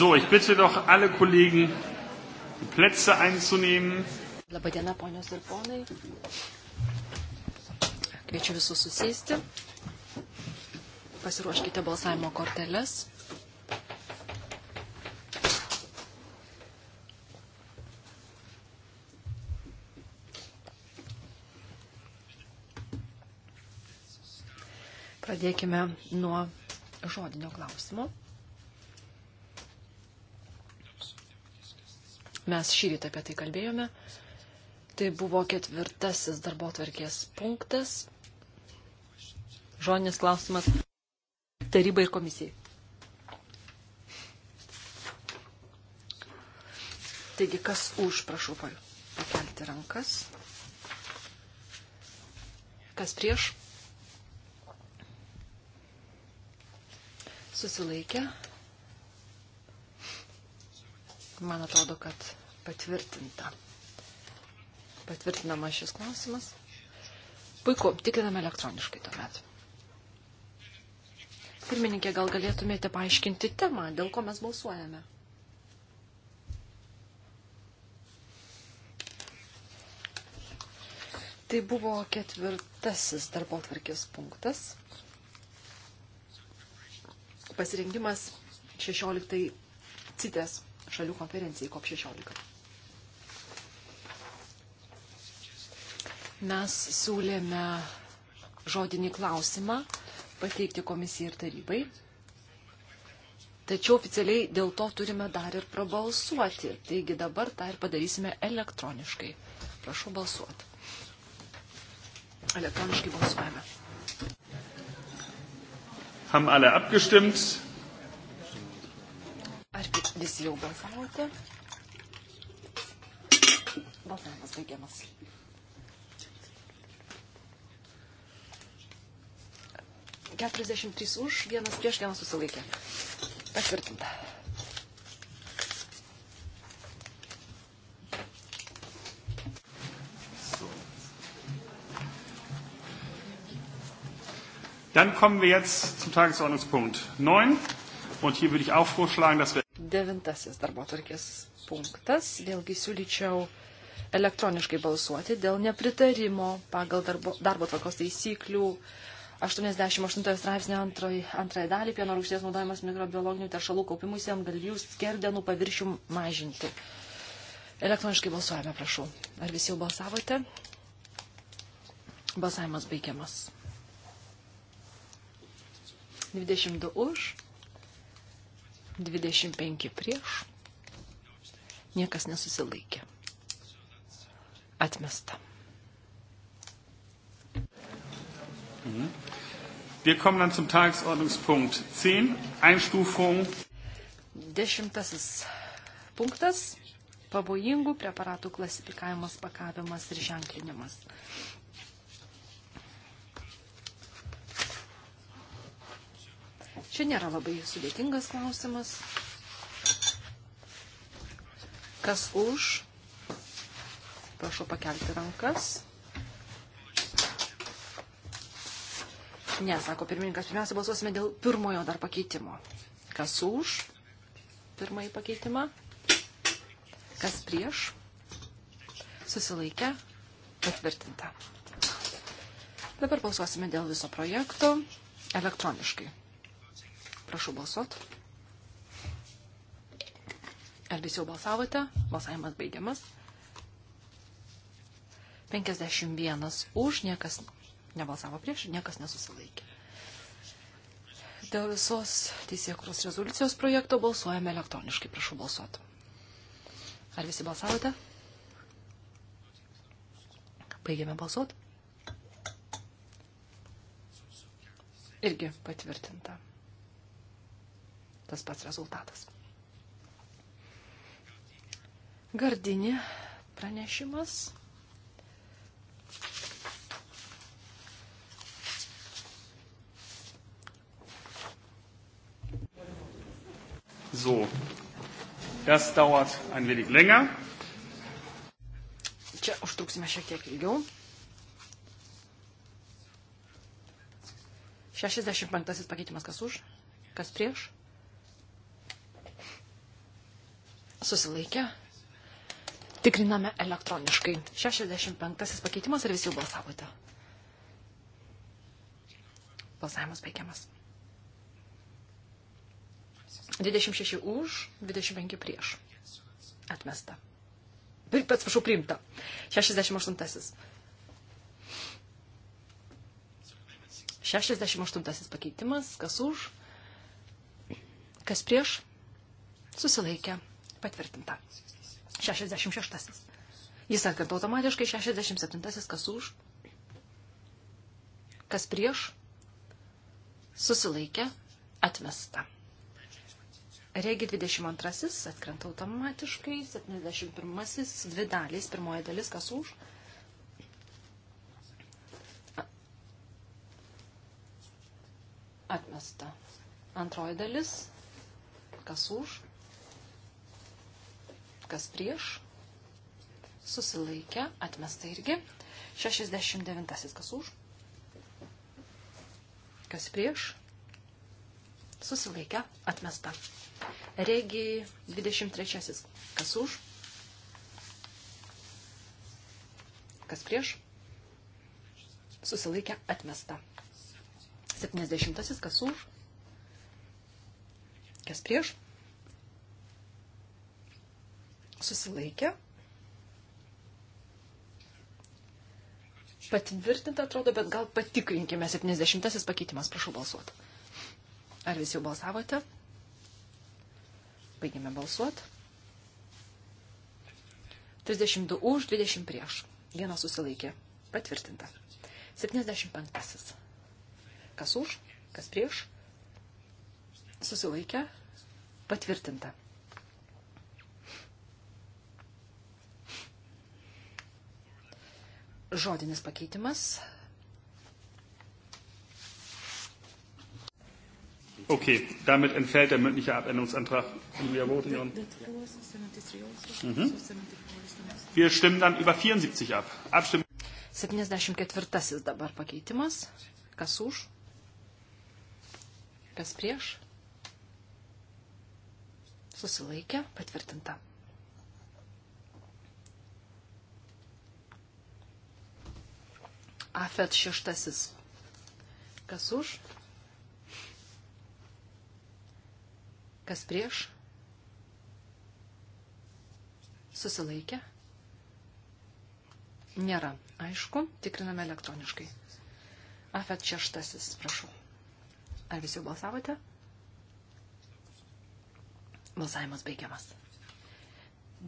So, ich bitte doch alle Kollegen, die Plätze einzunehmen. Labadiena, ponios ir ponai. Kviečiu visus susėsti. Pasiruoškite balsavimo korteles. Pradėkime nuo žodinio klausimo. Mes šį rytą apie tai kalbėjome. Tai buvo ketvirtasis darbo tvarkės punktas. Žodinis klausimas tarybai ir komisijai. Taigi, kas už, prašau, pakelti rankas. Kas prieš? Susilaikę. Man atrodo, kad patvirtinta. Patvirtinama šis klausimas. Puiku, tikriname elektroniškai tuomet. Pirmininkė, gal galėtumėte paaiškinti temą, dėl ko mes balsuojame? Tai buvo ketvirtasis darbo tvarkės punktas. Pasirinkimas 16 CITES šalių konferencijai COP16. mes siūlėme žodinį klausimą pateikti komisijai ir tarybai. Tačiau oficialiai dėl to turime dar ir prabalsuoti. Taigi dabar tą ir padarysime elektroniškai. Prašau balsuoti. Elektroniškai balsuojame. Ham alle abgestimmt? Ar visi jau balsavote? Balsavimas baigiamas. 43 už, vienas prieš, vienas susilaikė. Patvirtinta. Dann kommen wir jetzt zum Tagesordnungspunkt 9. Und hier würde ich auch vorschlagen, dass wir. Devintasis darbotvarkės punktas. Vėlgi siūlyčiau elektroniškai balsuoti dėl nepritarimo pagal darbo, darbo tvarkos taisyklių 88 straipsnio antrąją dalį pieno rūgšties naudojimas mikrobiologinių teršalų kaupimui jam galvijų skerdenų paviršių mažinti. Elektroniškai balsuojame, prašau. Ar visi jau balsavote? Balsavimas baigiamas. 22 už, 25 prieš, niekas nesusilaikė. Atmesta. Mhm. Wir kommen dann zum Tagesordnungspunkt 10, Einstufung. Dešimtasis punktas - pavojingų preparatų klasifikavimas, pakavimas ir ženklinimas. Čia nėra labai sudėtingas klausimas. Kas už? Prašau pakelti rankas. Ne, sako pirmininkas, pirmiausia balsuosime dėl pirmojo dar pakeitimo. Kas už pirmąjį pakeitimą? Kas prieš? Susilaikę? Patvirtinta. Dabar balsuosime dėl viso projekto elektroniškai. Prašau balsuot. Ar visi jau balsavote? Balsavimas baigiamas. 51 už, niekas nebalsavo prieš, niekas nesusilaikė. Dėl visos teisėkuros rezoliucijos projekto balsuojame elektroniškai, prašau balsuoti. Ar visi balsavote? Baigėme balsuoti. Irgi patvirtinta tas pats rezultatas. Gardinė pranešimas. So, das dauert ein wenig länger. Čia užtruksime šiek tiek ilgiau. 65 pakeitimas kas už, kas prieš. Susilaikė. Tikriname elektroniškai. 65 pakeitimas ir visi jau balsavote. Balsavimas baigiamas. 26 už, 25 prieš. Atmesta. Atsiprašau, priimta. 68. 68 pakeitimas. Kas už? Kas prieš? Susilaikė. Patvirtinta. 66. Jis atkarto automatiškai 67. Kas už? Kas prieš? Susilaikė. Atmesta. Regi 22 atkrenta automatiškai, 71 dvi dalys, pirmoji dalis kas už. Atmesta. Antroji dalis kas už, kas prieš, susilaikę, atmesta irgi. 69 kas už, kas prieš, susilaikę, atmesta. Regi 23. Kas už? Kas prieš? Susilaikę, atmesta. 70. Kas už? Kas prieš? Susilaikę. Patvirtinta atrodo, bet gal patikrinkime 70 pakeitimas, prašau balsuoti. Ar visi jau balsavote? Baigėme balsuoti. 32 už, 20 prieš. Vienas susilaikė. Patvirtinta. 75. Kas už, kas prieš? Susilaikė. Patvirtinta. Žodinis pakeitimas Okay, damit entfällt der mündliche Abänderungsantrag. Mhm. Wir stimmen dann über 74 ab. Abstimmen. 74 dabar pakeitimas. Kas už? Kas prieš? Susilaikė, patvirtinta. Afet šeštasis. Kas už? Kas prieš? Susilaikė? Nėra. Aišku, tikriname elektroniškai. Afet šeštasis, prašau. Ar visi jau balsavote? Balsavimas baigiamas.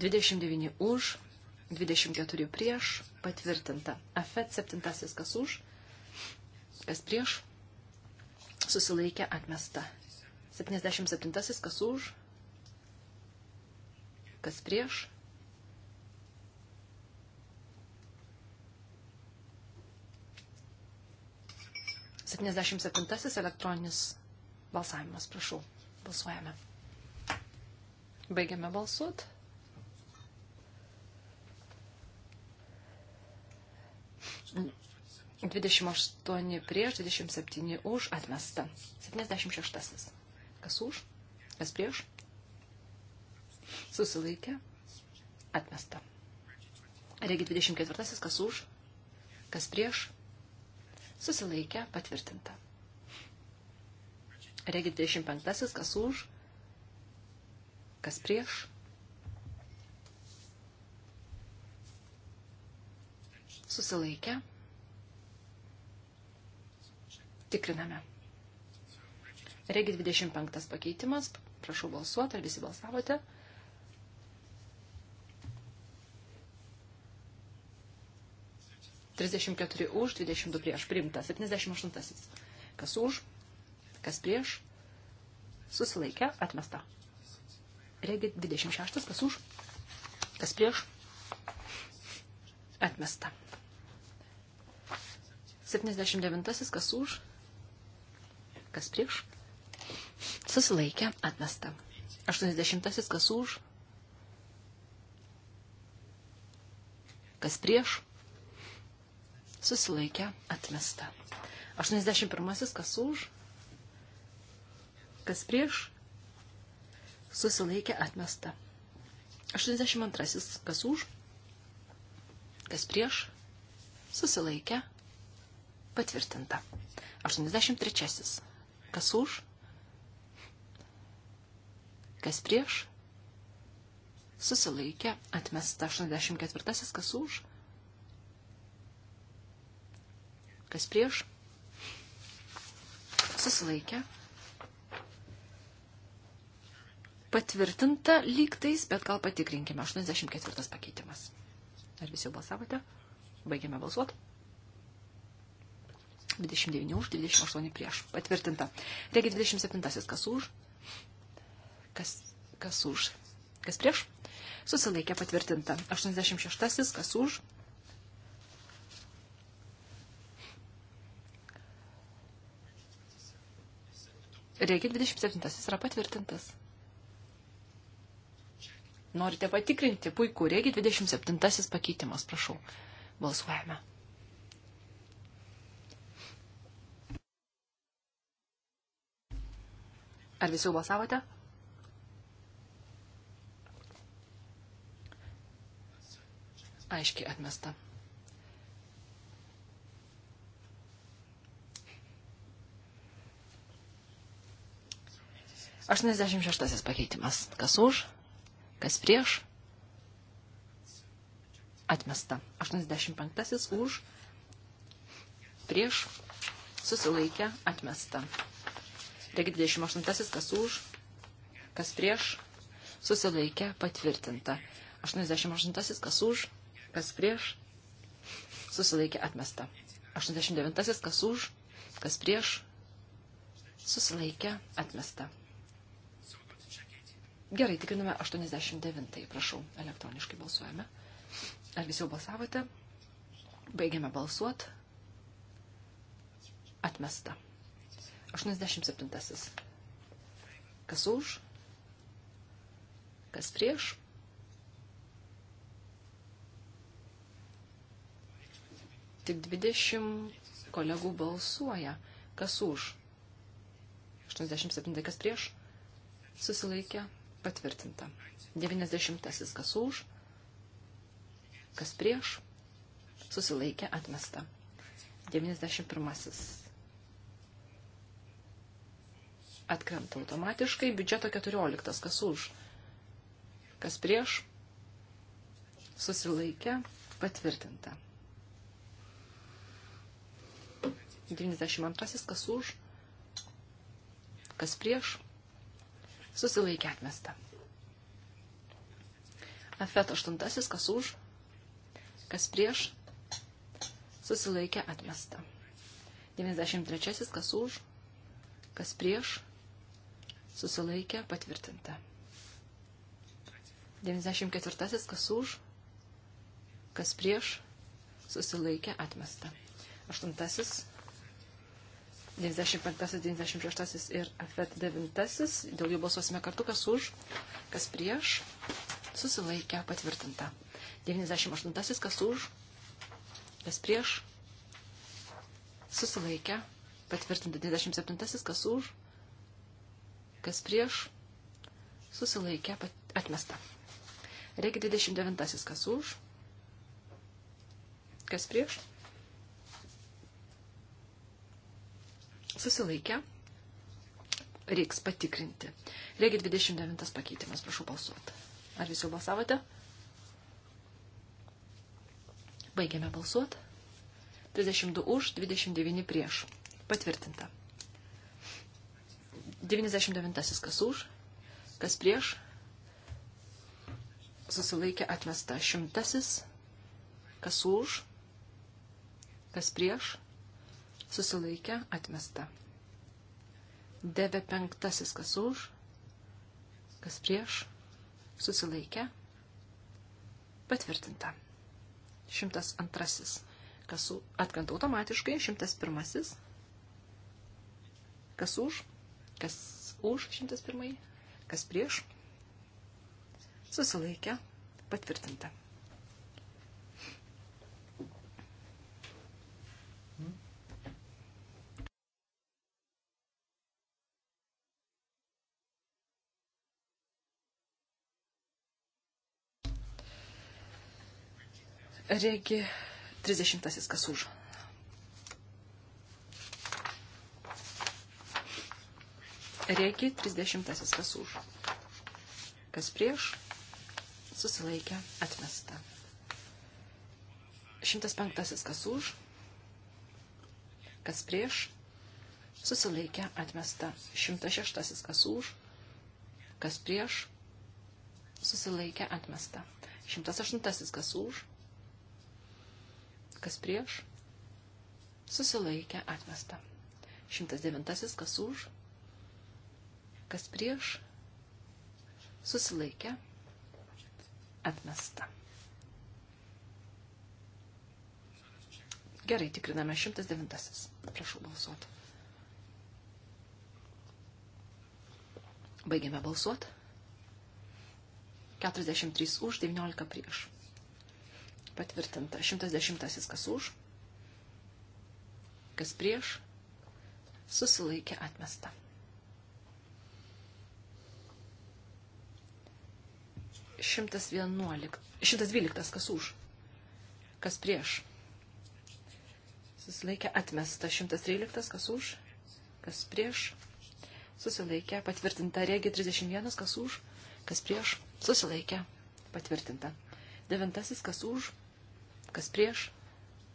29 už, 24 prieš, patvirtinta. Afet septintasis, kas už, kas prieš, susilaikė atmesta. 77 kas už, kas prieš. Septyniasdešimt septintasis elektroninis balsavimas, prašau, balsuojame. Baigiame balsuot. Dvidešimt aštuoni prieš, dvidešimt septyni už atmesta. Septyniasdešimt šeštasis. Kas už? Kas prieš? Susilaikė. Atmesta. Regi 24. Kas už? Kas prieš? Susilaikė. Patvirtinta. Regi 25. Kas už? Kas prieš? Susilaikė. Tikriname. Regi 25 pakeitimas. Prašau balsuoti, ar visi balsavote. Trisdešimt keturi už, dvidešimt du prieš. Priimta. Septyniasdešimt aštuntasis. Kas už, kas prieš. Susilaikę, atmesta. Regi 26, kas už, kas prieš. Atmesta. 79, kas už, kas prieš susilaikė, atmesta. 80 kas už, kas prieš, susilaikė, atmesta. 81 kas už, kas prieš, susilaikė, atmesta. 82 kas už, kas prieš, susilaikė, patvirtinta. 83 kas už, kas prieš, susilaikė, atmesta 84, kas už, kas prieš, susilaikė, patvirtinta lygtais, bet gal patikrinkime, 84 pakeitimas. Ar visi jau balsavote? Baigiame balsuoti. 29 už, 28 prieš. Patvirtinta. Reikia 27 kas už, Kas, kas už? Kas prieš? Susilaikė patvirtinta. 86. Kas už? Reikia 27. Jis yra patvirtintas. Norite patikrinti? Puiku. Reikia 27. pakeitimas. Prašau. Balsuojame. Ar visi jau balsavote? Aiškiai atmesta. Aštuoniasdešimt šeštasis pakeitimas. Kas už, kas prieš, atmesta. 85-asis už, prieš, susilaikę, atmesta. Regi 28-asis, kas už, kas prieš, susilaikę, patvirtinta. 88-asis, kas už, kas prieš, susilaikė atmesta. 89. kas už, kas prieš, susilaikė atmesta. Gerai, tikriname 89. Prašau, elektroniškai balsuojame. Ar visi jau balsavote? Baigiame balsuot. Atmesta. 87. Kas už? Kas prieš? Tik 20 kolegų balsuoja. Kas už? 87 kas prieš? Susilaikė. Patvirtinta. 90 kas už? Kas prieš? Susilaikė. Atmesta. 91. Atkrenta automatiškai. Biudžeto 14. Kas už? Kas prieš? Susilaikė. Patvirtinta. 92 kas už, kas prieš, susilaikė atmesta. Afet 8 kas už, kas prieš, susilaikė atmesta. 93 kas už, kas prieš, susilaikė patvirtinta. 94 kas už, kas prieš, susilaikė atmesta. 8 95-96 ir FET 9. Dėl jų balsuosime kartu, kas už, kas prieš. Susilaikę patvirtinta. 98 kas už, kas prieš. Susilaikę patvirtinta. 97 kas už, kas prieš. Susilaikę atmesta. Reikia 29 kas už, kas prieš. susilaikę, reiks patikrinti. Reikia 29 pakeitimas, prašau balsuoti. Ar visi jau balsavote? Baigiame balsuoti. 32 už, 29 prieš. Patvirtinta. 99 kas už, kas prieš, susilaikė atmesta šimtasis, kas už, kas prieš, susilaikė, atmesta. Deve penktasis, kas už, kas prieš, susilaikė, patvirtinta. Šimtas antrasis, kas atkanta automatiškai, šimtas pirmasis, kas už, kas už, šimtas pirmai, kas prieš, susilaikė, patvirtinta. Regi 30 kas už. Regi 30 kas už. Kas prieš? Susilaikė atmesta. 105 kas už. Kas prieš? Susilaikė atmesta. 106 kas už. Kas prieš? Susilaikė atmesta. 108 kas už kas prieš, susilaikė atmesta. 109. kas už, kas prieš, susilaikė atmesta. Gerai, tikriname 109. Prašau balsuoti. Baigiame balsuoti. 43 už, 19 prieš. Patvirtinta. 110 kas už, kas prieš, susilaikė atmesta. Šimtas dvyliktas kas už, kas prieš, susilaikė atmesta. Šimtas tryliktas kas už, kas prieš, susilaikė patvirtinta. Regi 31 kas už, kas prieš, susilaikė patvirtinta. Devintasis kas už, kas prieš,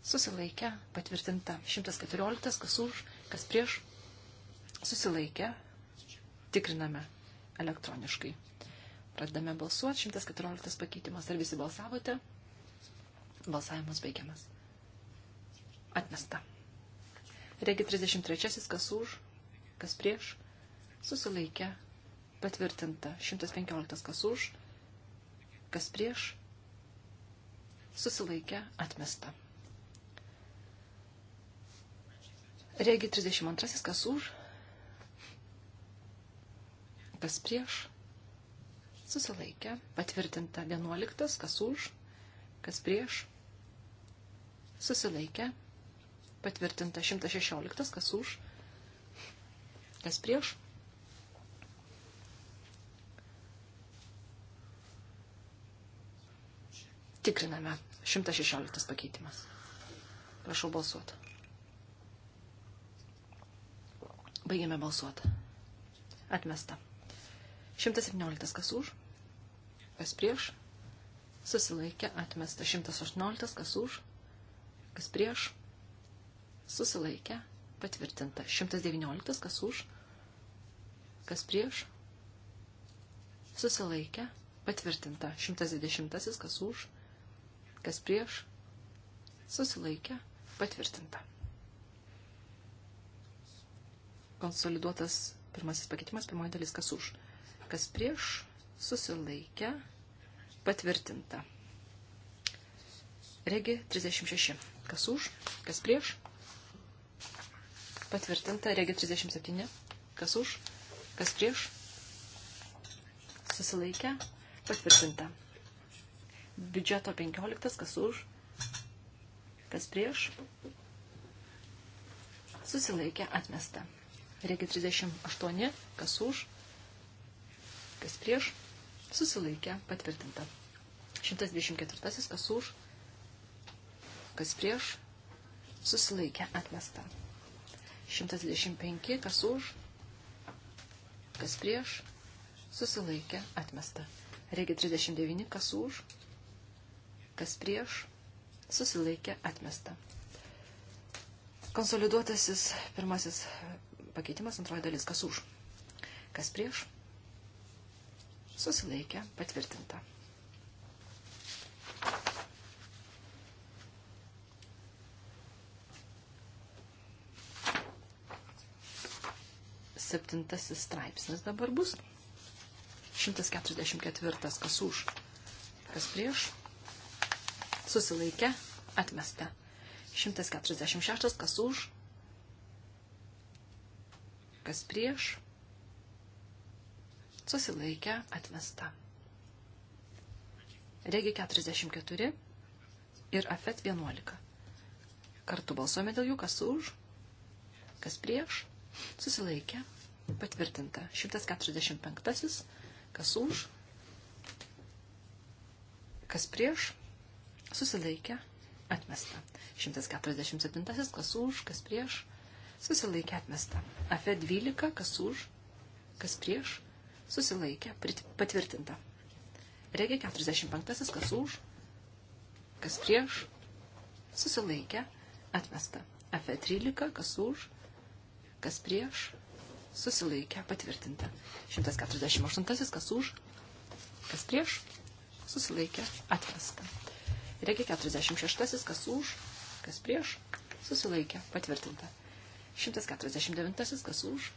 susilaikė, patvirtinta. 114, kas už, kas prieš, susilaikė, tikriname elektroniškai. Pradame balsuoti, 114 pakeitimas, ar visi balsavote? Balsavimas baigiamas. Atmesta. Regi 33, kas už, kas prieš, susilaikė, patvirtinta. 115, kas už, kas prieš, susilaikė atmesta. Regi 32, kas už, kas prieš, susilaikė, patvirtinta 11, kas už, kas prieš, susilaikė, patvirtinta 116, kas už, kas prieš. Tikriname. 116 pakeitimas. Prašau balsuoti. Baigiame balsuoti. Atmesta. 117 kas už, kas prieš, susilaikė, atmesta. 118 kas už, kas prieš, susilaikė, patvirtinta. 119 kas už, kas prieš, susilaikė, patvirtinta. 120 kas už, kas prieš, susilaikė, patvirtinta. Konsoliduotas pirmasis pakeitimas, pirmoji dalis, kas už, kas prieš, susilaikė, patvirtinta. Regi 36. Kas už, kas prieš, patvirtinta. Regi 37. Kas už, kas prieš, susilaikė, patvirtinta biudžeto 15, kas už, kas prieš, susilaikė atmesta. Reikia 38, kas už, kas prieš, susilaikė patvirtinta. 124, kas už, kas prieš, susilaikė atmesta. 125, kas už, kas prieš, susilaikė atmesta. Reikia 39, kas už, kas prieš, susilaikė atmesta. Konsoliduotasis pirmasis pakeitimas, antroji dalis, kas už, kas prieš, susilaikė patvirtinta. Septintasis straipsnis dabar bus. 144. Kas už, kas prieš, susilaikė, atmesta. 146, kas už, kas prieš, susilaikė, atmesta. Regi 44 ir Afet 11. Kartu balsuojame dėl jų, kas už, kas prieš, susilaikė, patvirtinta. 145, kas už, kas prieš, susilaikė, atmesta. 147, kas už, kas prieš, susilaikė, atmesta. Afe 12, kas už, kas prieš, susilaikė, patvirtinta. Regė 45, kas už, kas prieš, susilaikė, atmesta. Afe 13, kas už, kas prieš, susilaikė, patvirtinta. 148, kas už, kas prieš, susilaikė, atmesta. Reikia 46, kas už, kas prieš, susilaikė, patvirtinta. 149, kas už.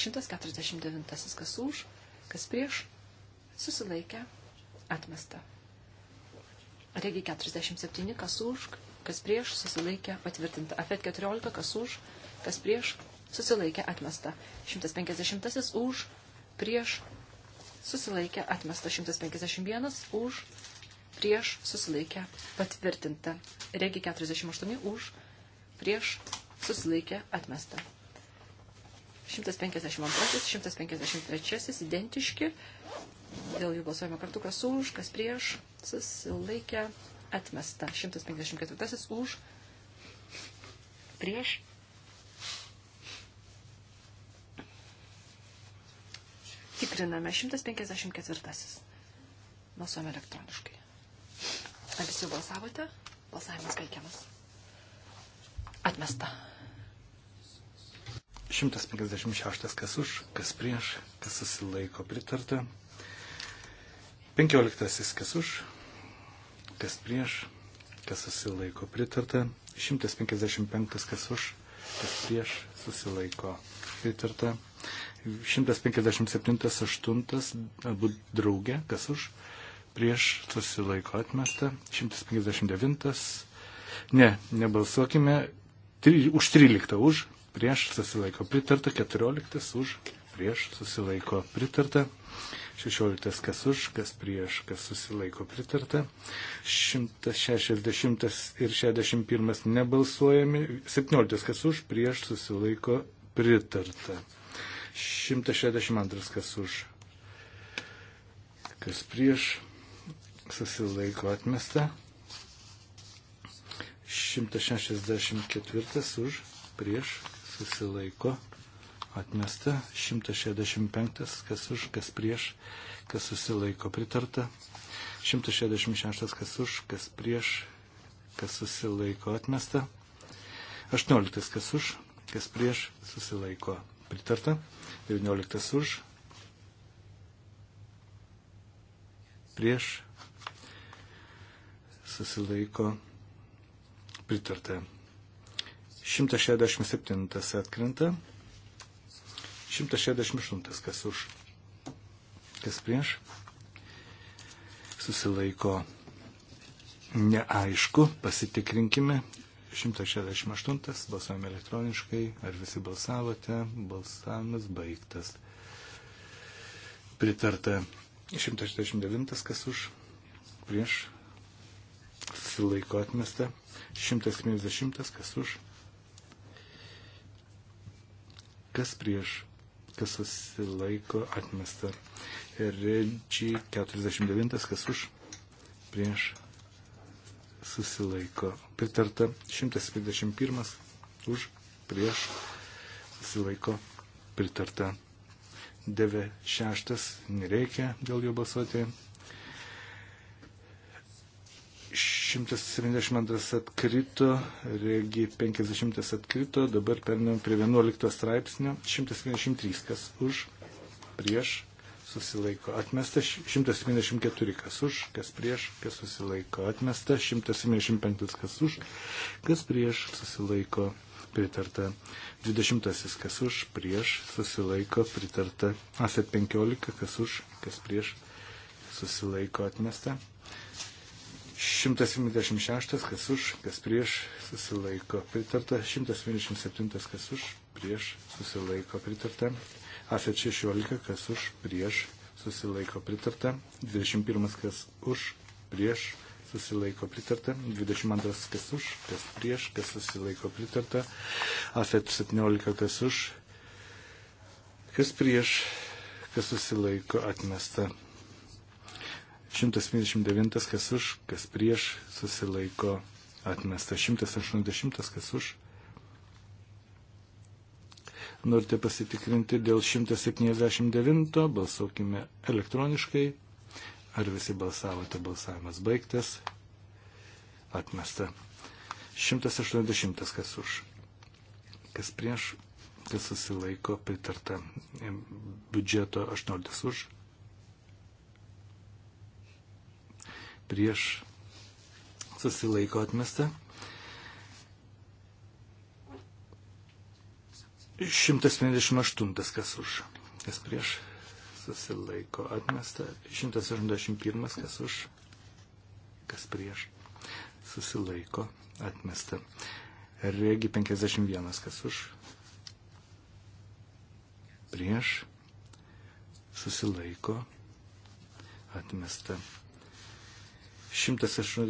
149, kas už, kas prieš, susilaikė, atmesta. Regi 47, kas už, kas prieš, susilaikė, patvirtinta. Afet 14, kas už, kas prieš, susilaikė, atmesta. 150 už, prieš, susilaikė atmesta 151 už, prieš susilaikė patvirtinta. Regi 48 už, prieš susilaikė atmesta. 152, 153 identiški. Dėl jų balsuojama kartu, kas už, kas prieš, susilaikė atmesta. 154 už, prieš Tikriname 154. Balsuojame elektroniškai. Ar visi jau balsavote? Balsavimas baigiamas. Atmesta. 156. Kas už, kas prieš, kas susilaiko pritarta. 15. Kas už, kas prieš, kas susilaiko pritarta. 155. Kas už, kas prieš, susilaiko pritarta. 157-8 abu draugė, kas už, prieš susilaiko atmesta, 159, ne, nebalsuokime, tri, už 13 už, prieš susilaiko pritarta, 14 už, prieš susilaiko pritarta, 16 kas už, kas prieš, kas susilaiko pritarta, 160 ir 61 nebalsuojami, 17 kas už, prieš susilaiko pritarta. 162 kas už, kas prieš, susilaiko atmesta. 164 už, prieš, susilaiko atmesta. 165 kas už, kas prieš, kas susilaiko pritarta. 166 kas už, kas prieš, kas susilaiko atmesta. 18 kas už, kas prieš, susilaiko pritarta. 19 už, prieš, susilaiko pritarta. 167 atkrenta, 168 kas už, kas prieš, susilaiko neaišku, pasitikrinkime 168 balsuojame elektroniškai. Ar visi balsavote? Balsavimas baigtas. Pritarta 169 kas už prieš susilaiko atmesta. 170 kas už. Kas prieš? Kas susilaiko atmesta. Redžiai 49 kas už prieš susilaiko. Pritarta 151 už prieš susilaiko. Pritarta 96 nereikia dėl jo balsuoti. 172 atkrito, regi 50 atkrito, dabar perinam prie 11 straipsnio, 173 kas už, prieš, susilaiko atmesta, 174 kas už, kas prieš, kas susilaiko atmesta, 175 kas už, kas prieš susilaiko pritarta, 20 kas už, prieš susilaiko pritarta, ASET 15 kas už, kas prieš susilaiko atmesta. 176, kas už, kas prieš, susilaiko pritarta. 177, kas už, prieš, susilaiko pritarta. Afet 16, kas už, prieš, susilaiko pritarta. 21, kas už, prieš, susilaiko pritarta. 22, kas už, kas prieš, kas susilaiko pritarta. Afet 17, kas už, kas prieš, kas susilaiko atmesta. 159, kas už, kas prieš, susilaiko atmesta. 180, kas už, Norite pasitikrinti dėl 179, balsuokime elektroniškai. Ar visi balsavote, balsavimas baigtas. Atmesta. 180, kas už. Kas prieš, kas susilaiko, pritarta. Biudžeto 18 už. Prieš susilaiko atmesta. 178 kas už, kas prieš susilaiko atmesta, 181 kas už, kas prieš susilaiko atmesta. Regi 51 kas už, prieš susilaiko atmesta. 182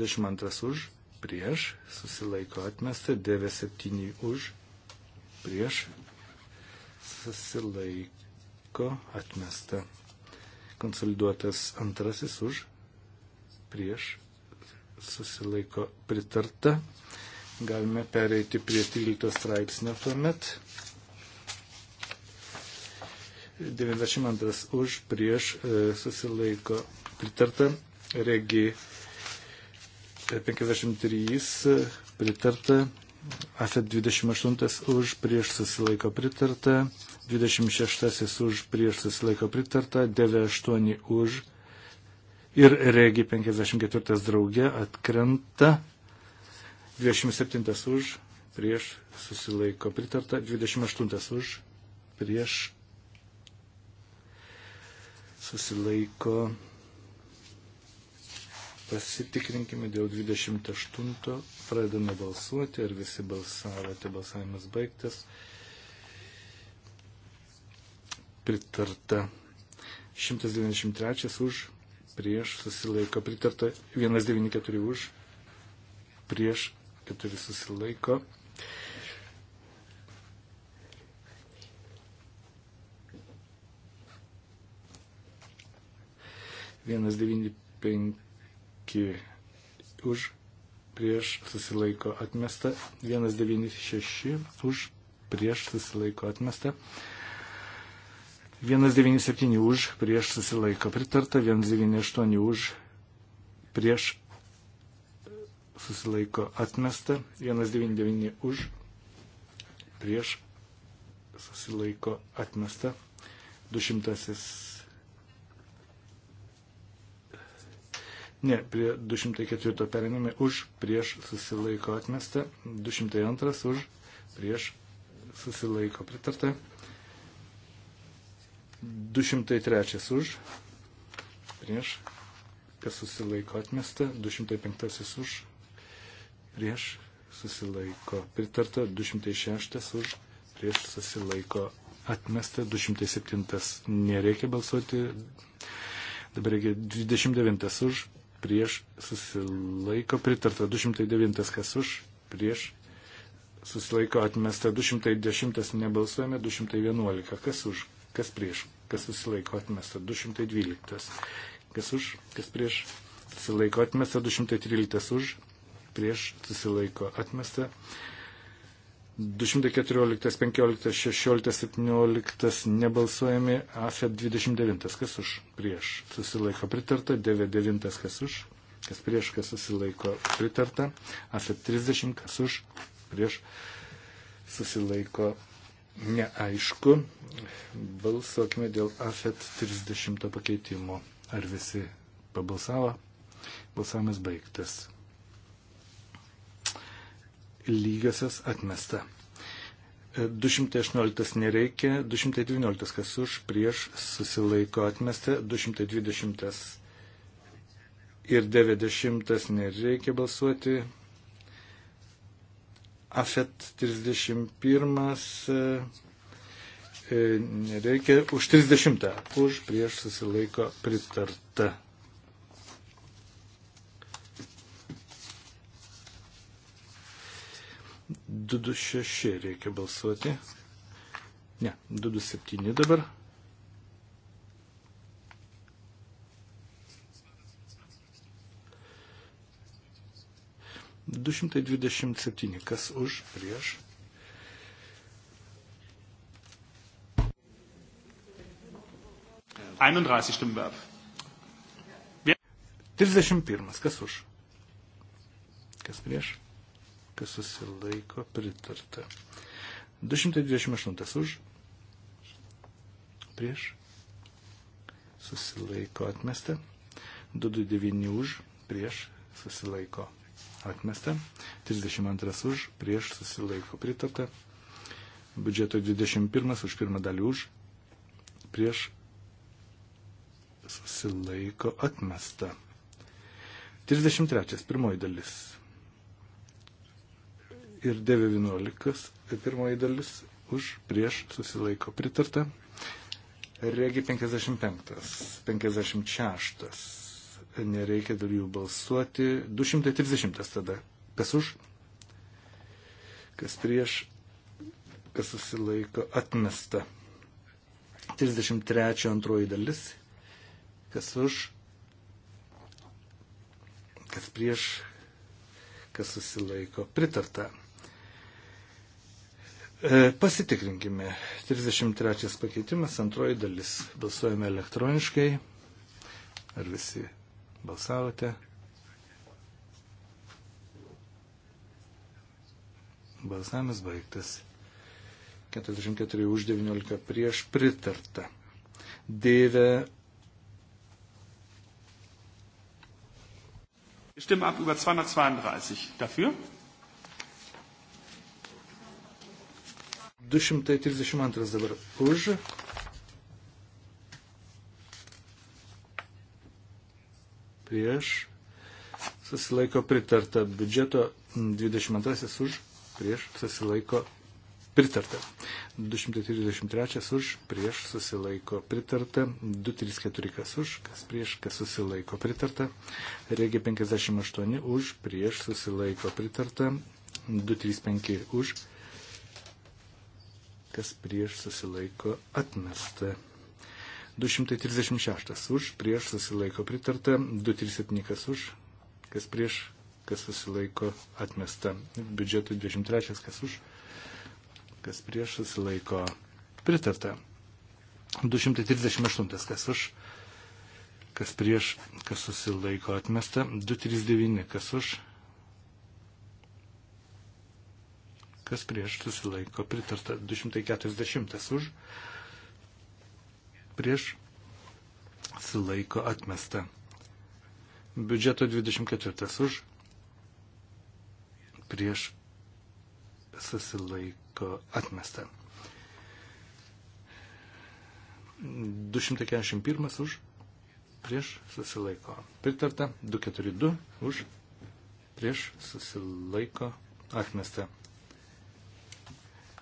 už, prieš susilaiko atmesta, 97 už, prieš susilaiko atmesta. Konsoliduotas antrasis už prieš susilaiko pritarta. Galime pereiti prie 13 straipsnio tuomet. 92 e, e, e, už prieš susilaiko pritarta. Regi 53 pritarta. AFET 28 už prieš susilaiko pritarta. 26 už prieš susilaiko pritarta, 98 už ir regi 54 draugė atkrenta, 27 už prieš susilaiko pritarta, 28 už prieš susilaiko pasitikrinkime dėl 28, pradedame balsuoti, ar visi balsavote, balsavimas baigtas pritarta. 193 už, prieš susilaiko pritarta. 194 už, prieš 4 susilaiko. Vienas devyni penki už prieš susilaiko atmesta, 196 už prieš susilaiko atmesta, 197 už, prieš susilaiko pritarta, 198 už, prieš susilaiko atmesta, 199 už, prieš susilaiko atmesta, 200. Ne, prie 204 periname už, prieš susilaiko atmesta, 202 už, prieš susilaiko pritarta. 203 už, prieš, kas susilaiko atmesta, 205 už, prieš, susilaiko pritarta, 206 už, prieš, susilaiko atmesta, 207 nereikia balsuoti, dabar reikia 29 už, prieš, susilaiko pritarta, 209 kas už, prieš, susilaiko atmesta, 210 nebalsuojame, 211 kas už kas prieš, kas susilaiko atmesta 212, kas už, kas prieš, susilaiko atmesta 213 už, prieš susilaiko atmesta 214, 15, 16, 17 nebalsuojami, AFE 29, kas už, prieš susilaiko pritarta, 99, kas už, kas prieš, kas susilaiko pritarta, AFE 30, kas už, prieš susilaiko pritarta neaišku. Balsuokime dėl AFET 30 pakeitimo. Ar visi pabalsavo? Balsavimas baigtas. Lygiosios atmesta. 218 nereikia, 219 kas už, prieš susilaiko atmesta, 220 ir 90 nereikia balsuoti, AFET 31 e, e, nereikia už 30, už prieš susilaiko pritarta. Du du šeši reikia balsuoti. Ne, du du septyni dabar. 227. Kas už, prieš. Stimmen wir ab. 31. Kas už? Kas prieš? Kas susilaiko pritarta. 228 už. Prieš. Susilaiko atmesta. 229 už. Prieš. Susilaiko atmesta, 32 už, prieš susilaiko pritarta, biudžeto 21 už pirmą dalį už, prieš susilaiko atmesta. 33 pirmoji dalis ir 911 pirmoji dalis už, prieš susilaiko pritarta, regi 55, 56 nereikia dėl jų balsuoti. 230 tada. Kas už? Kas prieš? Kas susilaiko? Atmesta. 33 antroji dalis. Kas už? Kas prieš? Kas susilaiko? Pritarta. E, pasitikrinkime. 33 pakeitimas, antroji dalis. Balsuojame elektroniškai. Ar visi Balsavote. Balsavimas baigtas. 44 už 19 prieš pritarta. Dėvė. Stimme ab über 232. Dafür? 232 dabar už. prieš, susilaiko pritarta. Biudžeto 22 už, prieš, susilaiko pritarta. 233 už, prieš, susilaiko pritarta. 234 kas už, kas prieš, kas susilaiko pritarta. Regė 58 už, prieš, susilaiko pritarta. 235 už, kas prieš, susilaiko atmesta. 236 už, prieš susilaiko pritarta, 237 kas už, kas prieš, kas susilaiko atmesta. Biudžetui 23 kas už, kas prieš susilaiko pritarta. 238 kas už, kas prieš, kas susilaiko atmesta. 239 kas už, kas prieš susilaiko pritarta. 240 už prieš sulaiko atmesta. Biudžeto 24 už prieš susilaiko atmesta. 241 už prieš susilaiko. Pritarta 242 už prieš susilaiko atmesta.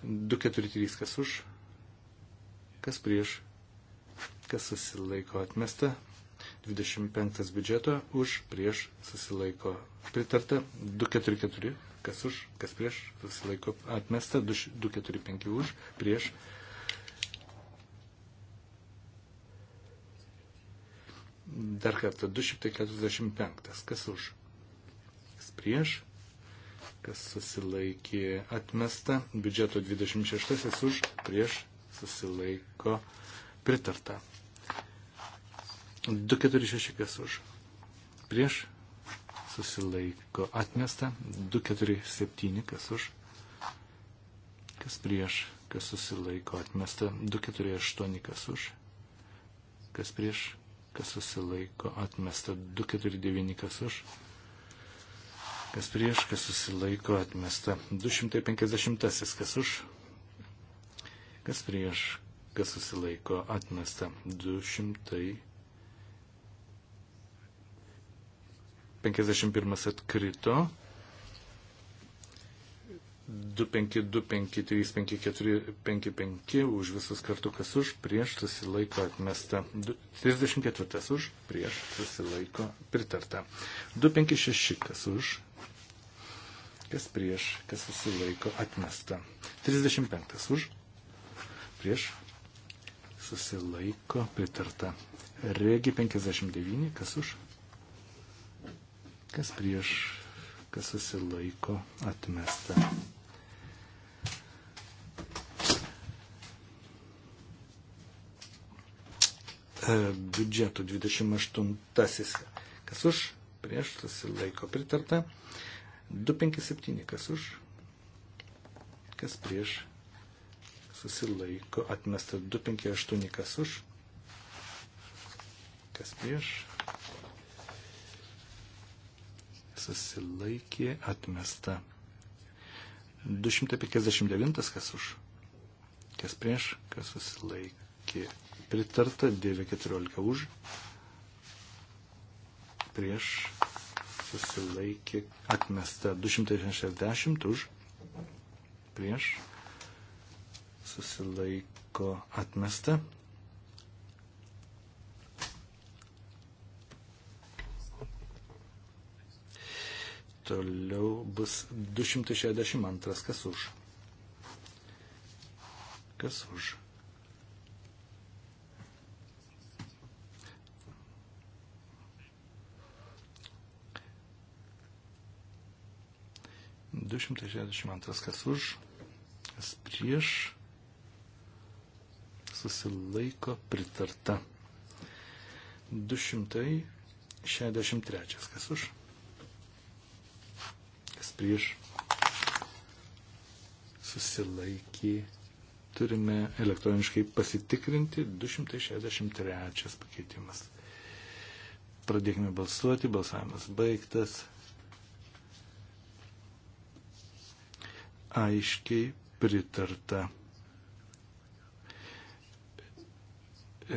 243 kas už, kas prieš kas susilaiko atmesta, 25 biudžeto už prieš susilaiko pritarta, 244 kas už, kas prieš susilaiko atmesta, 245 už prieš. Dar kartą 245, kas už, kas prieš, kas susilaikė atmesta, biudžeto 26 už prieš susilaiko atmesta pritarta. 246 kas už. Prieš susilaiko atmesta. 247 kas už. Kas prieš, kas susilaiko atmesta. 248 kas už. Kas prieš, kas susilaiko atmesta. 249 kas už. Kas prieš, kas susilaiko atmesta. 250 kas už. Kas prieš, kas susilaiko atmesta 251 atkrito. 2525355 už visus kartu, kas už, prieš susilaiko atmesta. 34 už, prieš susilaiko pritarta. 256 kas už, kas prieš, kas susilaiko atmesta. 35 už, prieš susilaiko pritarta. Regi 59, kas už, kas prieš, kas susilaiko atmesta. E, biudžeto 28. Kas už, prieš, susilaiko pritarta. 257, kas už, kas prieš, susilaiko, atmesta 258 kas už, kas prieš, susilaikė, atmesta 259 kas už, kas prieš, kas susilaikė, pritarta 914 už, prieš, susilaikė, atmesta 260 už, prieš, susilaiko atmesta. Toliau bus 262. Kas už? Kas už? Du šimtai šešiasdešimt antras kas už, kas prieš, susilaiko pritarta. 263. Kas už? Kas prieš? Susilaikė. Turime elektroniškai pasitikrinti 263 pakeitimas. Pradėkime balsuoti, balsavimas baigtas. Aiškiai pritarta. e,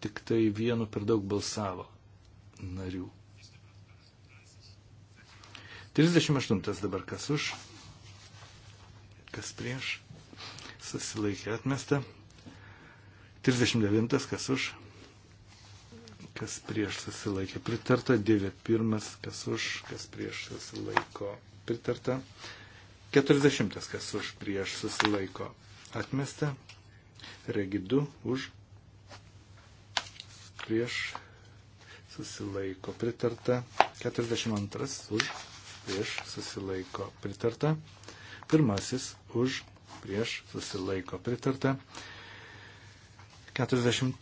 tik tai vienu per daug balsavo narių. 38 dabar kas už, kas prieš, susilaikė atmesta. 39 kas už, kas prieš susilaikė pritarta. 91 kas už, kas prieš susilaiko pritarta. 40 kas už prieš susilaiko atmesta. Regidu už prieš susilaiko pritarta. 42 už prieš susilaiko pritarta. Pirmasis už prieš susilaiko pritarta. 43.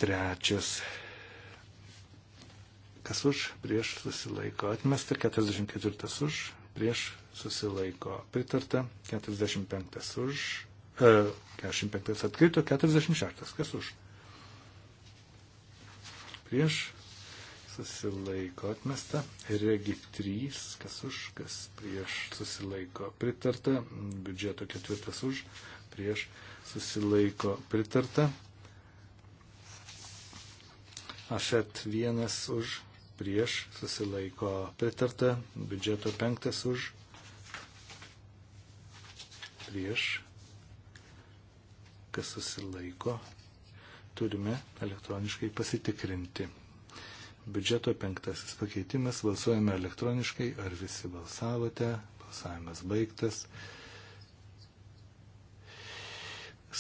Kas už prieš susilaiko atmesta. 44 už prieš susilaiko pritarta. 45 už 45 atkrito, 46. Kas už? Prieš susilaiko atmesta. Regi 3. Kas už? Kas prieš susilaiko pritarta. Biudžeto ketvirtas už. Prieš susilaiko pritarta. Afet 1 už. Prieš susilaiko pritarta. Biudžeto penktas už. Prieš kas susilaiko, turime elektroniškai pasitikrinti. Biudžeto penktasis pakeitimas, balsuojame elektroniškai, ar visi balsavote, balsavimas baigtas.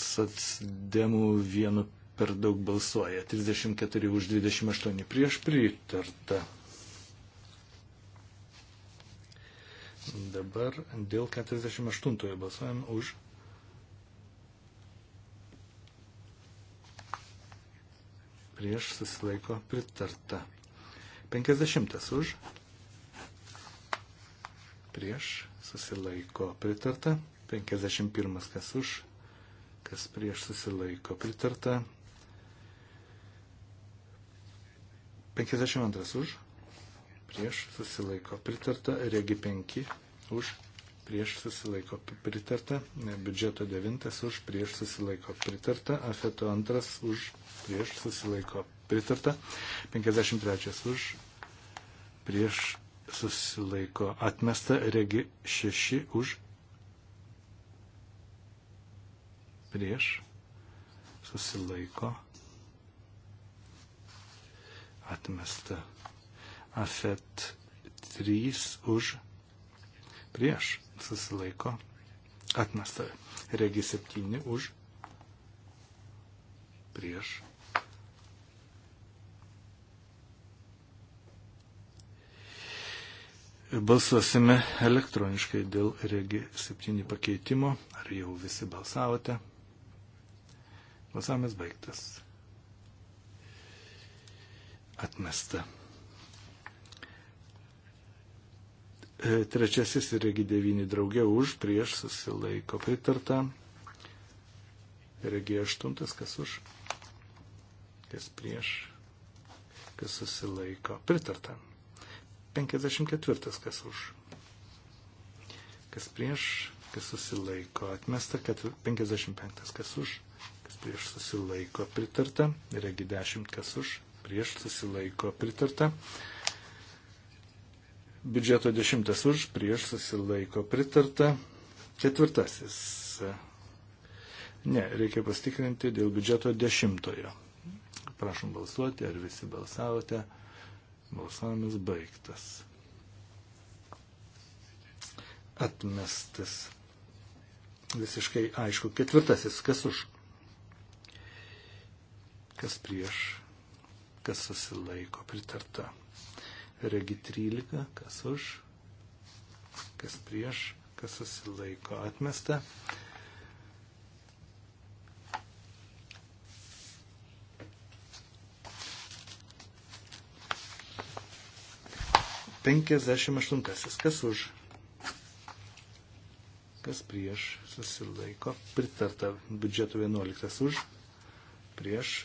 Satsdemų vienu per daug balsuoja, 34 už 28 prieš pritarta. Dabar dėl 48 balsuojam už prieš susilaiko pritarta. 50 už, prieš susilaiko pritarta. 51 kas už, kas prieš susilaiko pritarta. 52 už, prieš susilaiko pritarta. Regi 5 už, prieš susilaiko pritarta, biudžeto 9 už prieš susilaiko pritarta, afeto 2 už prieš susilaiko pritarta, 53 už prieš susilaiko atmesta, regi 6 už prieš susilaiko atmesta, afet 3 už prieš susilaiko, atmesta. Regi 7 už, prieš. Balsuosime elektroniškai dėl regi 7 pakeitimo. Ar jau visi balsavote? Balsavimas baigtas. Atmesta. E, trečiasis ir regi 9 draugė už, prieš susilaiko pritarta. Regi 8, kas už, kas prieš, kas susilaiko pritarta. 54, kas už, kas prieš, kas susilaiko atmesta. 55, kas už, kas prieš susilaiko pritarta. Regi 10, kas už, prieš susilaiko pritarta. Biudžeto dešimtas už, prieš susilaiko pritarta. Ketvirtasis. Ne, reikia pastikrinti dėl biudžeto dešimtojo. Prašom balsuoti, ar visi balsavote. Balsavimas baigtas. Atmestas. Visiškai aišku. Ketvirtasis. Kas už? Kas prieš? Kas susilaiko pritarta? Regi 13, kas už, kas prieš, kas susilaiko atmesta. Penkiasdešimt aštuntasis, kas už, kas prieš, susilaiko, pritarta biudžeto vienuoliktas už, prieš,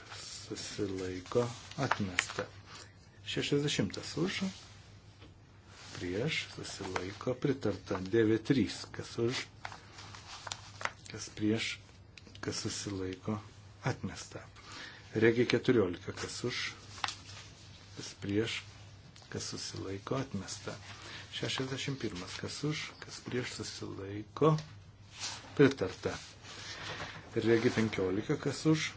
susilaiko, atmesta. 60 už, prieš, susilaiko pritarta 9-3, kas už, kas prieš, kas susilaiko atmesta. Regi 14, kas už, kas prieš, kas susilaiko atmesta. 61, kas už, kas prieš susilaiko pritarta. Regi 15, kas už,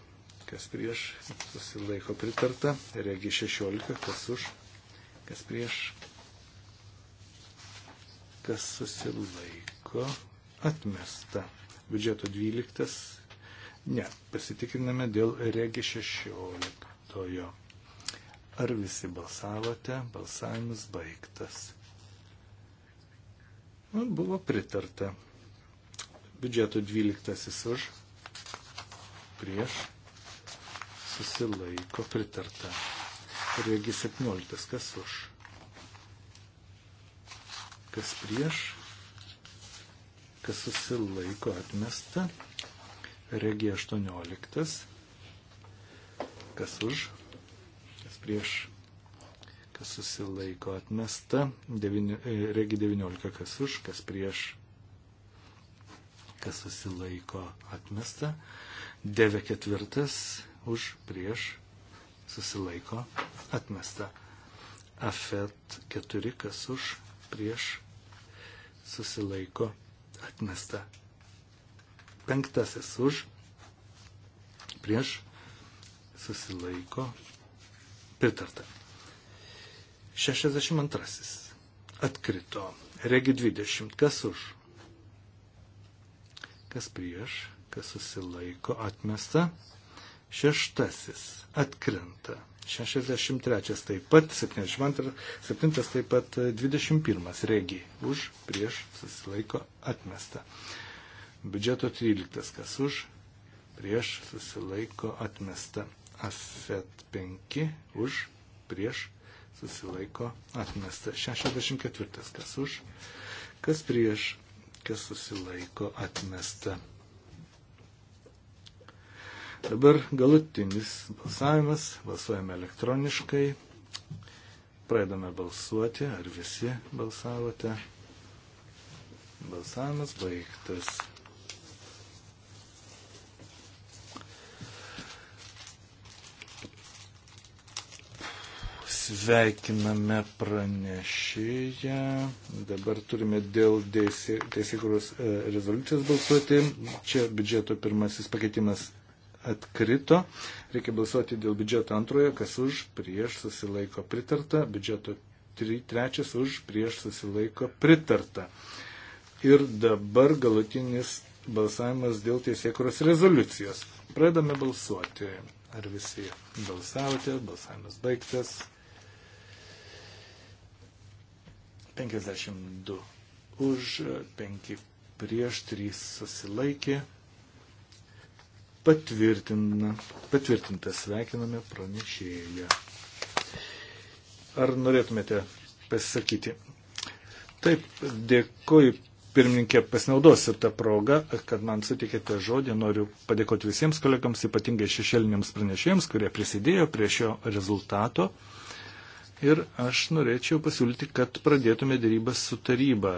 kas prieš, susilaiko pritarta, regi 16, kas už, kas prieš, kas susilaiko, atmesta. Biudžeto 12, ne, pasitikriname dėl regi 16. Ar visi balsavote, balsavimas baigtas. Nu, buvo pritarta. Biudžeto 12 už, prieš, susilaiko pritarta. Regi 17, kas už, kas prieš, kas susilaiko atmesta. Regi 18, kas už, kas prieš, kas susilaiko atmesta. Devini, e, regi 19, kas už, kas prieš, kas susilaiko atmesta. Deve ketvirtas, už prieš susilaiko atmesta. Afet 4, kas už prieš susilaiko atmesta. Penktasis už prieš susilaiko pritarta. 62. Atkrito. Regi 20. Kas už? Kas prieš? Kas susilaiko atmesta? šeštasis atkrenta. 63 taip pat, 72, 7 taip pat, 21 regiai. Už, prieš, susilaiko, atmesta. Biudžeto 13, kas už, prieš, susilaiko, atmesta. Afet 5, už, prieš, susilaiko, atmesta. 64, kas už, kas prieš, kas susilaiko, atmesta. Dabar galutinis balsavimas. Balsuojame elektroniškai. Pradedame balsuoti. Ar visi balsavote? Balsavimas baigtas. sveikiname pranešėją. Dabar turime dėl teisėkuros e, rezoliucijos balsuoti. Čia biudžeto pirmasis pakeitimas atkrito. Reikia balsuoti dėl biudžeto antrojo, kas už, prieš susilaiko pritarta, biudžeto tri, trečias už, prieš susilaiko pritarta. Ir dabar galutinis balsavimas dėl teisėkuros rezoliucijos. Pradame balsuoti. Ar visi balsavote? Balsavimas baigtas. 52 už, 5 prieš, 3 susilaikė patvirtintas. Sveikiname pranešėją. Ar norėtumėte pasisakyti? Taip, dėkoju pirmininkė, pasinaudosiu tą progą, kad man sutikėte žodį. Noriu padėkoti visiems kolegams, ypatingai šešėliniams pranešėjams, kurie prisidėjo prie šio rezultato. Ir aš norėčiau pasiūlyti, kad pradėtume dėrybas su taryba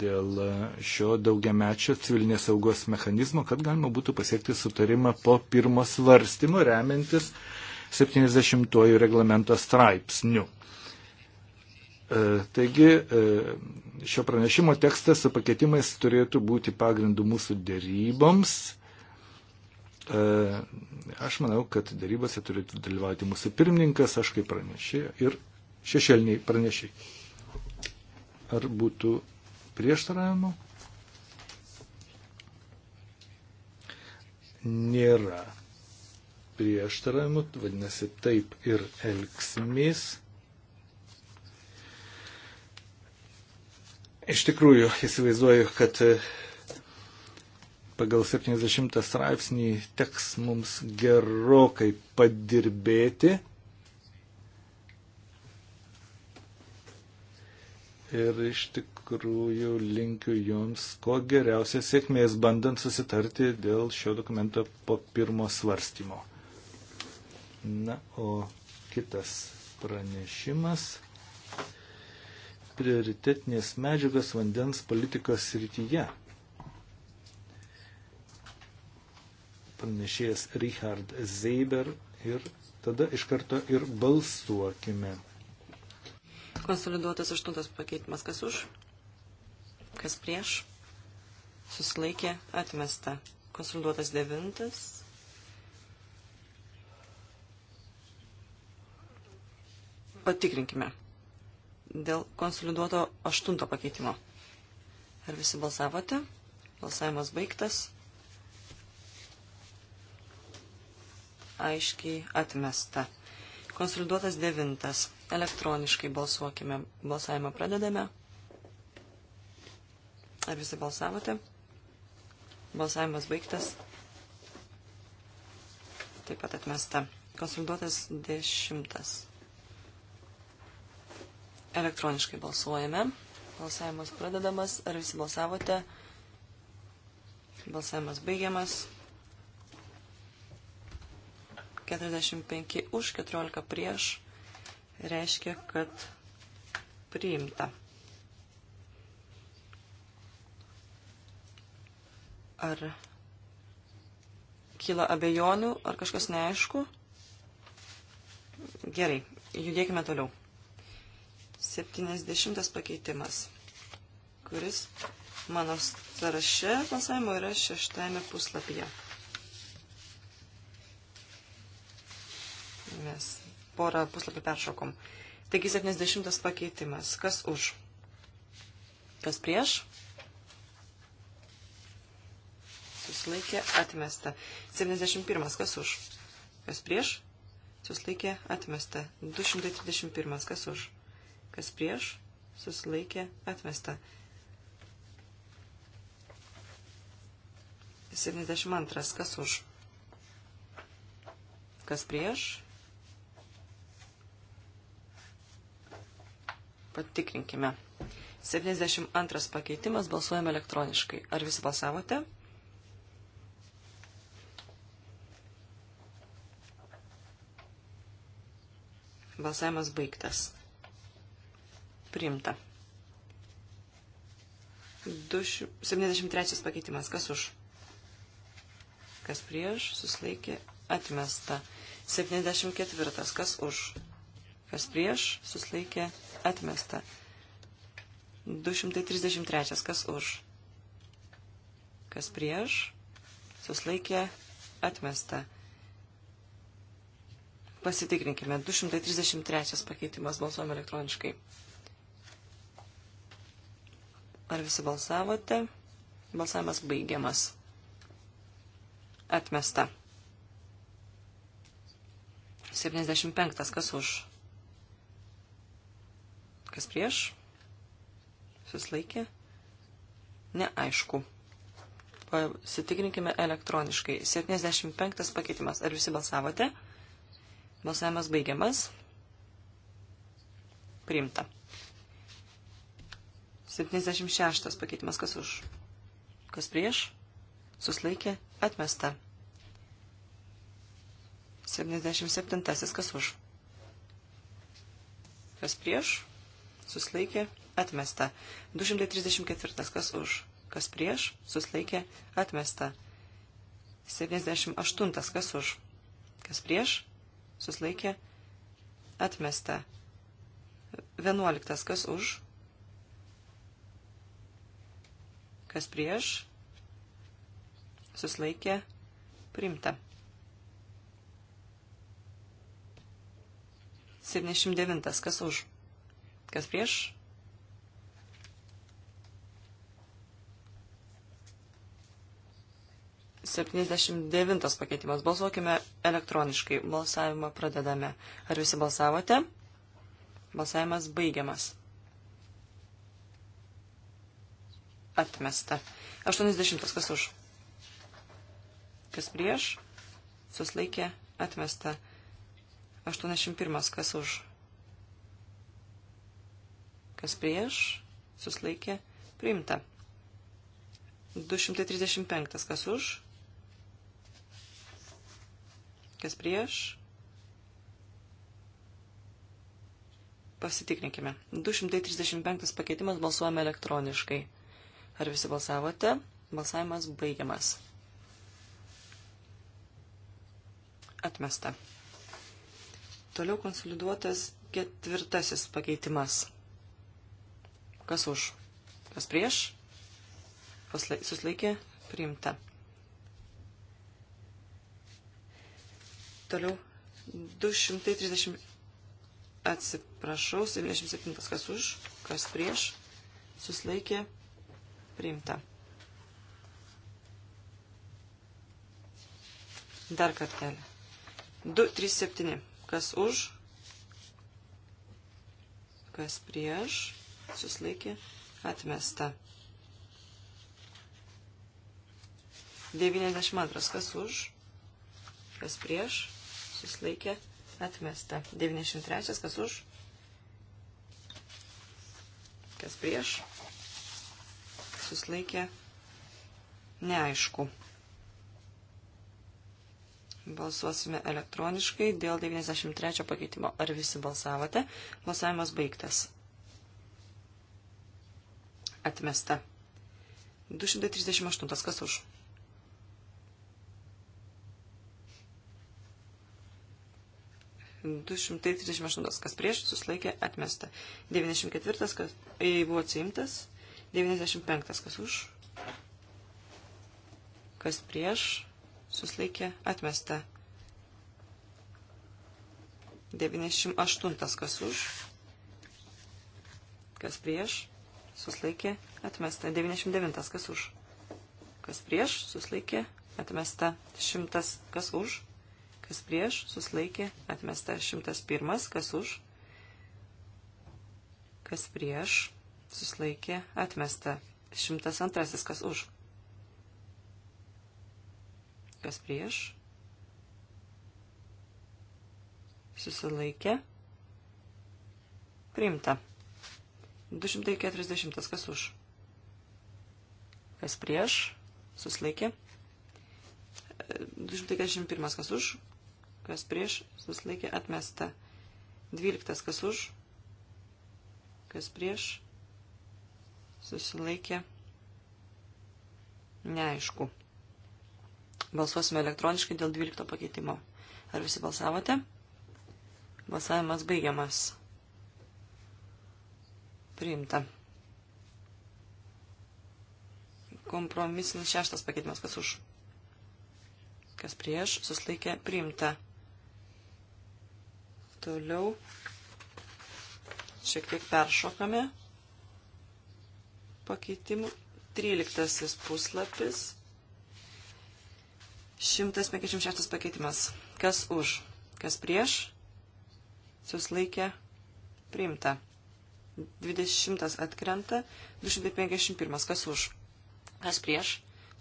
dėl šio daugiamečio civilinės saugos mechanizmo, kad galima būtų pasiekti sutarimą po pirmo svarstymo remiantis 70-ojų reglamento straipsnių. E, taigi e, šio pranešimo tekstas su pakeitimais turėtų būti pagrindu mūsų dėryboms E, aš manau, kad darybose turėtų dalyvauti mūsų pirmininkas, aš kaip pranešė ir šešėliniai pranešiai. Ar būtų prieštaravimų? Nėra prieštaravimų, vadinasi, taip ir elgsmės. Iš tikrųjų, įsivaizduoju, kad pagal 70 straipsnį teks mums gerokai padirbėti. Ir iš tikrųjų linkiu Jums kuo geriausios sėkmės, bandant susitarti dėl šio dokumento po pirmo svarstymo. Na, o kitas pranešimas. Prioritetinės medžiagas vandens politikos srityje. pranešėjas Richard Zeiber ir tada iš karto ir balsuokime. Konsoliduotas aštuntas pakeitimas, kas už, kas prieš, susilaikė, atmesta. Konsoliduotas devintas. Patikrinkime dėl konsoliduoto aštunto pakeitimo. Ar visi balsavote? Balsavimas baigtas. aiškiai atmesta. Konsoliduotas devintas. Elektroniškai balsuokime. Balsavimą pradedame. Ar visi balsavote? Balsavimas baigtas. Taip pat atmesta. Konsoliduotas dešimtas. Elektroniškai balsuojame. Balsavimas pradedamas. Ar visi balsavote? Balsavimas baigiamas. 45 už, 14 prieš reiškia, kad priimta. Ar kyla abejonių, ar kažkas neaišku? Gerai, judėkime toliau. 70 pakeitimas, kuris mano sąraše pasavimo yra šeštame puslapyje. mes porą puslapį peršokom. Taigi 70 pakeitimas. Kas už? Kas prieš? Susilaikė atmesta. 71. Kas už? Kas prieš? Susilaikė atmesta. 231. Kas už? Kas prieš? Susilaikė atmesta. 72. Kas už? Kas prieš? Patikrinkime. 72 pakeitimas, balsuojame elektroniškai. Ar visi balsavote? Balsavimas baigtas. Priimta. 73 pakeitimas. Kas už? Kas prieš? Suslaikė. Atmesta. 74. Kas už? kas prieš, susilaikė, atmesta. 233, kas už, kas prieš, susilaikė, atmesta. Pasitikrinkime, 233 pakeitimas balsuojame elektroniškai. Ar visi balsavote? Balsavimas baigiamas. Atmesta. 75. Kas už? Kas prieš? Susilaikė? Neaišku. Pasitikrinkime elektroniškai. 75 pakeitimas. Ar visi balsavote? Balsavimas baigiamas. Priimta. 76 pakeitimas. Kas už? Kas prieš? Suslaikė. Atmesta. 77 kas už? Kas prieš? susilaikė, atmesta. 234, kas už, kas prieš, susilaikė, atmesta. 78, kas už, kas prieš, susilaikė, atmesta. 11, kas už, kas prieš, susilaikė, primta. 79. Kas už? Kas prieš? Septyniasdešimt devintas pakeitimas. Balsuokime elektroniškai. Balsavimą pradedame. Ar visi balsavote? Balsavimas baigiamas. Atmesta. 80. Kas už? Kas prieš? Suslaikė. Atmesta. 81. Kas už? kas prieš, susilaikė, priimta. 235, kas už, kas prieš, pasitikrinkime. 235 pakeitimas balsuojame elektroniškai. Ar visi balsavote? Balsavimas baigiamas. Atmesta. Toliau konsoliduotas ketvirtasis pakeitimas. Kas už? Kas prieš? Susilaikė priimta. Toliau 230. Atsiprašau, 77. Kas už? Kas prieš? Susilaikė priimta. Dar kartelį. 2, 3, 7. Kas už? Kas prieš? susilaikė, atmesta. 92. Kas už, kas prieš, susilaikė, atmesta. 93. Kas už, kas prieš, susilaikė, neaišku. Balsuosime elektroniškai dėl 93 pakeitimo. Ar visi balsavote? Balsavimas baigtas atmesta. 238. Kas už? Du šimtai trisdešimt aštuntas, kas prieš, susilaikė, atmesta. Devyniasdešimt ketvirtas, kas buvo atsiimtas. Devyniasdešimt penktas, kas už. Kas prieš, susilaikė, atmesta. Devyniasdešimt aštuntas, kas už. Kas prieš, suslaikė, atmesta. 99 kas už, kas prieš, suslaikė, atmesta. 100 kas už, kas prieš, suslaikė, atmesta. 101 kas už, kas prieš, suslaikė, atmesta. 102 kas už, kas prieš, susilaikė, priimta. 240. Kas už? Kas prieš? Suslaikė. 241. Kas už? Kas prieš? Suslaikė. Atmesta. 12. Kas už? Kas prieš? Susilaikė. Neaišku. Balsuosime elektroniškai dėl 12 pakeitimo. Ar visi balsavote? Balsavimas baigiamas. Priimta. Kompromisinis šeštas pakeitimas, kas už. Kas prieš, suslaikė, priimta. Toliau šiek tiek peršokame pakeitimų. 13 puslapis. 156 pakeitimas. Kas už, kas prieš, suslaikė, priimta. 20 atkrenta, 251 kas už, kas prieš,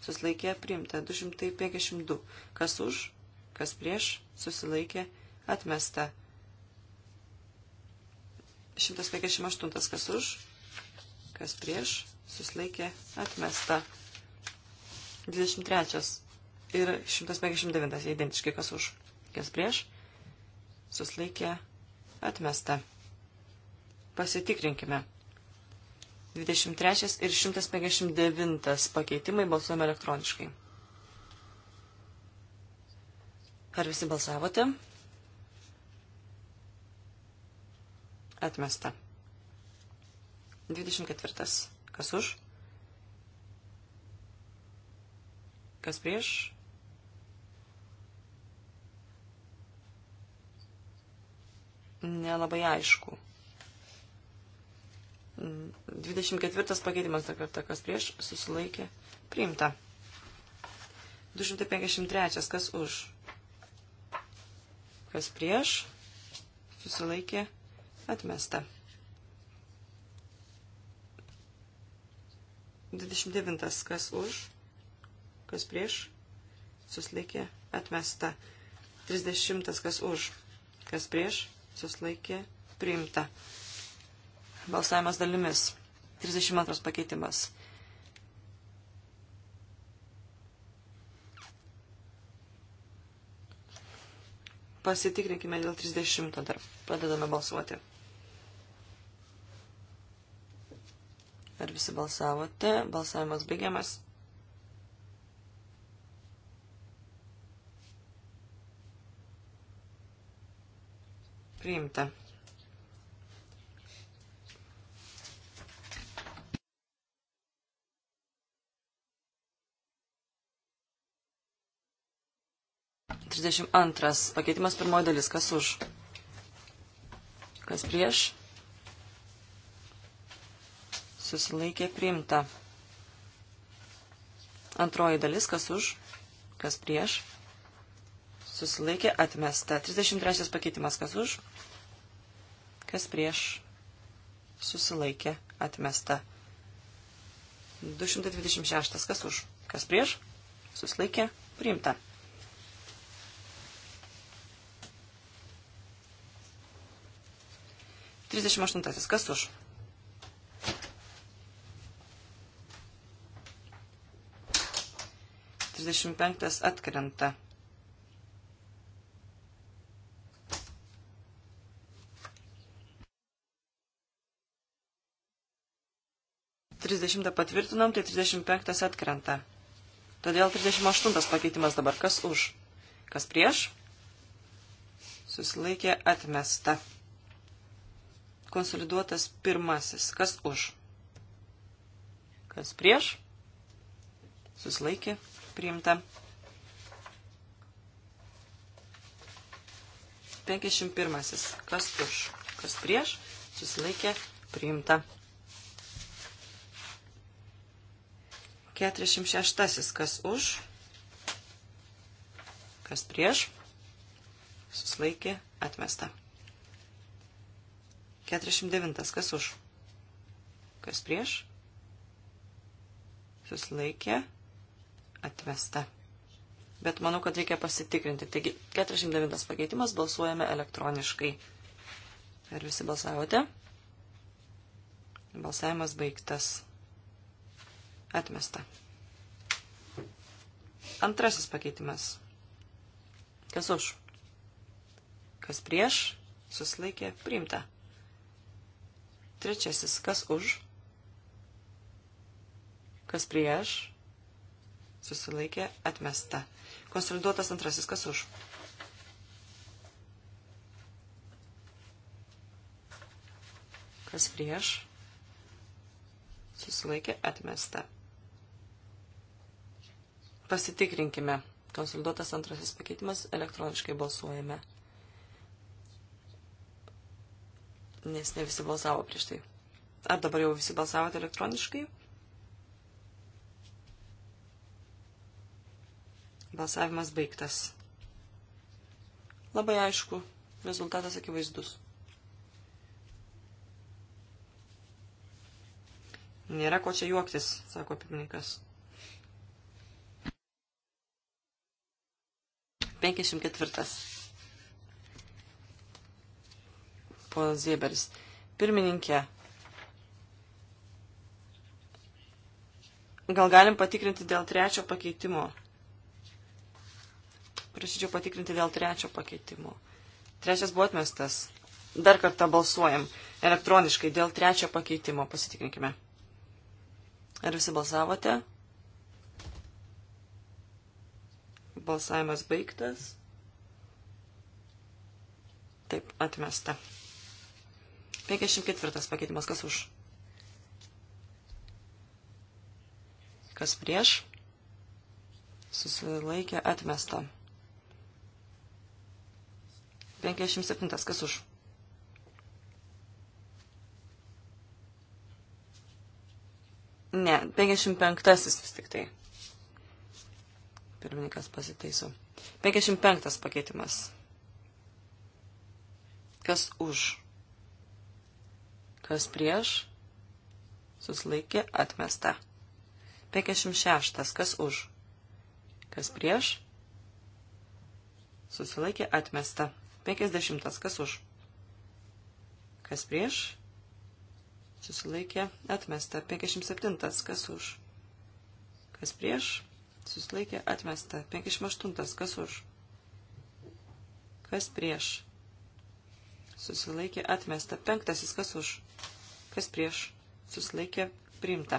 susilaikė priimta, 252 kas už, kas prieš, susilaikė atmesta, 158 kas už, kas prieš, susilaikė atmesta, 23 ir 159 identiškai kas už, kas prieš, susilaikė atmesta. Pasitikrinkime. 23 ir 159 pakeitimai balsuojame elektroniškai. Ar visi balsavote? Atmesta. 24. Kas už? Kas prieš? Nelabai aišku. 24 pakeitimas dar kartą, kas prieš, susilaikė, priimta. 253, kas už, kas prieš, susilaikė, atmesta. 29, kas už, kas prieš, susilaikė, atmesta. 30, kas už, kas prieš, susilaikė, priimta. Balsavimas dalimis. 32 pakeitimas. Pasitikrinkime dėl 30 dar. Pradedame balsuoti. Ar visi balsavote? Balsavimas baigiamas. Priimta. 132. Pakeitimas pirmoji dalis. Kas už? Kas prieš? Susilaikė priimta. Antroji dalis. Kas už? Kas prieš? Susilaikė atmesta. 33 pakeitimas. Kas už? Kas prieš? Susilaikė atmesta. 226. Kas už? Kas prieš? Susilaikė priimta. 38. Kas už? Trisdešimt penktas atkrenta. Trisdešimtą patvirtinom, tai trisdešimt penktas atkrenta. Todėl 38 pakeitimas dabar kas už, kas prieš, susilaikė atmesta konsoliduotas pirmasis. Kas už? Kas prieš? Susilaikė. Priimta. 51. Kas už? Kas prieš? Susilaikė. Priimta. 46. Kas už? Kas prieš? Susilaikė. Atmesta. 49. Kas už? Kas prieš? Susilaikė. Atmesta. Bet manau, kad reikia pasitikrinti. Taigi, 49 pakeitimas balsuojame elektroniškai. Ar visi balsavote? Balsavimas baigtas. Atmesta. Antrasis pakeitimas. Kas už? Kas prieš? Susilaikė. Priimta. Trečiasis, kas už, kas prieš, susilaikė, atmesta. Konsoliduotas antrasis, kas už. Kas prieš, susilaikė, atmesta. Pasitikrinkime. Konsoliduotas antrasis pakeitimas, elektroniškai balsuojame. nes ne visi balsavo prieš tai. Ar dabar jau visi balsavote elektroniškai? Balsavimas baigtas. Labai aišku, rezultatas akivaizdus. Nėra ko čia juoktis, sako pirmininkas. 54. ponas Zieberis. Pirmininkė, gal galim patikrinti dėl trečio pakeitimo? Prašyčiau patikrinti dėl trečio pakeitimo. Trečias buvo atmestas. Dar kartą balsuojam elektroniškai dėl trečio pakeitimo. Pasitikrinkime. Ar visi balsavote? Balsavimas baigtas. Taip, atmesta. 54 pakeitimas, kas už? Kas prieš? Susilaikė atmesta. 57, kas už? Ne, 55 vis tik tai. Pirmininkas pasitaiso. 55 pakeitimas. Kas už? kas prieš, susilaikė atmesta. 56. Kas už, kas prieš, susilaikė atmesta. 50. Kas už, kas prieš, susilaikė atmesta. 57. Kas už, kas prieš, susilaikė atmesta. 58. Kas už, kas prieš, susilaikė atmesta. 5. Kas už, kas prieš susilaikė priimta.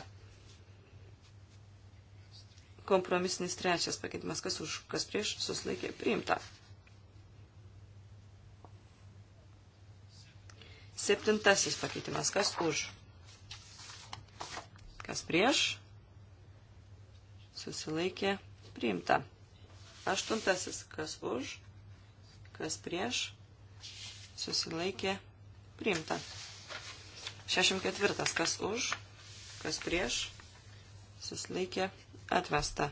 Kompromisinis trečias pakeitimas, kas už, kas prieš susilaikė priimta. Septintasis pakeitimas, kas už, kas prieš susilaikė priimta. Aštuntasis, kas už, kas prieš susilaikė priimta. 64. Kas už, kas prieš, susilaikė, atmesta.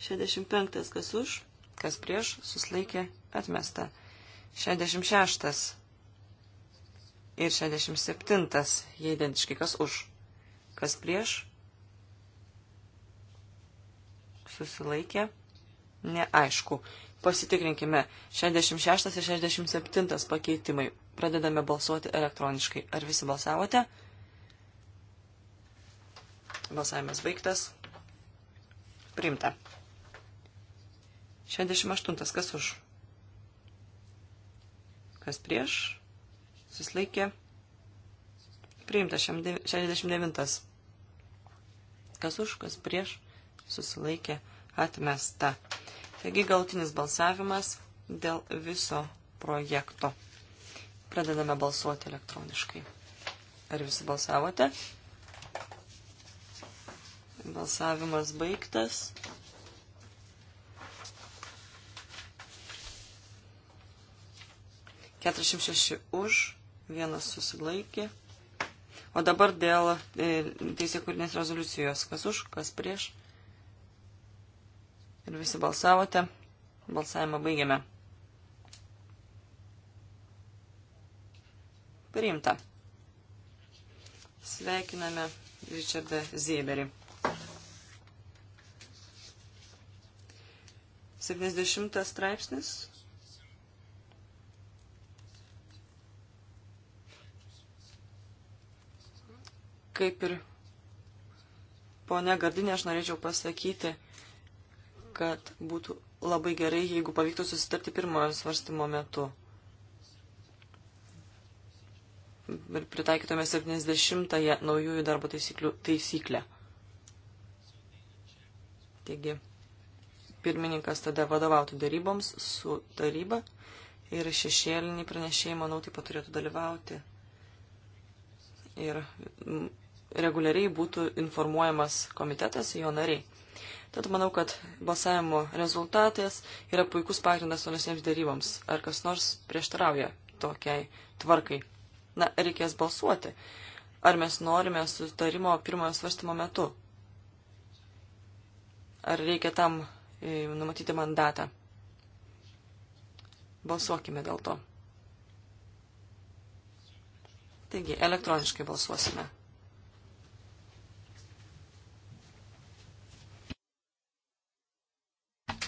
65. Kas už, kas prieš, susilaikė, atmesta. 66. Ir 67. Jie identiški, kas už, kas prieš, susilaikė, neaišku. Pasitikrinkime 66 ir 67 pakeitimai. Pradedame balsuoti elektroniškai. Ar visi balsavote? Balsavimas baigtas. Priimta. 68. Kas už? Kas prieš? Suslaikė. Priimta. 69. Kas už? Kas prieš? Susilaikė. Atmesta. Taigi galtinis balsavimas dėl viso projekto. Pradedame balsuoti elektroniškai. Ar visi balsavote? Balsavimas baigtas. Keturiasdešimt šeši už, vienas susilaikė. O dabar dėl e, teisėkūrinės rezoliucijos. Kas už, kas prieš. Ir visi balsavote. Balsavimą baigiame. Priimta. Sveikiname Richardą Zieberį. 70 straipsnis. Kaip ir ponia Gardinė, aš norėčiau pasakyti, kad būtų labai gerai, jeigu pavyktų susitarti pirmojo svarstymo metu. pritaikytume 70-ąją naujųjų darbo taisyklių taisyklę. Taigi, pirmininkas tada vadovautų daryboms su taryba ir šešėliniai pranešėjai, manau, taip pat turėtų dalyvauti. Ir reguliariai būtų informuojamas komitetas, jo nariai. Tad manau, kad balsavimo rezultatas yra puikus pagrindas tolesnėms daryboms. Ar kas nors prieštarauja tokiai tvarkai? Na, reikės balsuoti. Ar mes norime sutarimo pirmojo svarstymo metu? Ar reikia tam e, numatyti mandatą? Balsuokime dėl to. Taigi, elektroniškai balsuosime.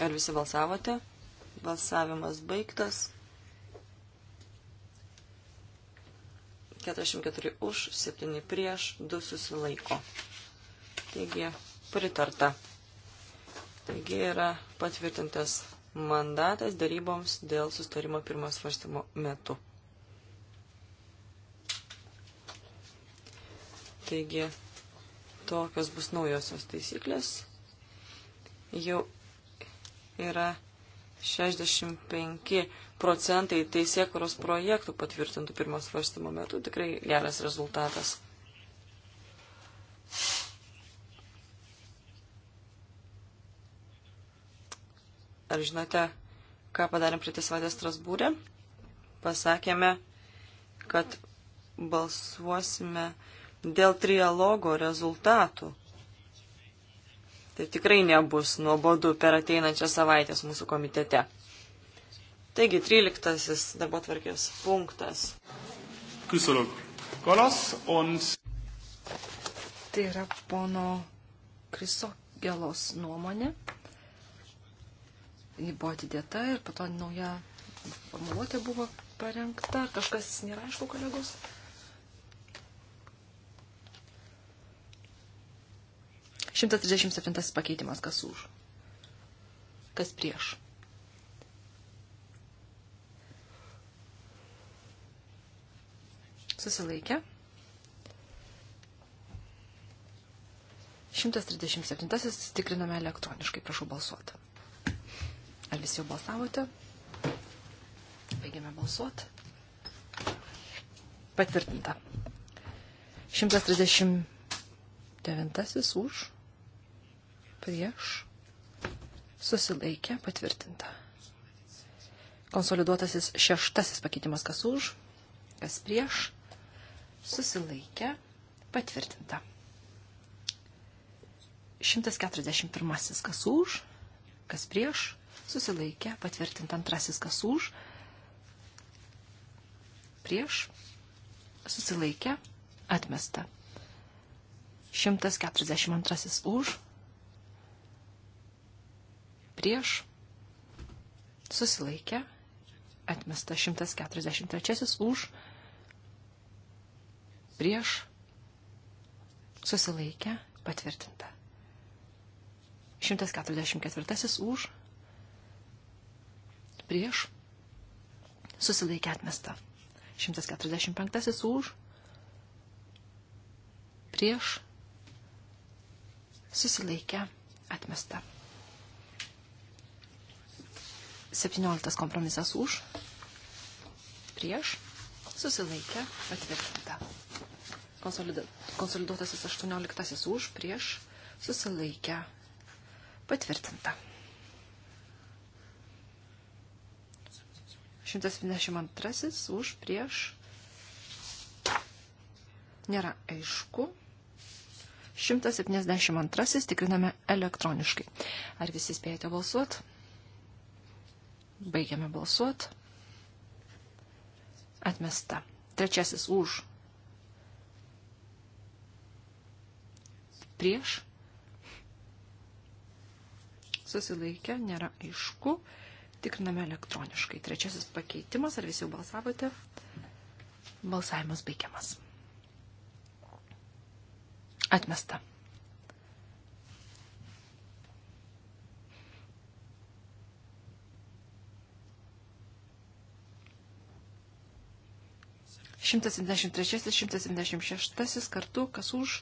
Ar visi balsavote? Balsavimas baigtas. 44 už, 7 prieš, 2 susilaiko. Taigi pritarta. Taigi yra patvirtintas mandatas daryboms dėl sustarimo pirmo svarstymo metu. Taigi tokios bus naujosios taisyklės. Jau yra 65 procentai teisėkuros projektų patvirtintų pirmo svarstymo metu. Tikrai geras rezultatas. Ar žinote, ką padarėm prie tiesvadę Strasbūrę? Pasakėme, kad balsuosime dėl trialogo rezultatų. Tai tikrai nebus nuobodu per ateinančią savaitę mūsų komitete. Taigi, 13 darbo tvarkės punktas. Kysulog Kolos und. Tai yra pono Krisogelos nuomonė. Ji buvo atidėta ir po to nauja formuluotė buvo parengta. Kažkas nėra aišku, kolegos. Šimtas trisdešimt septintas pakeitimas, kas už, kas prieš susilaikė. 137 tikriname elektroniškai, prašau balsuoti. Ar visi jau balsavote? Baigiame balsuoti. Patvirtinta. 139 už, prieš, susilaikė, patvirtinta. Konsoliduotasis šeštasis pakeitimas kas už, kas prieš, susilaikė, patvirtinta. 141 kas už, kas prieš, susilaikė, patvirtinta antrasis kas už, prieš, susilaikė, atmesta. 142 už, prieš, susilaikė, atmesta 143 už, prieš, prieš, susilaikę, patvirtinta. 144 už, prieš, susilaikę atmesta. 145 už, prieš, susilaikę atmesta. 17 kompromisas už, prieš, susilaikę patvirtinta konsoliduotasis 18 už, prieš, susilaikę, patvirtinta. 172 už, prieš, nėra aišku. 172 tikriname elektroniškai. Ar visi spėjote balsuot? Baigiame balsuot. Atmesta. Trečiasis už, prieš, susilaikę, nėra aišku, tikriname elektroniškai. Trečiasis pakeitimas, ar visi jau balsavote? Balsavimas baigiamas. Atmesta. Šimtas septyniasdešimt trečiasis, šimtas septyniasdešimt šeštasis kartu, kas už,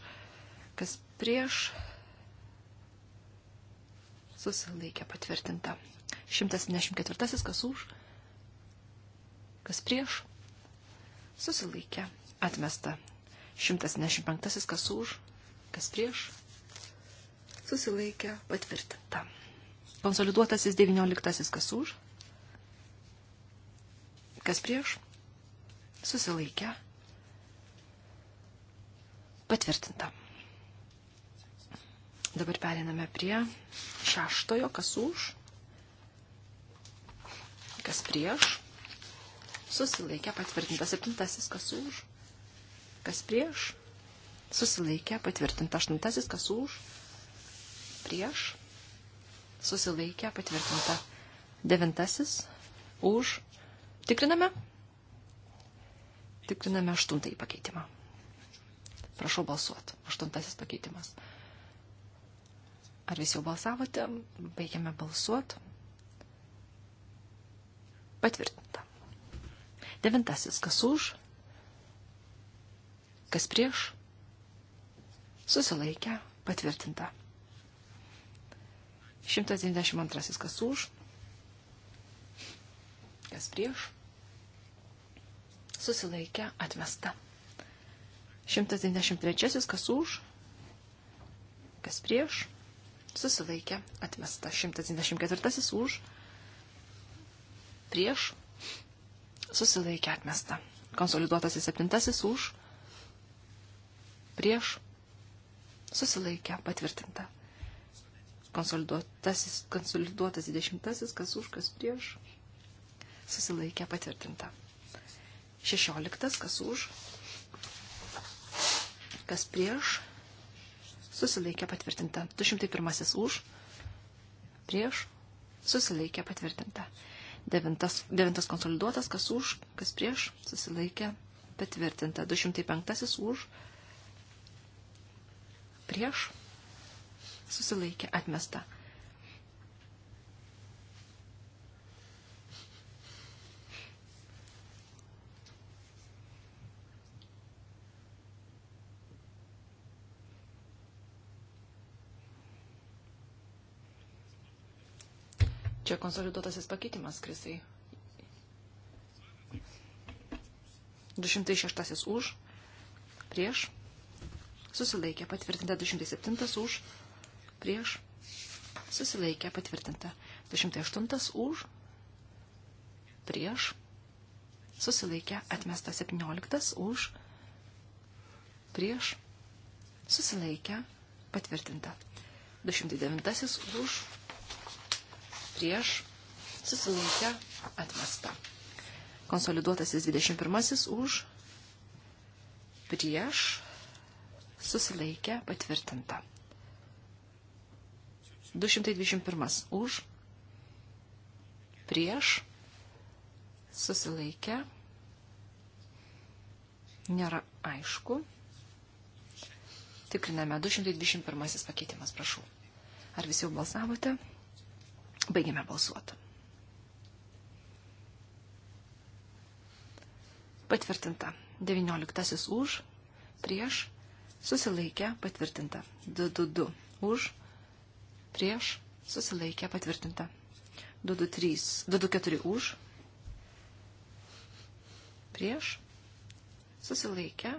kas prieš susilaikė patvirtinta. 174. Kas už, kas prieš, susilaikė atmesta. 175. Kas už, kas prieš, susilaikė patvirtinta. Konsoliduotasis 19. Kas už, kas prieš, susilaikė patvirtinta. Dabar periname prie šeštojo, kas už, kas prieš. Susilaikė patvirtinta septintasis, kas už, kas prieš. Susilaikė patvirtinta aštuntasis, kas už, prieš. Susilaikė patvirtinta devintasis, už. Tikriname. Tikriname aštuntąjį pakeitimą. Prašau balsuoti. Aštuntasis pakeitimas. Ar visi jau balsavote? Baigiame balsuoti. Patvirtinta. Devintasis. Kas už? Kas prieš? Susilaikę. Patvirtinta. 192. Kas už? Kas prieš? Susilaikę. Atmesta. 193. Kas už? Kas prieš? susilaikė, atmesta 124 už, prieš, susilaikė, atmesta. Konsoliduotasis 7 už, prieš, susilaikė, patvirtinta. Konsoliduotasis, konsoliduotas 20, kas už, kas prieš, susilaikė, patvirtinta. 16, kas už, kas prieš, susilaikė patvirtinta. 201 už, prieš, susilaikė patvirtinta. 9, 9 konsoliduotas, kas už, kas prieš, susilaikė patvirtinta. 205 už, prieš, susilaikė atmesta. čia konsoliduotasis pakeitimas, Krisai. 206 už, prieš, susilaikė patvirtinta 207 už, prieš, susilaikė patvirtinta 208 už, prieš, susilaikė atmesta 17 už, prieš, susilaikė patvirtinta 209 už, prieš, susilaikę, atmesta. Konsoliduotasis 21 už, prieš, susilaikę, patvirtinta. 221 už, prieš, susilaikę, nėra aišku. Tikriname 221 pakeitimas, prašau. Ar visi jau balsavote? Baigiame balsuoti. Patvirtinta. 19 už, prieš, susilaikė, patvirtinta. 222 už, prieš, susilaikė, patvirtinta. 223, 224 už, prieš, susilaikė,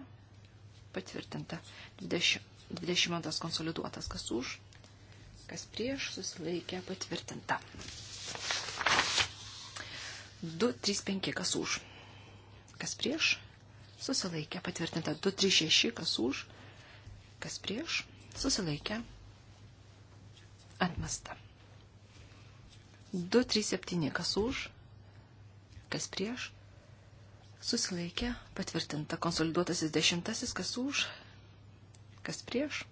patvirtinta. 20, 22 konsoliduotas, kas už, kas prieš, susilaikė patvirtinta. 2, 3, 5, kas už, kas prieš, susilaikė patvirtinta. 2, 3, 6, kas už, kas prieš, susilaikė atmesta. 2, 3, 7, kas už, kas prieš, susilaikė patvirtinta. Konsoliduotasis dešimtasis, kas už, kas prieš,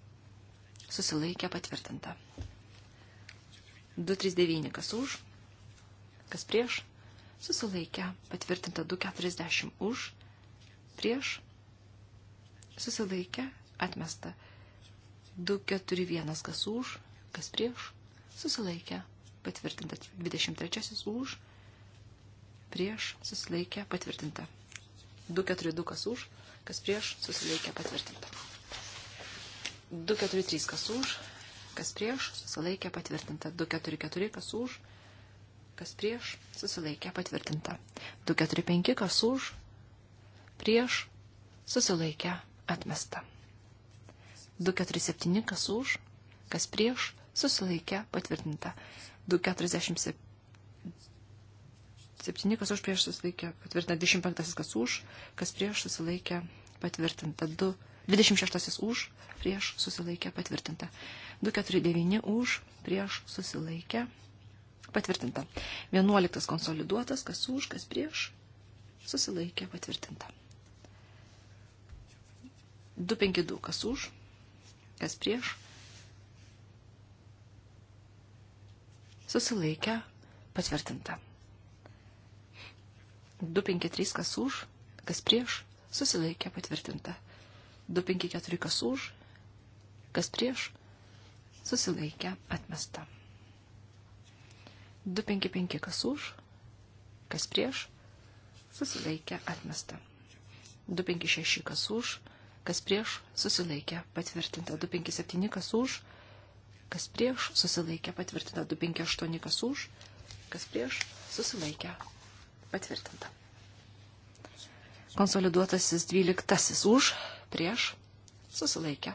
susilaikė patvirtinta. 239 kas už, kas prieš, susilaikė patvirtinta 240 už, prieš, susilaikė atmesta 241 kas už, kas prieš, susilaikė patvirtinta 23 už, prieš, susilaikė patvirtinta 242 kas už, kas prieš, susilaikė patvirtinta. 243 kas už, kas prieš, susilaikė patvirtinta. 244 kas už, kas prieš, susilaikė patvirtinta. 245 kas už, prieš, susilaikė atmesta. 247 kas už, kas prieš, susilaikė patvirtinta. 247 7, kas už prieš susilaikė, patvirtinta 25, kas už, kas prieš susilaikė, patvirtinta 2, 26 už, prieš susilaikę patvirtinta. 249 už, prieš susilaikę patvirtinta. 11 konsoliduotas, kas už, kas prieš susilaikę patvirtinta. 252 kas už, kas prieš susilaikę patvirtinta. 253 kas už, kas prieš susilaikė patvirtinta. 254 kas už, kas prieš, susilaikę, atmesta. 255 kas už, kas prieš, susilaikę, atmesta. 256 kas už, kas prieš, susilaikę, patvirtinta. 257 kas už, kas prieš, susilaikę, patvirtinta. 258 kas už, kas prieš, susilaikę, patvirtinta. Konsoliduotasis 12 už, prieš, susilaikė,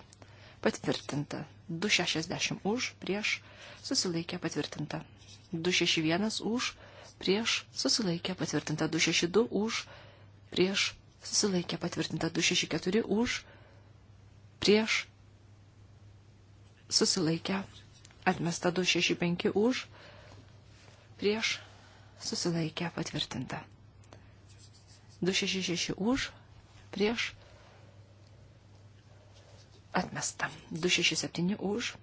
patvirtinta. 260 už, prieš, susilaikė, patvirtinta. 261 už, prieš, susilaikė, patvirtinta. 262 už, prieš, susilaikė, patvirtinta. 264 už, prieš, susilaikė, atmesta. 265 už, prieš, susilaikė, patvirtinta. 266 už, prieš, Atmesta. 267 už.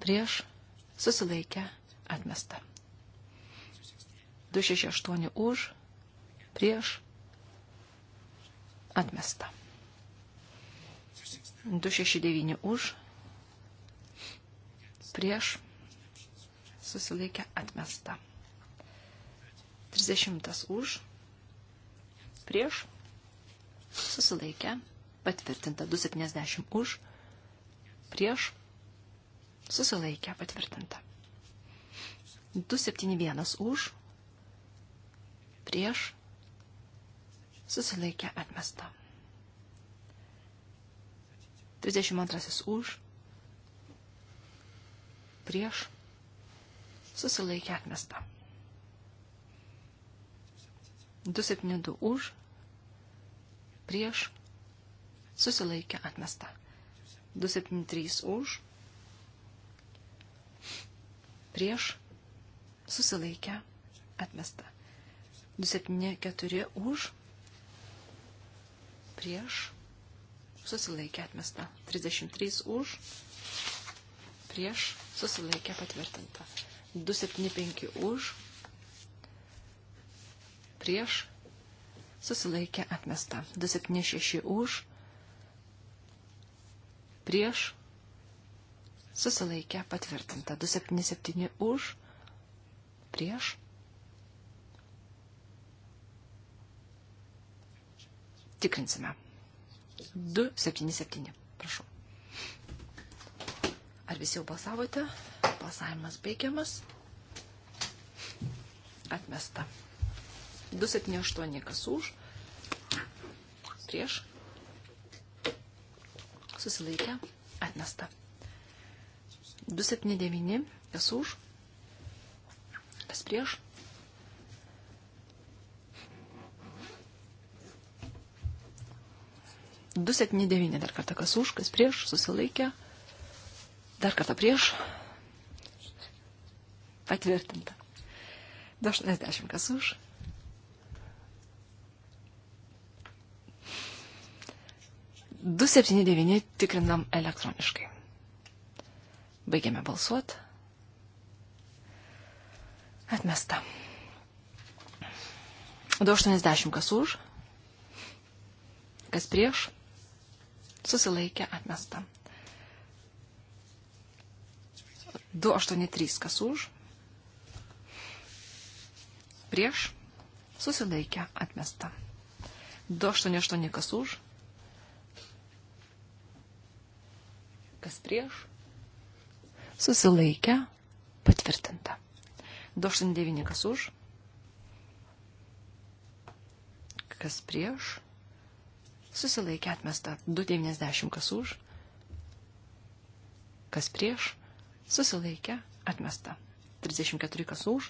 Prieš. Susilaikę. Atmesta. 268 už. Prieš. Atmesta. 269 už. Prieš. Susilaikę. Atmesta. 30 už. Prieš. Susilaikę. Atmesta patvirtinta 270 už, prieš, susilaikė, patvirtinta. 271 už, prieš, susilaikė, atmesta. 32 už, prieš, susilaikė, atmesta. 272 už, prieš, susilaikė atmesta. 273 už, prieš, susilaikė atmesta. 274 už, prieš, susilaikė atmesta. 33 už, prieš, susilaikė patvirtinta. 275 už, prieš, susilaikė atmesta. 276 už, prieš, susilaikę, patvirtinta. 277 už, prieš. Tikrinsime. 277, prašau. Ar visi jau balsavote? Balsavimas baigiamas. Atmesta. 278 kas už, prieš, susilaikė, atmesta. 279, kas už, kas prieš. Du septyni devyni, dar kartą kas už, kas prieš, susilaikė, dar kartą prieš, patvirtinta. 80 kas už, 279 tikrinam elektroniškai. Baigiame balsuoti. Atmesta. 280 kas už, kas prieš, susilaikė atmesta. 283 kas už, prieš, susilaikė atmesta. 288 kas už, kas prieš, susilaikę, patvirtinta. 289 kas už, kas prieš, susilaikę atmesta. 290 kas už, kas prieš, susilaikę atmesta. 34 kas už,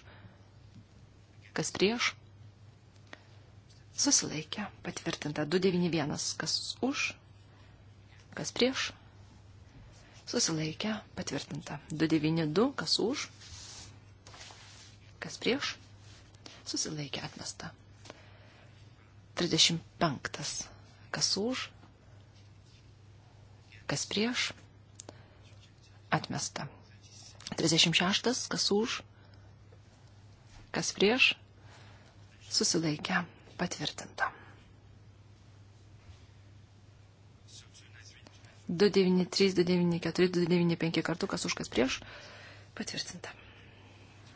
kas prieš, susilaikę patvirtinta. 291 kas už, kas prieš, susilaikę, patvirtinta. 292, kas už, kas prieš, susilaikę, atmesta. 35, kas už, kas prieš, atmesta. 36, kas už, kas prieš, susilaikę, patvirtinta. 293, 294, 295 kartų, kas už, kas prieš. Patvirtinta.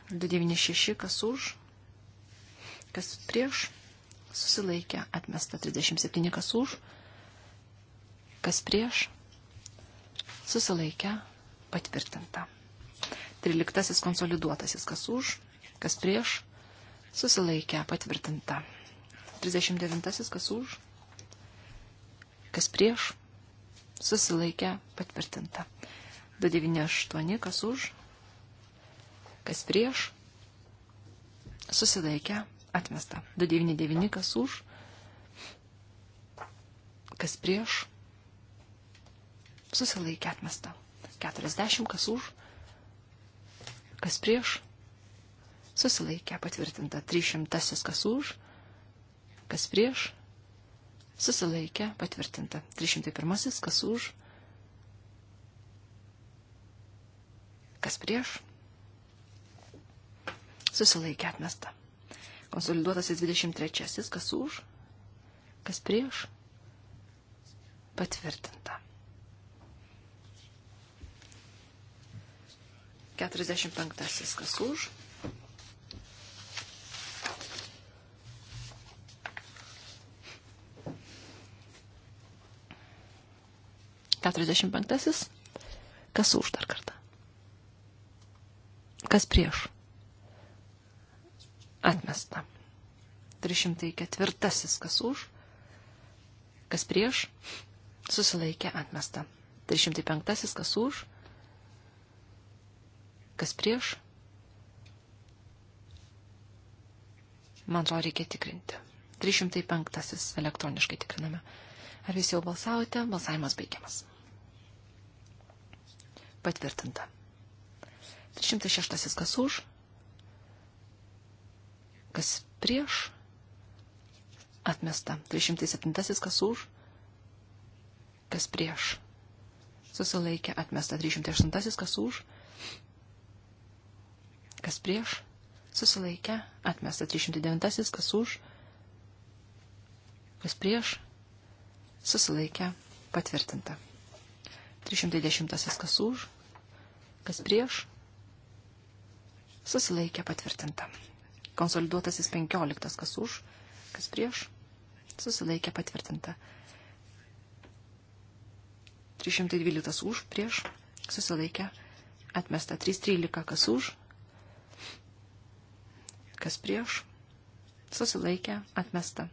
296, kas už, kas prieš. Susilaikė, atmesta 37, kas už, kas prieš. Susilaikė, patvirtinta. 13 konsoliduotasis, kas už, kas prieš. Susilaikė, patvirtinta. 39, kas už, kas prieš susilaikė patvirtinta. 298, kas už, kas prieš, susilaikė atmesta. 299, kas už, kas prieš, susilaikė atmesta. 40, kas už, kas prieš, susilaikė patvirtinta. 300, kas už, kas prieš, susilaikė, patvirtinta. 301, kas už, kas prieš, susilaikė atmesta. Konsoliduotasis 23, kas už, kas prieš, patvirtinta. 45, kas už, 45. Kas už dar kartą? Kas prieš? Atmesta. 304. Kas už? Kas prieš? Susilaikė atmesta. 305. Kas už? Kas prieš? Man to reikia tikrinti. 305. Elektroniškai tikriname. Ar visi jau balsavote? Balsavimas baigiamas. Patvirtinta. 306 kas už, kas prieš, atmesta. 307 kas už, kas prieš, susilaikė, atmesta. 308 kas už, kas prieš, susilaikė, atmesta. 309 kas už, kas prieš, susilaikė, patvirtinta. 310 kas už, kas prieš, susilaikė patvirtinta. Konsoliduotasis 15 kas už, kas prieš, susilaikė patvirtinta. 312 už, prieš, susilaikė atmesta. 313 kas už, kas prieš, susilaikė atmesta.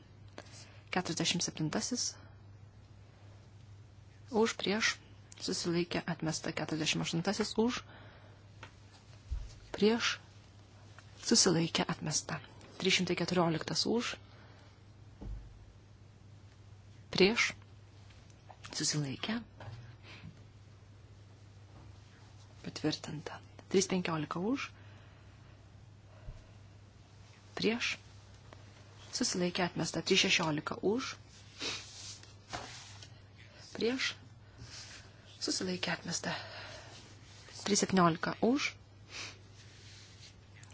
47 už, prieš, susilaikė atmesta 48 už, prieš susilaikė atmesta 314 už, prieš susilaikė patvirtinta 315 už, prieš susilaikė atmesta 316 už, prieš Susilaikė atmesta. 317 už.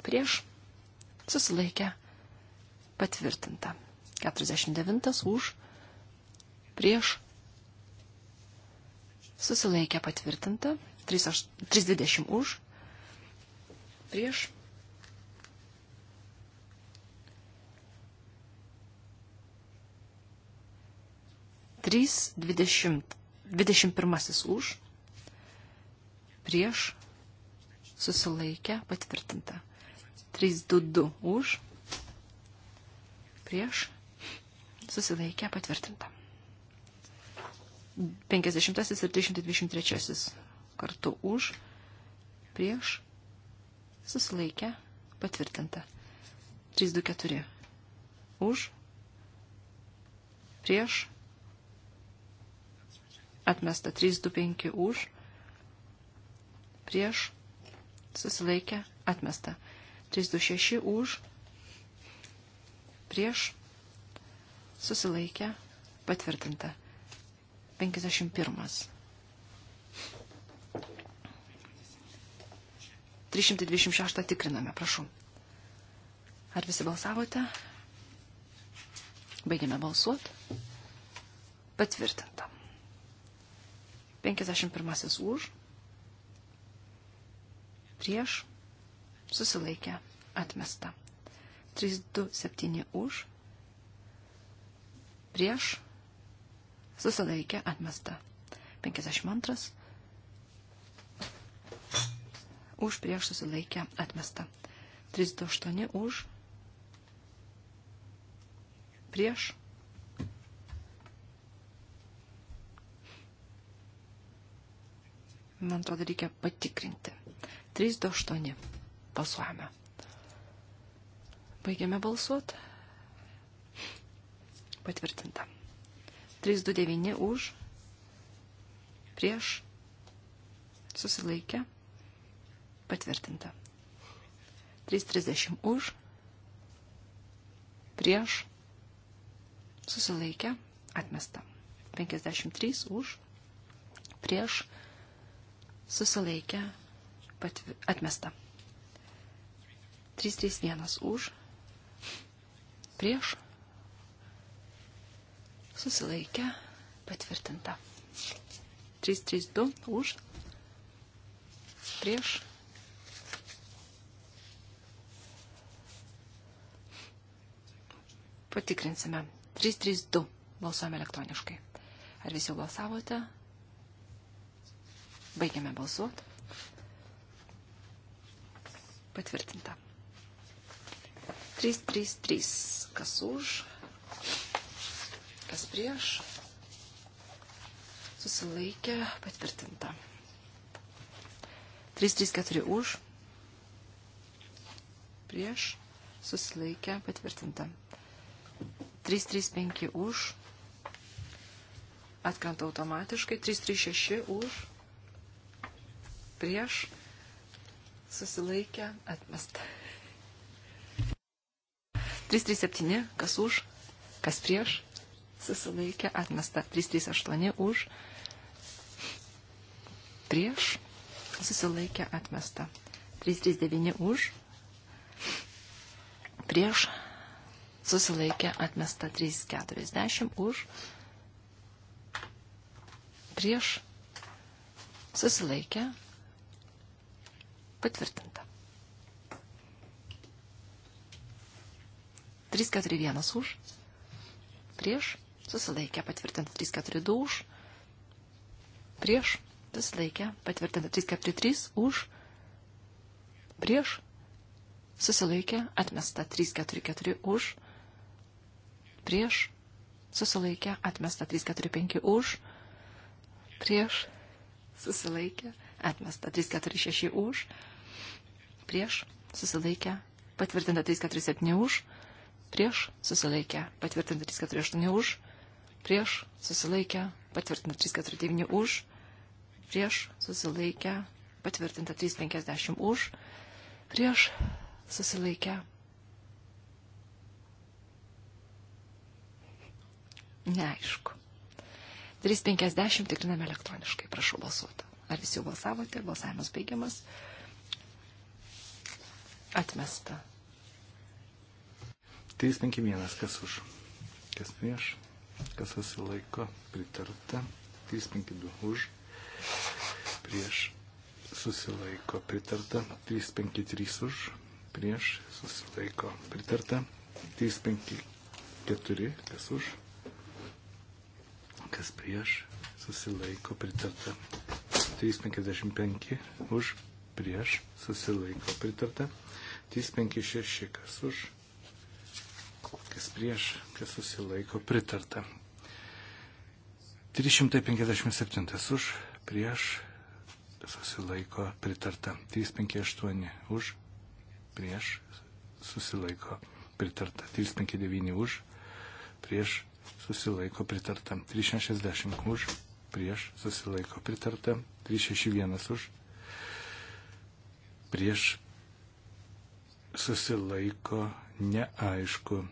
Prieš. Susilaikė. Patvirtinta. 49 už. Prieš. Susilaikė patvirtinta. 320 už. Prieš. Trys dvidešimt 21 už, prieš, susilaikę, patvirtinta. 322 už, prieš, susilaikę, patvirtinta. 50 ir 323 kartu už, prieš, susilaikę, patvirtinta. 324 už, prieš, Atmesta 325 už. Prieš. Susilaikė. Atmesta. 326 už. Prieš. Susilaikė. Patvirtinta. 51. 326 tikriname, prašau. Ar visi balsavote? Baigiame balsuoti. Patvirtinta. 51 už, prieš, susilaikė, atmesta. 327 už, prieš, susilaikė, atmesta. 52 už, prieš, susilaikė, atmesta. 328 už, prieš, man atrodo, reikia patikrinti. 328. Balsuojame. Baigiame balsuoti. Patvirtinta. 329 už. Prieš. Susilaikę. Patvirtinta. 330 už. Prieš. Susilaikę. Atmesta. 53 už. Prieš susilaikė, patvi, atmesta. 331 už, prieš, susilaikė, patvirtinta. 332 už, prieš, patikrinsime. 332 balsuojame elektroniškai. Ar visi jau balsavote? Baigiame balsuoti. Patvirtinta. 333. Kas už? Kas prieš? Susilaikė. Patvirtinta. 334 už. Prieš. Susilaikė. Patvirtinta. 335 už. Atkrenta automatiškai. 336 už prieš, susilaikę, atmesta. 337, kas už, kas prieš, susilaikę, atmesta. 338 už, prieš, susilaikę, atmesta. 339 už, prieš, susilaikė atmesta 340 už, prieš susilaikė Patvirtinta. 341 už. Prieš. Susilaikė patvirtinta 342 už. Prieš. Susilaikė patvirtinta 343 už. Prieš. Susilaikė atmesta 344 už. Prieš. Susilaikė atmesta 345 už. Prieš. Susilaikė atmesta 346 už prieš susilaikę patvirtinta 347 už, prieš susilaikę patvirtinta 348 už, prieš susilaikę patvirtinta 349 už, prieš susilaikę patvirtinta 350 už, prieš susilaikę. Neaišku. 350 tikriname elektroniškai, prašau balsuoti. Ar visi jau balsavote? Balsavimas baigiamas. Atmesta. 351, kas už, kas prieš, kas susilaiko, pritarta. 352 už, prieš, susilaiko, pritarta. 353 už, prieš, susilaiko, pritarta. 354, kas už, kas prieš, susilaiko, pritarta. 355 už, prieš, susilaiko, pritarta. 356, kas už, kas prieš, kas susilaiko, pritarta. 357 už, prieš, susilaiko, pritarta. 358 už, prieš, susilaiko, pritarta. 359 už, prieš, susilaiko, pritarta. 360 už, prieš, susilaiko, pritarta. 361 už, prieš, susilaiko neaišku.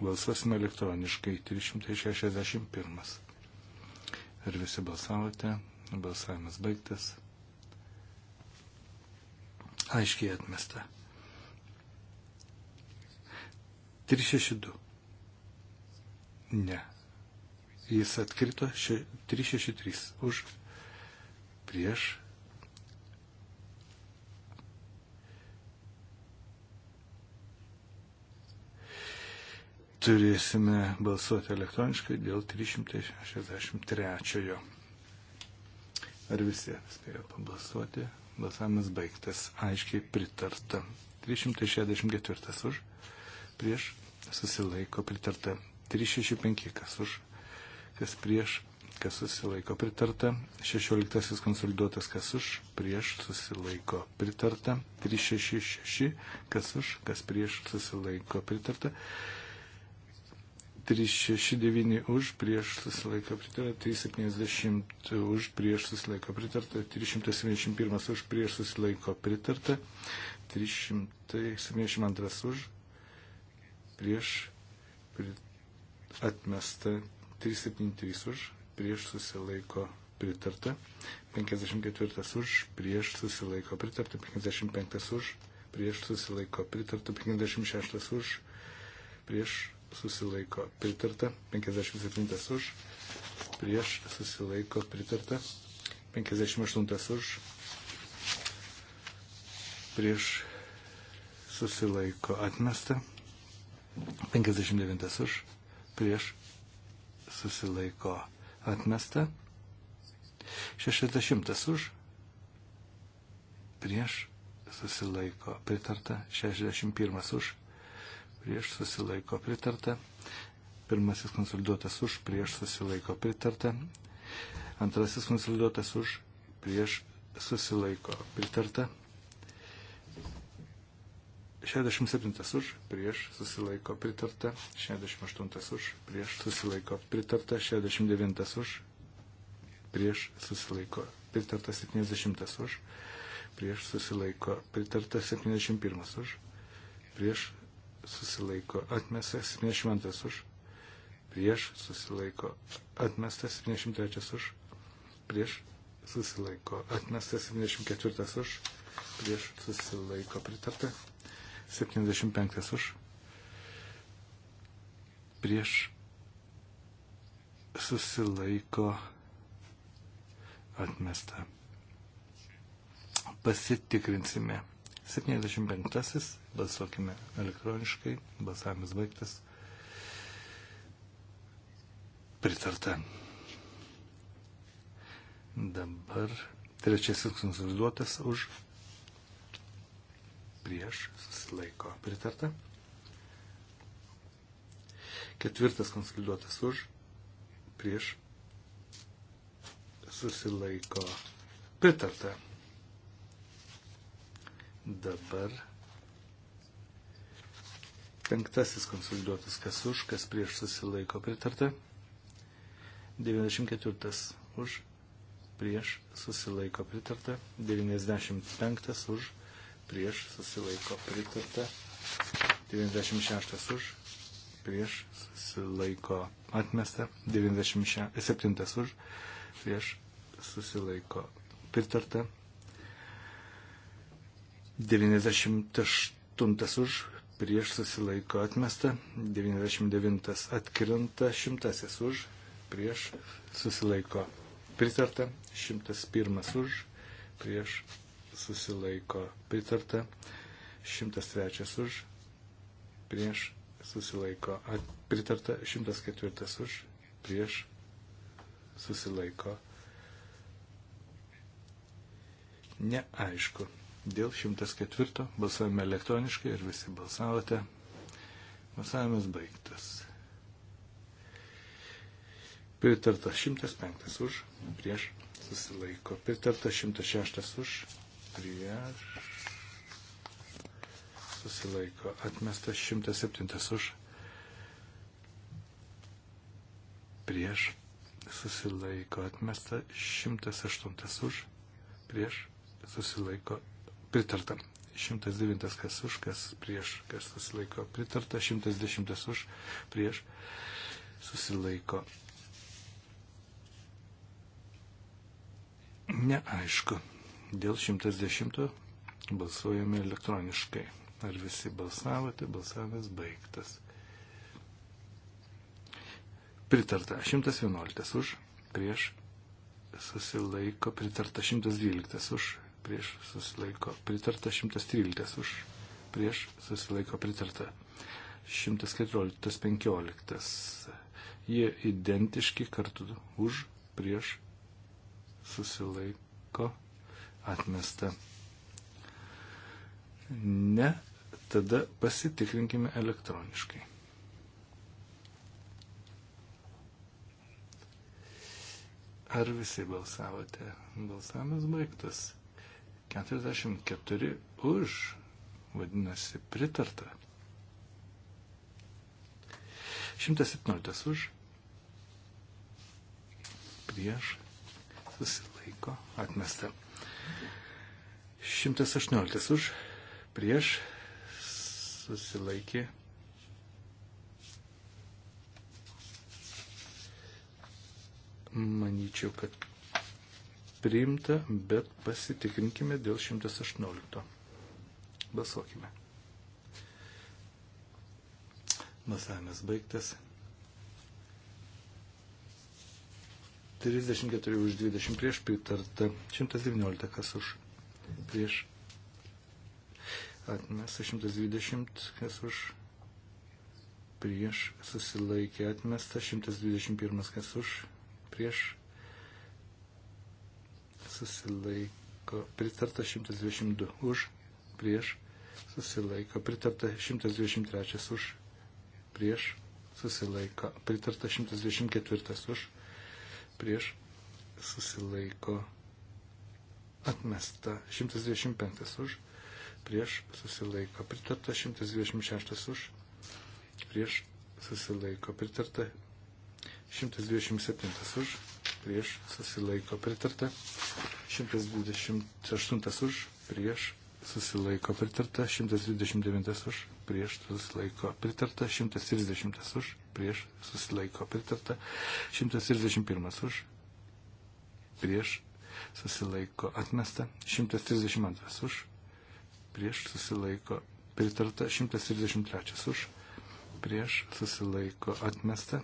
Balsasime elektroniškai 361. Ar visi balsavote? Balsavimas baigtas. Aiškiai atmesta. 362. Ne. Jis atkrito 363 už prieš turėsime balsuoti elektroniškai dėl 363. Ar visi spėjo pabalsuoti? Balsavimas baigtas. Aiškiai pritarta. 364 už. Prieš susilaiko pritarta. 365 kas už. Kas prieš. Kas susilaiko pritarta. 16 konsoliduotas kas už. Prieš susilaiko pritarta. 366 kas už. Kas prieš susilaiko pritarta. 366, 369 už prieš susilaiką pritarta, 370 už prieš susilaiką pritarta, 371 už prieš susilaiko pritarta, 372 už prieš atmesta, 373 už prieš susilaiko pritarta, 54 už prieš susilaiko pritarta, 55 už prieš susilaiko pritarta, 56 už prieš susilaiko pritarta, 57 už, prieš susilaiko pritarta, 58 už, prieš susilaiko atmesta, 59 už, prieš susilaiko atmesta, 60 už, prieš susilaiko pritarta, 61 už, prieš susilaiko pritarta. Pirmasis konsoliduotas už, prieš susilaiko pritarta. Antrasis konsoliduotas už, prieš susilaiko pritarta. 67 už, prieš susilaiko pritarta, 68 už, prieš susilaiko pritarta, 69 už, prieš susilaiko pritarta, 70 už, prieš susilaiko pritarta, 71 už, prieš susilaiko atmestas, 72 už, prieš susilaiko atmestas, 73 už, prieš susilaiko atmestas, 74 už, prieš susilaiko pritarta, 75 už, prieš susilaiko atmesta. Pasitikrinsime. 75. Balsuokime elektroniškai. Balsavimas baigtas. Pritarta. Dabar trečiasis konsoliduotas už prieš susilaiko. Pritarta. Ketvirtas konsoliduotas už prieš susilaiko. Pritarta. Dabar Penktasis konsoliduotas, kas už, kas prieš susilaiko pritarta. 94 už, prieš susilaiko pritarta. 95 už, prieš susilaiko pritarta. 96 už, prieš susilaiko atmesta. 97 už, prieš susilaiko pritarta. 98 už, prieš susilaiko atmesta, 99 atkrenta, 100 už, prieš susilaiko pritarta, 101 už, prieš susilaiko pritarta, 103 už, prieš susilaiko at, pritarta, 104 už, prieš susilaiko. Neaišku. Dėl 104 balsavome elektroniškai ir visi balsavote. Balsavimas baigtas. Pritarta 105 už, prieš susilaiko. Pritarta 106 už, prieš susilaiko. Atmestas 107 už, prieš susilaiko. Atmestas 108 už, prieš susilaiko pritarta. 109 kas už, kas prieš, kas susilaiko pritarta, 110 už, prieš susilaiko. Neaišku. Dėl 110 balsuojame elektroniškai. Ar visi balsavote, balsavimas baigtas. Pritarta 111 už, prieš susilaiko pritarta 112 už, prieš susilaiko pritarta, 113 už prieš susilaiko pritarta, 114, 15. Jie identiški kartu už prieš susilaiko atmesta. Ne, tada pasitikrinkime elektroniškai. Ar visi balsavote? Balsavimas baigtas. 44 už, vadinasi, pritarta. 117 už, prieš, susilaiko, atmesta. 118 už, prieš, susilaikė. Manyčiau, kad priimta, bet pasitikrinkime dėl 118. Balsuokime. Balsavimas baigtas. 34 už 20 prieš pritarta. 119 kas už prieš. Atmesta 120 kas už prieš. Susilaikė atmesta 121 kas už prieš susilaiko pritarta 122 už, prieš susilaiko pritarta 123 už, prieš susilaiko pritarta 124 už, prieš susilaiko atmesta 125 už, prieš susilaiko pritarta 126 už, prieš susilaiko pritarta 127 už prieš susilaiko pritarta. 128 už prieš susilaiko pritarta. 129 už prieš susilaiko pritarta. 130 už prieš susilaiko pritarta. 131 už prieš susilaiko atmesta. 132 už prieš susilaiko pritarta. 133 už prieš susilaiko atmesta.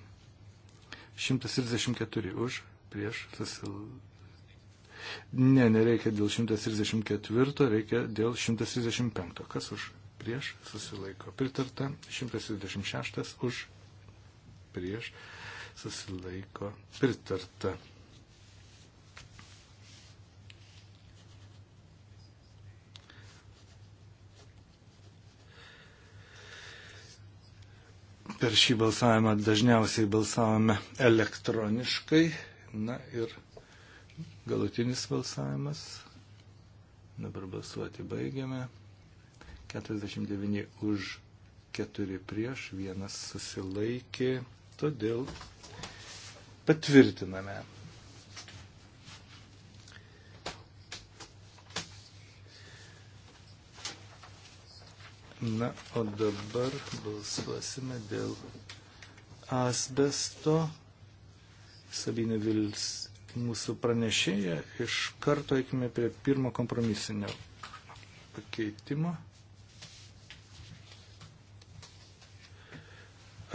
134 už, prieš susilaikė. Ne, nereikia dėl 134, reikia dėl 135. Kas už prieš susilaiko? Pritarta. 136 už prieš susilaiko. Pritarta. Per šį balsavimą dažniausiai balsavome elektroniškai. Na ir galutinis balsavimas. Dabar balsuoti baigiame. 49 už 4 prieš, vienas susilaikė, todėl patvirtiname. Na, o dabar balsuosime dėl asbesto Sabinė Vils, mūsų pranešėja, iš karto eikime prie pirmo kompromisinio pakeitimo.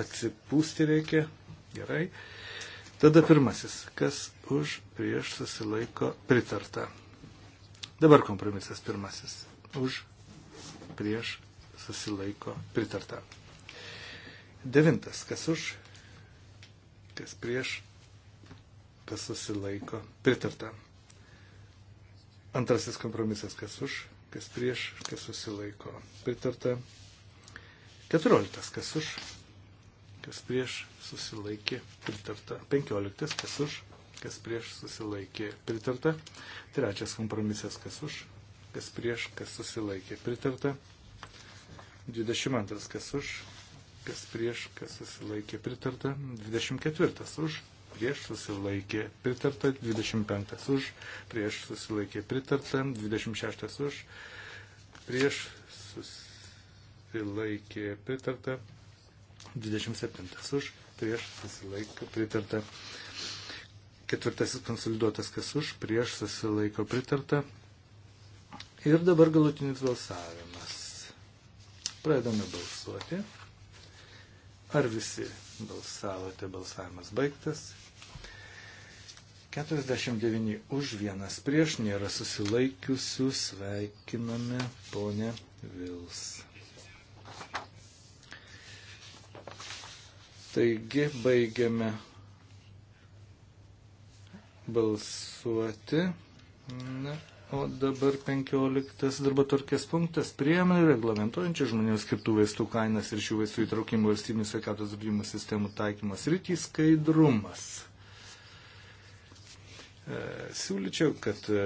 Atsipūsti reikia. Gerai. Tada pirmasis. Kas už prieš susilaiko pritarta. Dabar kompromisas pirmasis. Už prieš susilaiko pritarta. Devintas. Kas už, kas prieš kas susilaiko, pritarta. Antrasis kompromisas, kas už, kas prieš, kas susilaiko, pritarta. Keturioliktas, kas už, kas prieš, susilaikė, pritarta. Penkioliktas, kas už, kas prieš, susilaikė, pritarta. Trečias kompromisas, kas už, kas prieš, kas susilaikė, pritarta. Dvidešimt antras, kas už, kas prieš, kas susilaikė, pritarta. Dvidešimt ketvirtas, už, prieš susilaikė pritarta, 25 už, prieš susilaikė pritarta, 26 už, prieš susilaikė pritarta, 27 už, prieš susilaikė pritarta. Ketvirtasis konsoliduotas kas už, prieš susilaiko pritarta. Ir dabar galutinis balsavimas. Pradedame balsuoti. Ar visi balsavote? Balsavimas baigtas. 49 už vienas prieš nėra susilaikiusių. Sveikiname ponę Vils. Taigi baigiame balsuoti. Na, O dabar 15 darbo tvarkės punktas priemonių reglamentuojančių žmonėms skirtų vaistų kainas ir šių vaistų įtraukimo valstybinių sveikatos apdrimo sistemų taikymas rytys skaidrumas. E, siūlyčiau, kad e,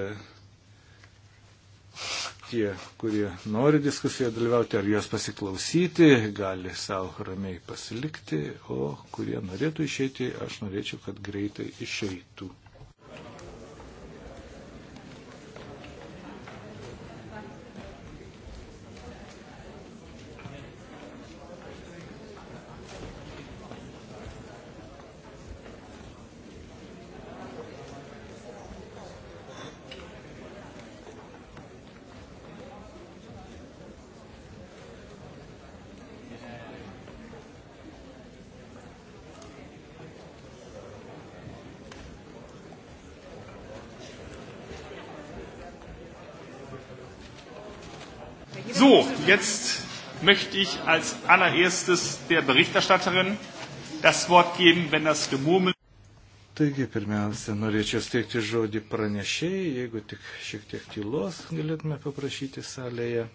tie, kurie nori diskusiją dalyvauti ar jos pasiklausyti, gali savo ramiai pasilikti, o kurie norėtų išeiti, aš norėčiau, kad greitai išeitų. möchte ich als allererstes der Berichterstatterin das Wort geben, wenn das Gemurmel. Taigi, pirmiausia, norėčiau steigti žodį pranešėjai, jeigu tik šiek tiek tylos galėtume paprašyti salėje.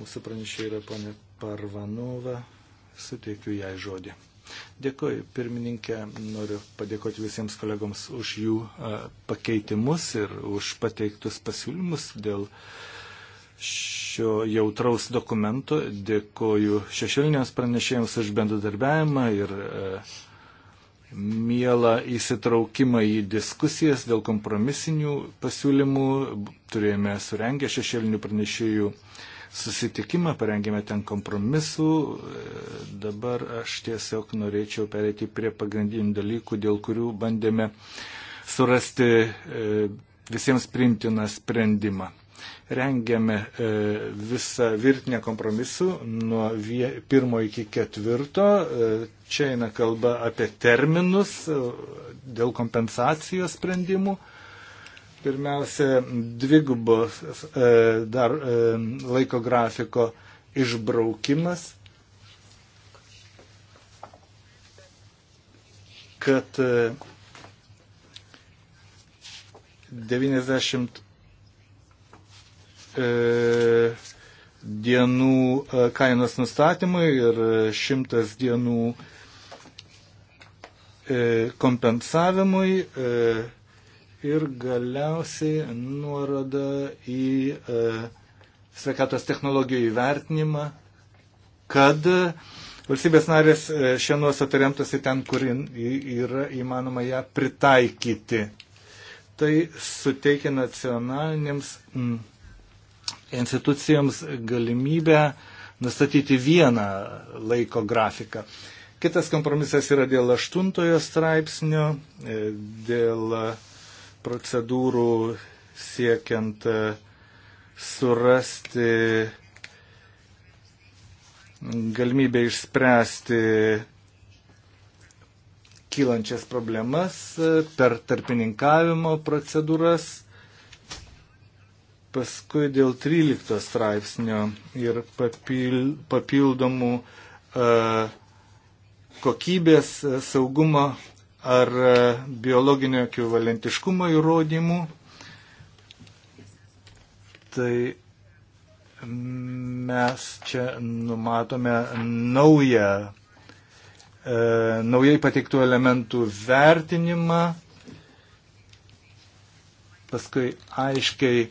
Mūsų pranešėjai yra ponė Parvanova, suteikiu jai žodį. Dėkuoju, pirmininkė, noriu padėkoti visiems kolegoms už jų e, pakeitimus ir už pateiktus pasiūlymus dėl šio jautraus dokumento. Dėkuoju šešėlinėms pranešėjams už bendradarbiavimą ir e, mielą įsitraukimą į diskusijas dėl kompromisinių pasiūlymų. Turėjome surengę šešėlinių pranešėjų uh, susitikimą, parengėme ten kompromisų. E, dabar aš tiesiog norėčiau pereiti prie pagrindinių dalykų, dėl kurių bandėme surasti e, visiems priimtiną sprendimą. Rengiame e, visą virtinę kompromisų nuo pirmo iki ketvirto. Čia eina kalba apie terminus dėl kompensacijos sprendimų Pirmiausia, dvigubos e, dar e, laiko grafiko išbraukimas, kad 90 e, dienų kainos nustatymui ir 100 dienų kompensavimui ir galiausiai nuoroda į e, sveikatos technologijų įvertinimą, kad valstybės narės e, šią nuostatą remtųsi ten, kur yra įmanoma ją pritaikyti. Tai suteikia nacionalinėms m, institucijoms galimybę nustatyti vieną laiko grafiką. Kitas kompromisas yra dėl aštuntojo straipsnio, e, dėl procedūrų siekiant e, surasti galimybę išspręsti kylančias problemas e, per tarpininkavimo procedūras. Paskui dėl 13 straipsnio ir papildomų e, kokybės saugumo ar e, biologinio ekvivalentiškumo įrodymų, tai mes čia numatome naują, e, naujai pateiktų elementų vertinimą, paskui aiškiai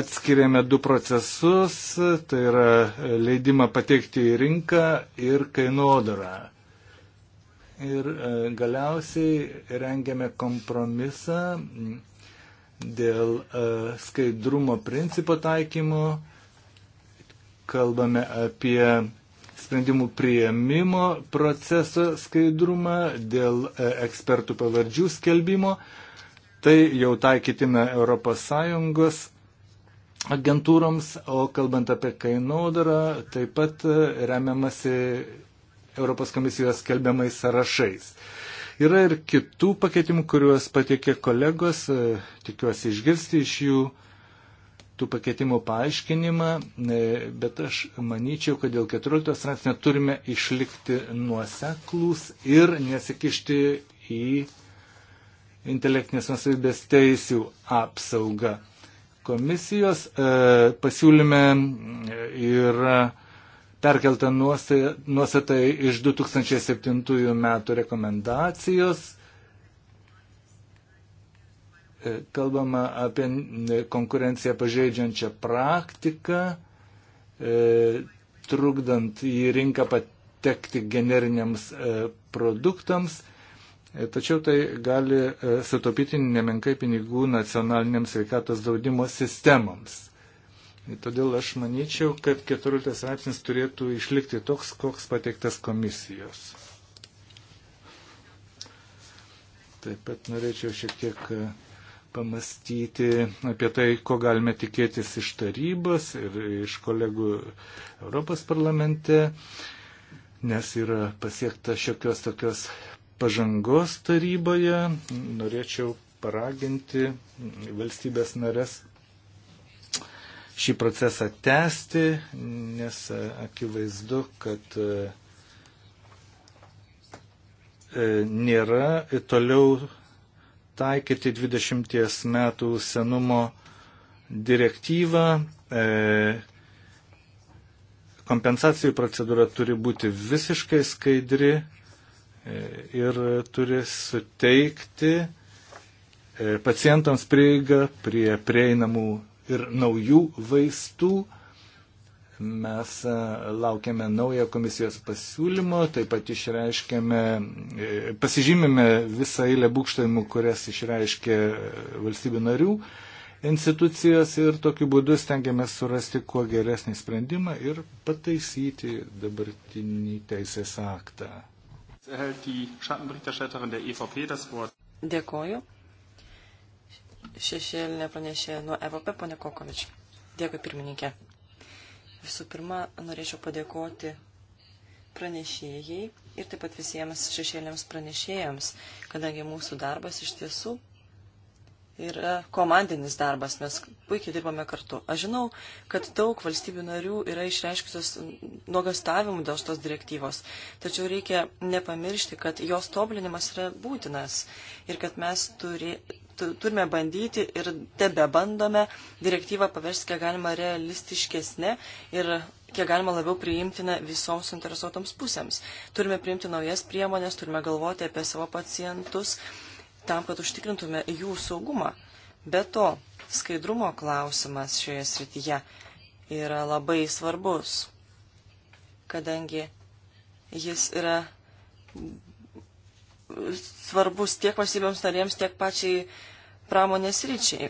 atskiriame du procesus, tai yra leidimą patekti į rinką ir kainodarą ir e, galiausiai rengėme kompromisą dėl e, skaidrumo principo taikymo. Kalbame apie sprendimų prieimimo proceso skaidrumą, dėl e, ekspertų pavardžių skelbimo. Tai jau taikytina ES agentūroms, o kalbant apie kainodarą, taip pat remiamasi Europos komisijos skelbiamais sąrašais. Yra ir kitų pakeitimų, kuriuos patiekė kolegos, e, tikiuosi išgirsti iš jų tų pakeitimų paaiškinimą, e, bet aš manyčiau, kad dėl 14 straipsnio turime išlikti nuoseklus ir nesikišti į intelektinės nusavybės teisių apsaugą. Komisijos e, pasiūlyme e, yra e, perkelta nuostata iš 2007 metų rekomendacijos. E, kalbama apie konkurenciją pažeidžiančią praktiką, e, trukdant į rinką patekti generiniams e, produktams. Tačiau tai gali sutaupyti nemenkai pinigų nacionaliniams sveikatos draudimo sistemoms. Todėl aš manyčiau, kad 14 straipsnis turėtų išlikti toks, koks pateiktas komisijos. Taip pat norėčiau šiek tiek e, pamastyti apie tai, ko galime tikėtis iš tarybos ir iš kolegų Europos parlamente, nes yra pasiekta šiokios tokios pažangos taryboje. Norėčiau paraginti valstybės nares šį procesą tęsti, nes akivaizdu, kad e, e, nėra toliau taikyti 20 metų senumo direktyvą. E, kompensacijų procedūra turi būti visiškai skaidri ir turi suteikti pacientams prieigą prie prieinamų ir naujų vaistų. Mes e, laukiame naują komisijos pasiūlymą, taip pat išreiškėme, e, pasižymime visą eilę būkštojimų, kurias išreiškė e, valstybių narių institucijas ir tokiu būdu stengiamės surasti kuo geresnį sprendimą ir pataisyti dabartinį teisės aktą. Dėkoju šešėlinė pranešė nuo EVP, ponė Kokovič. Dėkui, pirmininkė. Visų pirma, norėčiau padėkoti pranešėjai ir taip pat visiems šešėliams pranešėjams, kadangi mūsų darbas iš tiesų yra komandinis darbas, mes puikiai dirbame kartu. Aš žinau, kad daug valstybių narių yra išreiškusios nuogastavimų dėl šitos direktyvos, tačiau reikia nepamiršti, kad jos tobulinimas yra būtinas ir kad mes turi, turime bandyti ir tebe bandome direktyvą paversti kiek galima realistiškesnė ir kiek galima labiau priimtina visoms interesuotoms pusėms. Turime priimti naujas priemonės, turime galvoti apie savo pacientus tam, kad užtikrintume jų saugumą. Be to, skaidrumo klausimas šioje srityje yra labai svarbus, kadangi jis yra svarbus tiek valstybėms narėms, tiek pačiai pramonės ryčiai.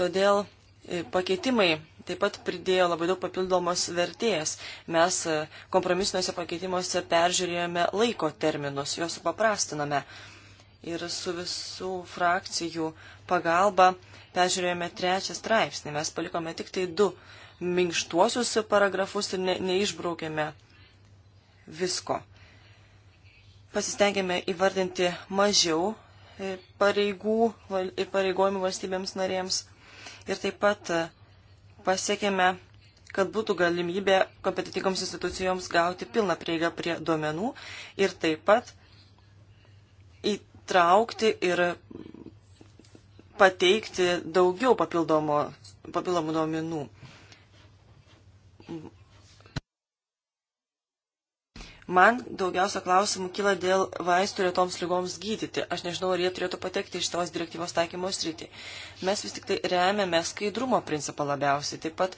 Todėl e, pakeitimai taip pat pridėjo labai daug papildomos vertės. Mes e, kompromisiniuose pakeitimuose peržiūrėjome laiko terminus, juos supaprastiname. Ir su visų frakcijų pagalba peržiūrėjome trečią straipsnį. Mes palikome tik tai du minkštuosius paragrafus ir ne, neišbraukėme visko pasistengėme įvardinti mažiau e, pareigų ir pareigojimų valstybėms narėms. Ir taip pat e, pasiekėme, kad būtų galimybė kompetitingoms institucijoms gauti pilną prieigą prie duomenų ir taip pat įtraukti ir pateikti daugiau papildomų, papildomų duomenų. Man daugiausia klausimų kyla dėl vaistų retoms lygoms gydyti. Aš nežinau, ar jie turėtų patekti iš tos direktyvos taikymo sritį. Mes vis tik tai remiame skaidrumo principą labiausiai, taip pat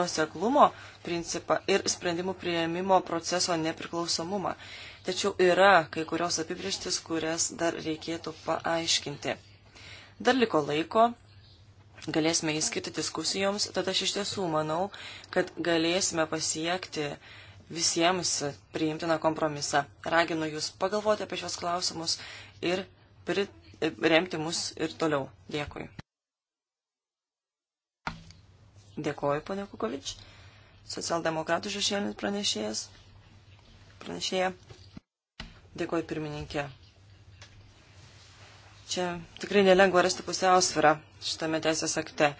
nuseklumo principą ir sprendimų prieimimo proceso nepriklausomumą. Tačiau yra kai kurios apibrieštis, kurias dar reikėtų paaiškinti. Dar liko laiko, galėsime įskirti diskusijoms, tad aš iš tiesų manau, kad galėsime pasiekti visiems priimtiną kompromisą. Raginu Jūs pagalvoti apie šios klausimus ir remti mus ir toliau. Dėkui. Dėkoju, ponė Kukovič. Socialdemokratų šešėlinis pranešėjas. Pranešėja. Dėkoju, pirmininkė. Čia tikrai nelengva rasti pusiausvyrą šitame teisės akte.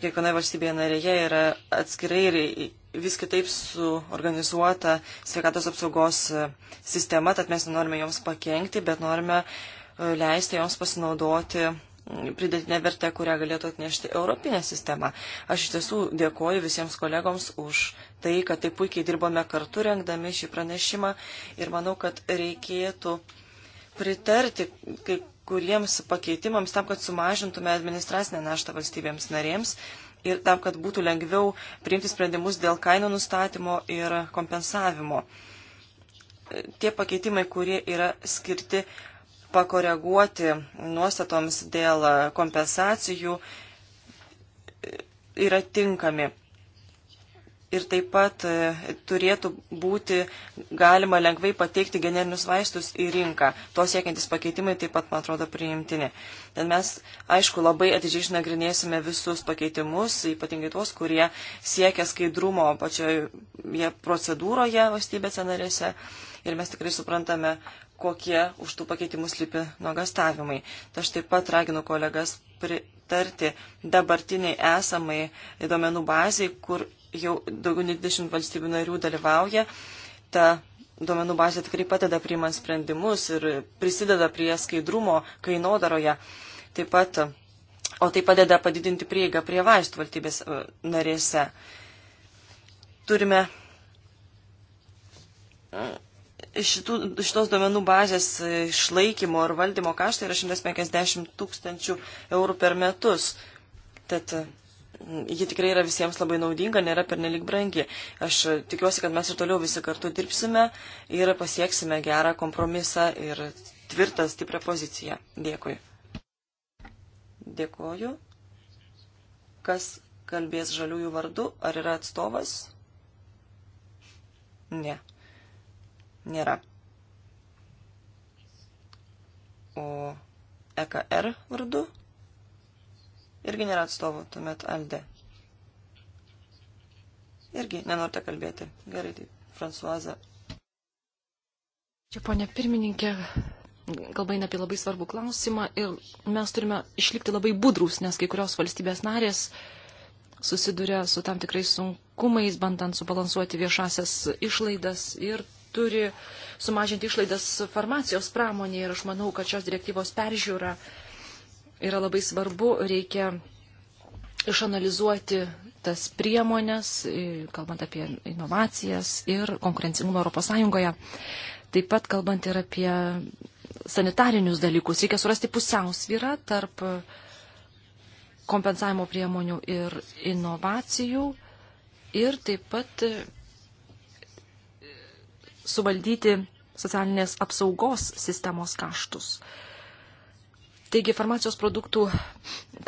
Kiekvienoje valstybėje narėje yra atskirai ir vis kitaip suorganizuota sveikatos apsaugos e, sistema, tad mes nenorime joms pakengti, bet norime e, leisti joms pasinaudoti pridėtinę vertę, kurią galėtų atnešti Europinė sistema. Aš iš tiesų dėkoju visiems kolegoms už tai, kad taip puikiai dirbome kartu rengdami šį pranešimą ir manau, kad reikėtų pritarti kai kuriems pakeitimams tam, kad sumažintume administracinę naštą valstybėms narėms ir tam, kad būtų lengviau priimti sprendimus dėl kainų nustatymo ir kompensavimo. Tie pakeitimai, kurie yra skirti pakoreguoti nuostatoms dėl kompensacijų, yra tinkami ir taip pat e, turėtų būti galima lengvai pateikti generinius vaistus į rinką. To siekiantis pakeitimai taip pat, man atrodo, priimtini. Ten mes, aišku, labai atidžiai išnagrinėsime visus pakeitimus, ypatingai tuos, kurie siekia skaidrumo pačioje procedūroje valstybėse narėse. Ir mes tikrai suprantame, kokie už tų pakeitimų slypi nuogastavimai. Tai aš taip pat raginu kolegas pritarti dabartiniai esamai duomenų baziai, kur jau daugiau nei 20 valstybių narių dalyvauja. Ta duomenų bazė tikrai padeda priimant sprendimus ir prisideda prie skaidrumo kainodaroje. Taip pat, o tai padeda padidinti prieigą prie vaistų valstybės e, narėse. Turime e, šitų, šitos duomenų bazės e, išlaikymo ir valdymo kaštai yra 150 tūkstančių eurų per metus. Tad ji tikrai yra visiems labai naudinga, nėra pernelik brangi. Aš tikiuosi, kad mes ir toliau visi kartu dirbsime ir pasieksime gerą kompromisą ir tvirtą, stiprią poziciją. Dėkui. Dėkoju. Kas kalbės žaliųjų vardu? Ar yra atstovas? Ne. Nėra. O EKR vardu? Irgi nėra atstovų, tuomet Alde. Irgi nenorite kalbėti. Gerai, tai Fransuaza. Čia, ponia pirmininkė, kalba eina apie labai svarbų klausimą ir mes turime išlikti labai budrus, nes kai kurios valstybės narės susiduria su tam tikrais sunkumais, bandant subalansuoti viešasias išlaidas ir turi sumažinti išlaidas farmacijos pramonėje ir aš manau, kad šios direktyvos peržiūra uh, yra labai svarbu, reikia išanalizuoti tas priemonės, e, kalbant apie inovacijas ir konkurencingumą ES. Taip pat kalbant ir apie sanitarinius dalykus, reikia surasti pusiausvyrą tarp kompensavimo priemonių ir inovacijų ir taip pat e, suvaldyti socialinės apsaugos sistemos kaštus. Taigi farmacijos produktų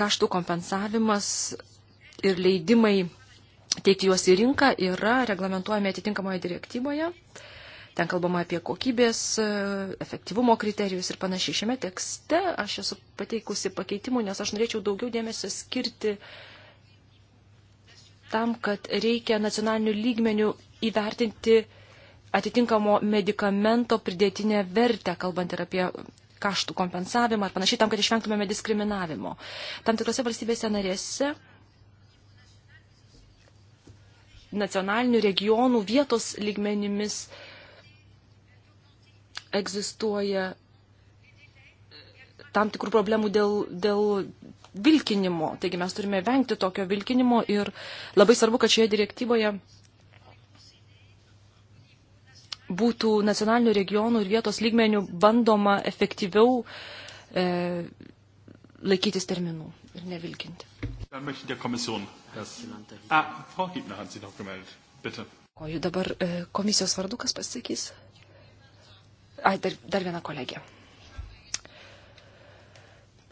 kaštų kompensavimas ir leidimai teikti juos į rinką yra reglamentuojami atitinkamoje direktyvoje. Ten kalbama apie kokybės, efektyvumo kriterijus ir panašiai. Šiame tekste aš esu pateikusi pakeitimų, nes aš norėčiau daugiau dėmesio skirti tam, kad reikia nacionalinių lygmenių įvertinti atitinkamo medikamento pridėtinę vertę, kalbant ir apie kaštų kompensavimą ar panašiai, tam, kad išvengtumėme diskriminavimo. Tam tikrose valstybėse narėse nacionalinių regionų vietos lygmenimis egzistuoja tam tikrų problemų dėl, dėl vilkinimo. Taigi mes turime vengti tokio vilkinimo ir labai svarbu, kad šioje direktyvoje būtų nacionalinių regionų ir vietos lygmenių bandoma efektyviau e, laikytis terminų ir nevilkinti. O ah, jų dabar e, komisijos vardu kas pasakys? Ai, dar, dar viena kolegė.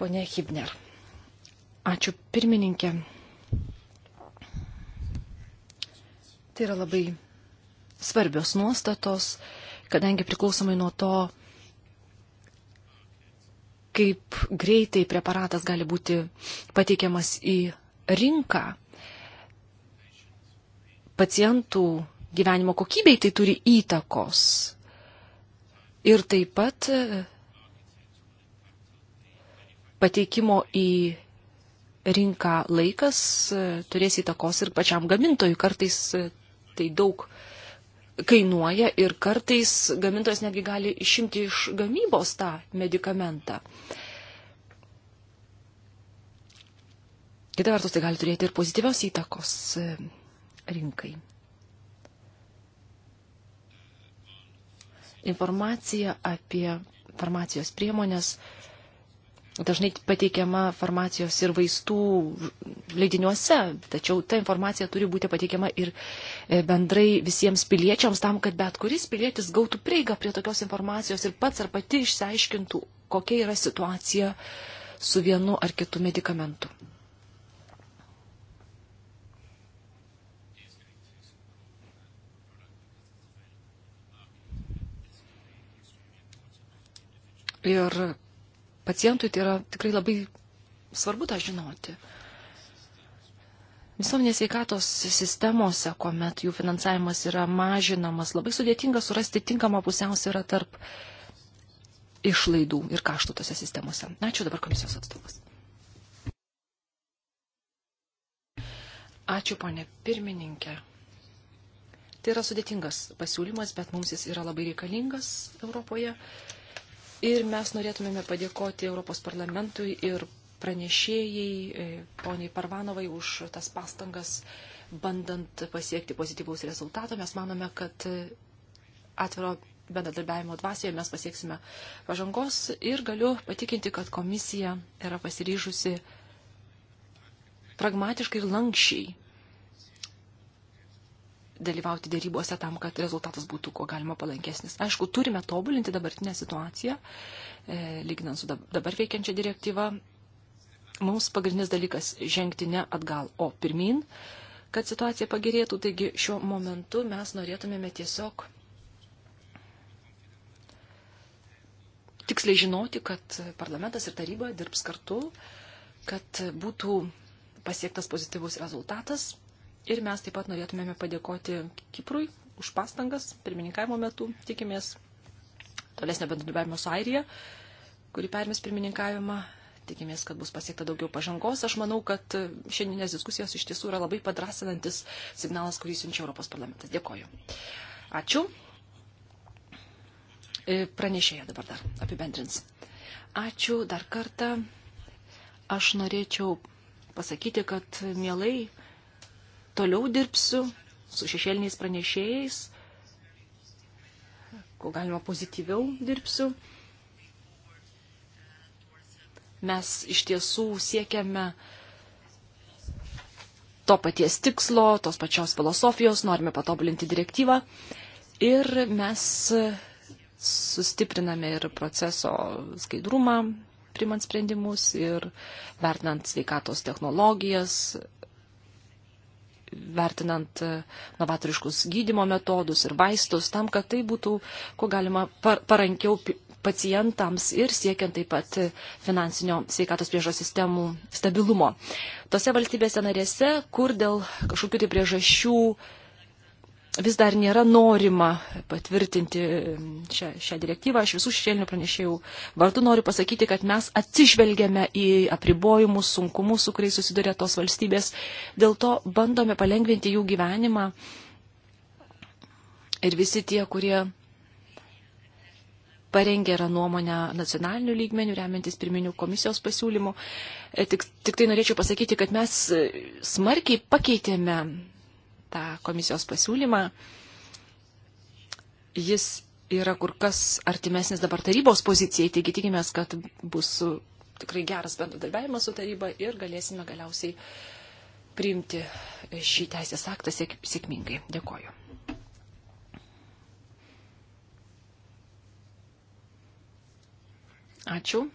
Pone Hibner. Ačiū pirmininkė. Tai yra labai svarbios nuostatos, kadangi priklausomai nuo to, kaip greitai preparatas gali būti pateikiamas į rinką, pacientų gyvenimo kokybei tai turi įtakos. Ir taip pat pateikimo į rinką laikas e, turės įtakos ir pačiam gamintojui. Kartais e, tai daug kainuoja ir kartais gamintojas netgi gali išimti iš gamybos tą medikamentą. Kita vertus, tai gali turėti ir pozityvios įtakos e, rinkai. Informacija apie farmacijos priemonės dažnai pateikiama farmacijos ir vaistų leidiniuose, tačiau ta informacija turi būti pateikiama ir e, bendrai visiems piliečiams tam, kad bet kuris pilietis gautų prieigą prie tokios informacijos ir pats ar pati išsiaiškintų, kokia yra situacija su vienu ar kitu medikamentu. Ir pacientui tai yra tikrai labai svarbu tą žinoti. Visuomenės veikatos sistemose, kuomet jų finansavimas yra mažinamas, labai sudėtinga surasti tinkamą pusiausvyrą tarp išlaidų ir kaštų tose sistemose. Ačiū dabar komisijos atstovas. Ačiū, ponė pirmininkė. Tai yra sudėtingas pasiūlymas, bet mums jis yra labai reikalingas Europoje. Uh, Ir mes norėtumėme padėkoti Europos parlamentui ir pranešėjai, e, poniai Parvanovai, už tas pastangas, bandant pasiekti pozityvaus rezultato. Mes manome, kad e, atviro bendradarbiavimo dvasioje mes pasieksime pažangos ir galiu patikinti, kad komisija yra pasiryžusi pragmatiškai ir lankščiai dalyvauti dėrybose tam, kad rezultatas būtų kuo galima palankesnis. Aišku, turime tobulinti dabartinę situaciją, e, lyginant su dabar veikiančia direktyva. Mums pagrindinis dalykas žengti ne atgal, o pirmin, kad situacija pagerėtų. Taigi šiuo momentu mes norėtumėme tiesiog tiksliai žinoti, kad parlamentas ir taryba dirbs kartu, kad būtų pasiektas pozityvus rezultatas Ir mes taip pat norėtumėme padėkoti Kiprui už pastangas pirmininkavimo metu. Tikimės tolesnio bendradarbiavimo su Airija, kuri permės pirmininkavimą. Tikimės, kad bus pasiekta daugiau pažangos. Aš manau, kad šiandienės diskusijos iš tiesų yra labai padrasinantis signalas, kurį siunčia Europos parlamentas. Dėkoju. Ačiū. E, pranešėja dabar dar apibendrins. Ačiū dar kartą. Aš norėčiau pasakyti, kad mielai toliau dirbsiu su šešėliniais pranešėjais, kuo galima pozityviau dirbsiu. Mes iš tiesų siekiame to paties tikslo, tos pačios filosofijos, norime patobulinti direktyvą ir mes sustipriname ir proceso skaidrumą, primant sprendimus ir vertinant sveikatos technologijas, vertinant e, novatoriškus gydimo metodus ir vaistus, tam, kad tai būtų, kuo galima par parankiau pacientams ir siekiant taip pat finansinio sveikatos priežos sistemų stabilumo. Tose valstybėse narėse, kur dėl kažkokių tai priežasčių vis dar nėra norima patvirtinti šią, šią direktyvą. Aš visų šešėlinių pranešėjų vardu noriu pasakyti, kad mes atsižvelgiame į apribojimus, sunkumus, su kuriais susiduria tos valstybės. Dėl to bandome palengvinti jų gyvenimą. Ir visi tie, kurie parengė yra nuomonę nacionalinių lygmenių, remiantis pirminių komisijos pasiūlymų. E, tik, tik tai norėčiau pasakyti, kad mes e, smarkiai pakeitėme tą komisijos pasiūlymą, jis yra kur kas artimesnis dabar tarybos pozicijai, taigi tikimės, kad bus tikrai geras bendradarbiavimas su taryba ir galėsime galiausiai priimti šį teisės aktą sėk, sėkmingai. Dėkoju. Ačiū.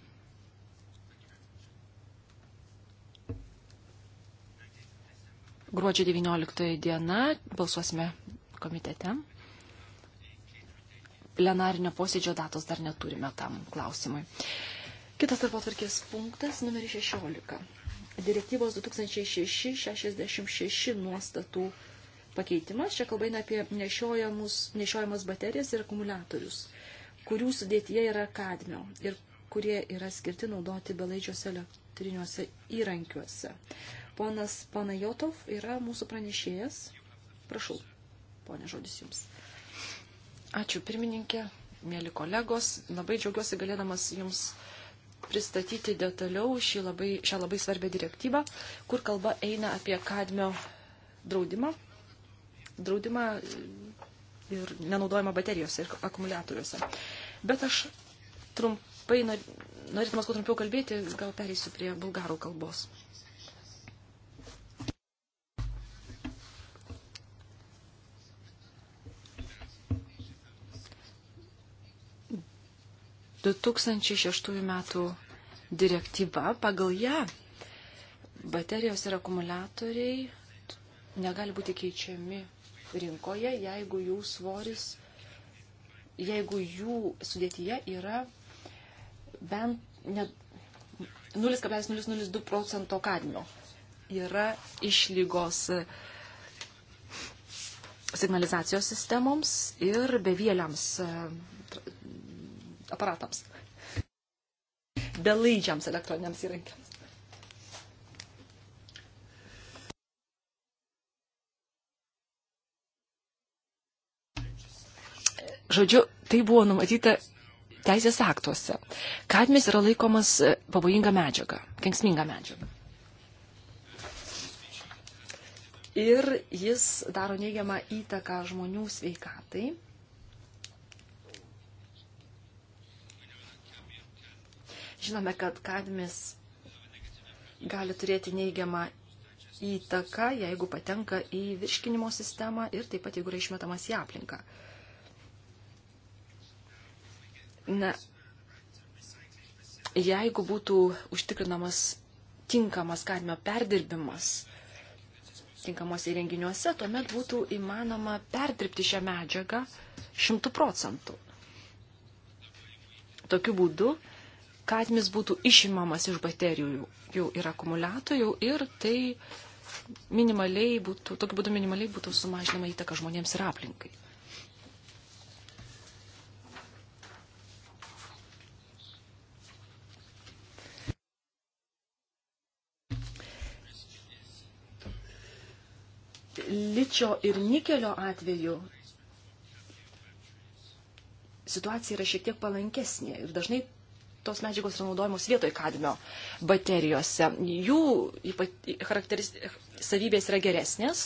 Gruodžio 19 diena balsuosime komitete. Plenarinio posėdžio datos dar neturime tam klausimui. Kitas darbo atvarkės punktas, numeris 16. Direktyvos 2006-66 nuostatų pakeitimas. Čia kalba eina apie nešiojamas baterijas ir akumuliatorius, kurių sudėtyje yra kadmio ir kurie yra skirti naudoti belaidžiuose elektriniuose įrankiuose. Ponas Panajotov yra mūsų pranešėjas. Prašau, ponė, žodis jums. Ačiū, pirmininkė, mėly kolegos. Labai džiaugiuosi galėdamas jums pristatyti detaliau šį labai, šią labai svarbę direktyvą, kur kalba eina apie kadmio draudimą. Draudimą ir nenaudojimą baterijose ir akumuliatoriuose. Bet aš trumpai, norėtumas kuo trumpiau kalbėti, gal pereisiu prie bulgarų kalbos. 2006 metų direktyva, pagal ją baterijos ir akumuliatoriai negali būti keičiami rinkoje, jeigu jų svoris, jeigu jų sudėtyje yra bent 0,002 procento kadmio. Yra išlygos e, signalizacijos sistemoms ir bevėliams e, aparatams. Belaidžiams elektroniniams įrankiams. Žodžiu, tai buvo numatyta teisės aktuose. Kadmis yra laikomas e, pavojinga medžiaga, kenksminga medžiaga. Ir jis daro neigiamą įtaką žmonių sveikatai Žinome, kad kadmis gali turėti neigiamą įtaką, jeigu patenka į virškinimo sistemą ir taip pat, jeigu yra išmetamas į aplinką. Na, jeigu būtų užtikrinamas tinkamas kadmio perdirbimas tinkamuose įrenginiuose, tuomet būtų įmanoma perdirbti šią medžiagą šimtų procentų. Tokiu būdu kadmis būtų išimamas iš baterijų jų ir akumuliatorių ir tai minimaliai būtų, tokiu būdu minimaliai būtų sumažinama įtaka žmonėms ir aplinkai. Ličio ir nikelio atveju situacija yra šiek tiek palankesnė ir dažnai tos medžiagos yra naudojamos vietoj kadmio baterijose. Jų charakteris, savybės yra geresnės,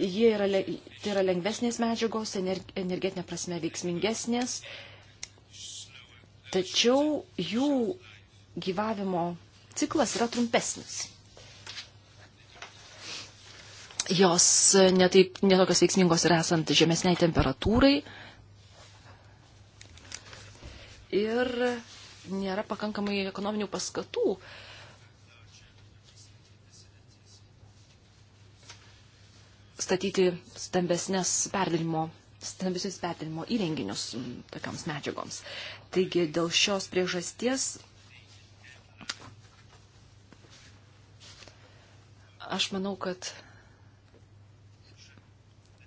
jie yra, tai yra lengvesnės medžiagos, energetinė prasme veiksmingesnės, tačiau jų gyvavimo ciklas yra trumpesnis. Jos e, netaip, netokios veiksmingos ir esant žemesniai temperatūrai, uh, ir nėra pakankamai ekonominių paskatų. statyti stambesnės perdalimo, stambesnius perdalimo įrenginius tokiams medžiagoms. Taigi dėl šios priežasties aš manau, kad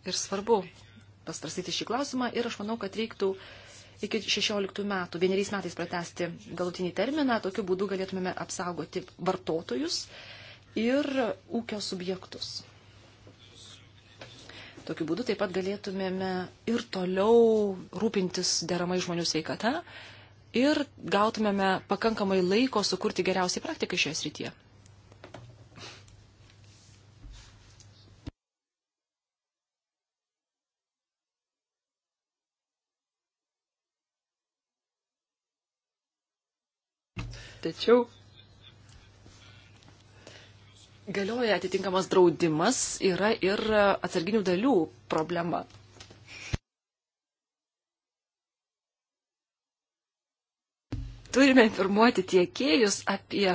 ir svarbu pastarstyti šį klausimą ir aš manau, kad reiktų uh, iki 16 metų, vieneriais metais pratesti galutinį terminą, tokiu būdu galėtumėme apsaugoti vartotojus ir ūkio subjektus. Tokiu būdu taip pat galėtumėme ir toliau rūpintis deramai žmonių sveikata ir gautumėme pakankamai laiko sukurti geriausiai praktiką šioje srityje. Tačiau galioja atitinkamas draudimas, yra ir atsarginių dalių problema. Turime informuoti tiekėjus apie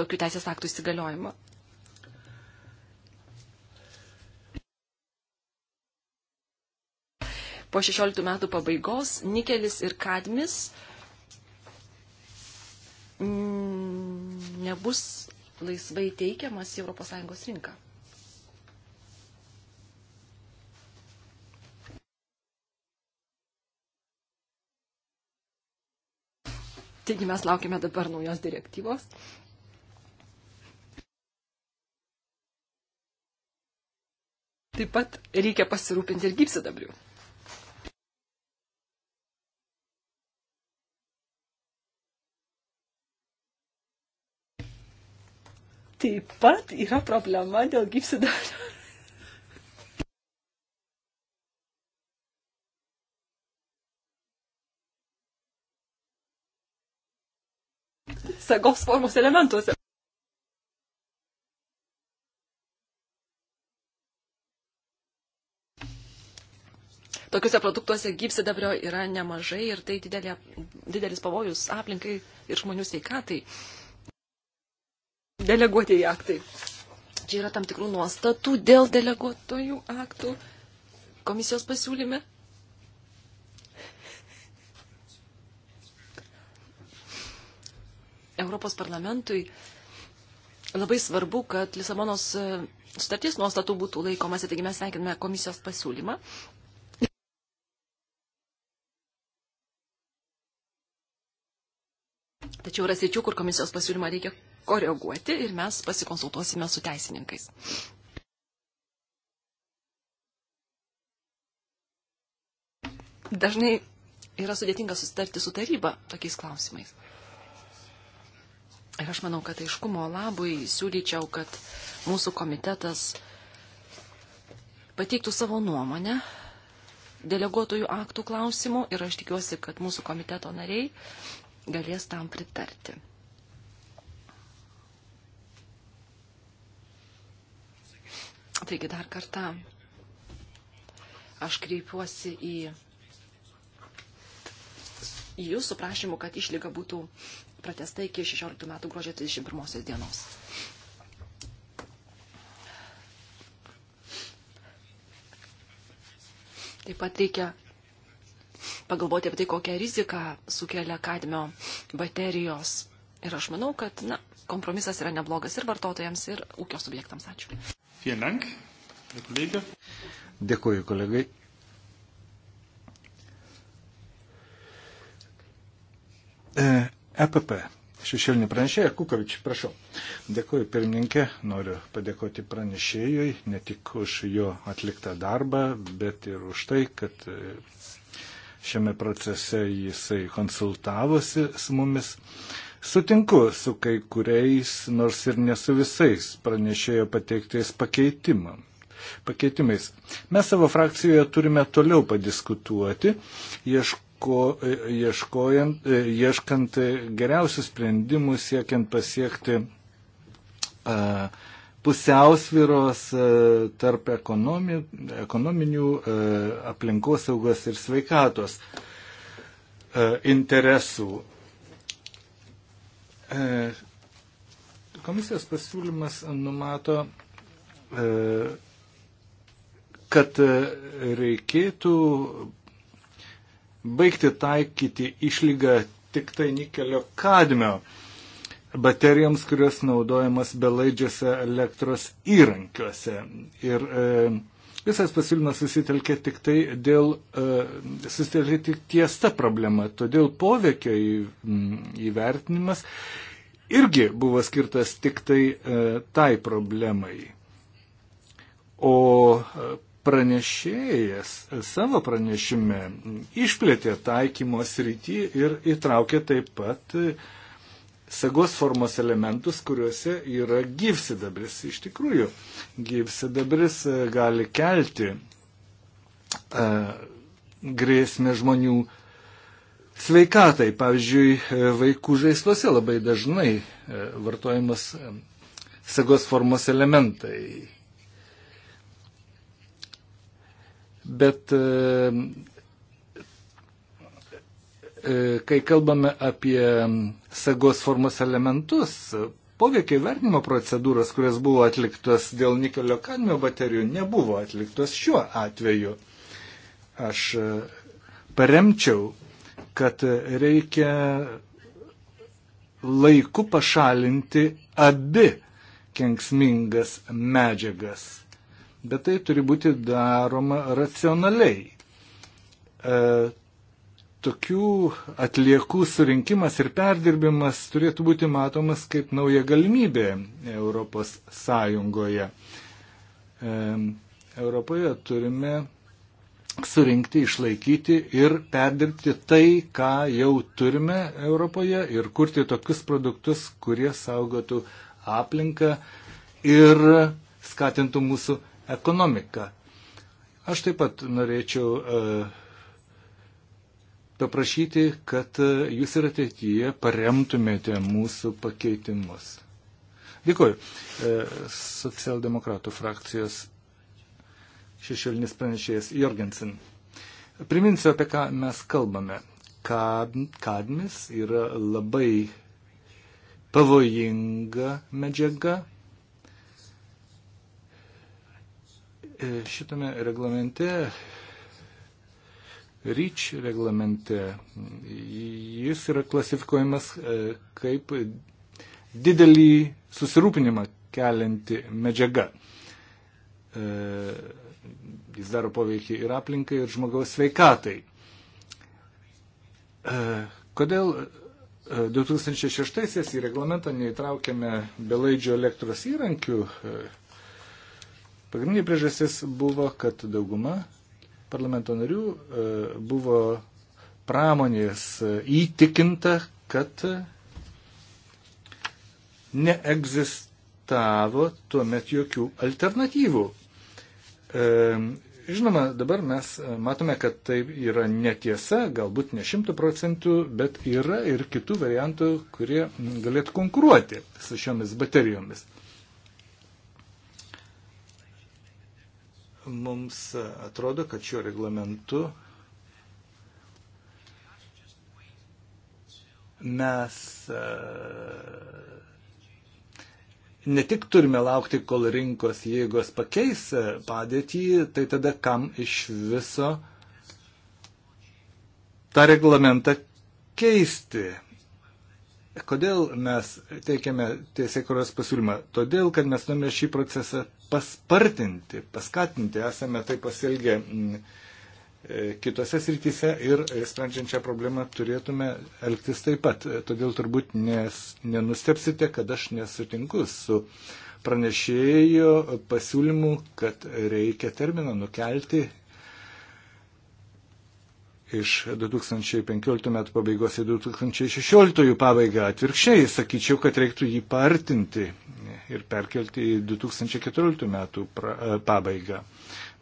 tokių teisės aktų įsigaliojimą. Po 16 metų pabaigos nikelis ir kadmis uh, Mm, nebus laisvai teikiamas į ES rinką. Taigi mes laukime dabar naujos direktyvos. Taip pat reikia pasirūpinti ir gypsidabriu. Taip pat yra problema dėl gypsidabrio. sagos formos elementuose. Tokiuose produktuose gypsidabrio yra nemažai ir tai didelė, didelis pavojus aplinkai ir žmonių sveikatai. Uh, deleguotieji aktai. Čia yra tam tikrų nuostatų dėl deleguotojų aktų komisijos pasiūlyme. Europos parlamentui labai svarbu, kad Lisabonos sutarties nuostatų būtų laikomasi, taigi mes sveikiname komisijos pasiūlymą. Tačiau yra sričių, kur komisijos pasiūlymą reikia koreguoti ir mes pasikonsultuosime su teisininkais. Dažnai yra sudėtinga susitarti su taryba tokiais klausimais. Ir aš manau, kad aiškumo labui siūlyčiau, kad mūsų komitetas pateiktų savo nuomonę deleguotojų aktų klausimų ir aš tikiuosi, kad mūsų komiteto nariai galės tam pritarti. Taigi dar kartą aš kreipiuosi į, į jūsų prašymų, kad išlyga būtų pratesta iki 16 metų gruodžio 31 dienos. Taip pat reikia pagalvoti apie tai, kokią riziką sukelia kadmio baterijos. Ir aš manau, kad na, kompromisas yra neblogas ir vartotojams, ir ūkio subjektams. Ačiū. Dėkuoju kolegai. EPP. E Šešėlinį pranešėją Kukovič, prašau. Dėkuoju pirmininkė, noriu padėkoti pranešėjui ne tik už jo atliktą darbą, bet ir už tai, kad e, Šiame procese jisai konsultavosi su mumis. Sutinku su kai kuriais, nors ir ne su visais pranešėjo pateiktais pakeitimams pakeitimais. Mes savo frakcijoje turime toliau padiskutuoti, ieško, ieškojant, ieškant geriausių sprendimų, siekiant pasiekti uh, pusiausviros e, tarp ekonomi, ekonominių e, aplinkosaugos ir sveikatos e, interesų. Komisijos pasiūlymas numato, kad reikėtų baigti taikyti išlygą tik tai nikelio kadmio baterijoms, kurios naudojamas belaidžiuose elektros įrankiuose. Ir e, visas pasiūlymas susitelkė tik tai dėl, e, susitelkė tik ties ta problema, todėl poveikio į, m, įvertinimas irgi buvo skirtas tik tai e, tai problemai. O e, pranešėjas savo pranešime išplėtė taikymo srity ir įtraukė taip pat e, sagos formos elementus, kuriuose yra gyvsidabris. Iš tikrųjų, gyvsidabris e, gali kelti a, e, grėsmę žmonių sveikatai. Pavyzdžiui, e, vaikų žaisluose labai dažnai vartojamas sagos formos elementai. Bet E, kai kalbame apie sagos formos elementus, poveikio vertinimo procedūros, kurios buvo atliktos dėl nikelio kadmio baterijų, nebuvo atliktos šiuo atveju. Aš e, paremčiau, kad reikia laiku pašalinti abi kenksmingas medžiagas. Bet tai turi būti daroma racionaliai e, tokių atliekų surinkimas ir perdirbimas turėtų būti matomas kaip nauja galimybė Europos Sąjungoje. Europoje turime surinkti, išlaikyti ir perdirbti tai, ką jau turime Europoje ir kurti tokius produktus, kurie saugotų aplinką ir skatintų mūsų ekonomiką. Aš taip pat norėčiau uh, paprašyti, kad e, jūs ir ateityje paremtumėte mūsų pakeitimus. Dėkuoju. E, socialdemokratų frakcijos šešėlinis pranešėjas Jorgensen. Priminsiu, apie ką mes kalbame. Kadmis yra labai pavojinga medžiaga. E, šitame reglamente REACH reglamente. Jis yra klasifikuojamas e, kaip didelį susirūpinimą kelianti medžiaga. E, jis daro poveikį ir aplinkai, ir žmogaus sveikatai. E, kodėl 2006 į reglamentą neįtraukėme belaidžio elektros įrankių? Pagrindinė priežastis buvo, kad dauguma parlamento narių e, buvo pramonės įtikinta, kad neegzistavo tuomet jokių alternatyvų. E, žinoma, dabar mes matome, kad tai yra netiesa, galbūt ne šimtų procentų, bet yra ir kitų variantų, kurie galėtų konkuruoti su šiomis baterijomis. mums atrodo, kad šiuo reglamentu mes e, ne tik turime laukti, kol rinkos jėgos pakeis e, padėtį, tai tada kam iš viso tą reglamentą keisti. Kodėl mes teikiame tiesiekuros pasiūlymą? Todėl, kad mes norime šį procesą paspartinti, paskatinti. Esame tai pasilgę mm, e, kitose srityse ir e, sprendžiančią problemą turėtume elgtis taip pat. E, todėl turbūt nes, nenustepsite, kad aš nesutinku su pranešėjo pasiūlymu, kad reikia terminą nukelti iš 2015 metų pabaigos į 2016 pabaigą. Atvirkščiai, sakyčiau, kad reiktų jį partinti ir perkelti į 2014 metų pra, e, pabaigą.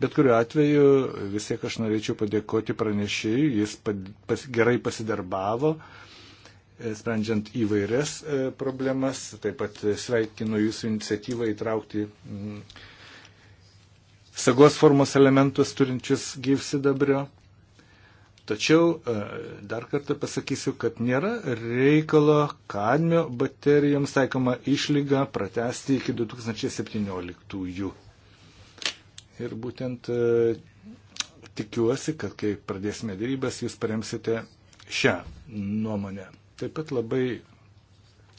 Bet kuriuo atveju vis tiek aš norėčiau padėkoti pranešėjui, jis pas, gerai pasidarbavo, e, sprendžiant įvairias e, problemas, taip pat sveikinu jūsų iniciatyvą įtraukti mm, sagos formos elementus turinčius gyvsidabrio. Tačiau e, dar kartą pasakysiu, kad nėra reikalo kadmio baterijoms taikoma išlyga pratesti iki 2017-ųjų. Ir būtent e, tikiuosi, kad kai pradėsime dėrybas, jūs paremsite šią nuomonę. Taip pat labai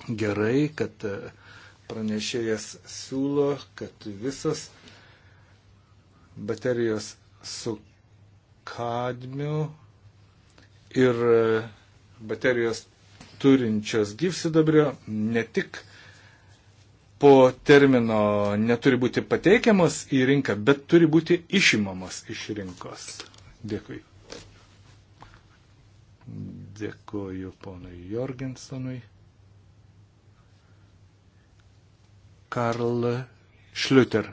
gerai, kad e, pranešėjas siūlo, kad visas baterijos su kadmiu ir e, baterijos turinčios gyvsidabrio ne tik po termino neturi būti pateikiamos į rinką, bet turi būti išimamos iš rinkos. Dėkui. Dėkoju ponui Jorgensonui. Karl Šliuter.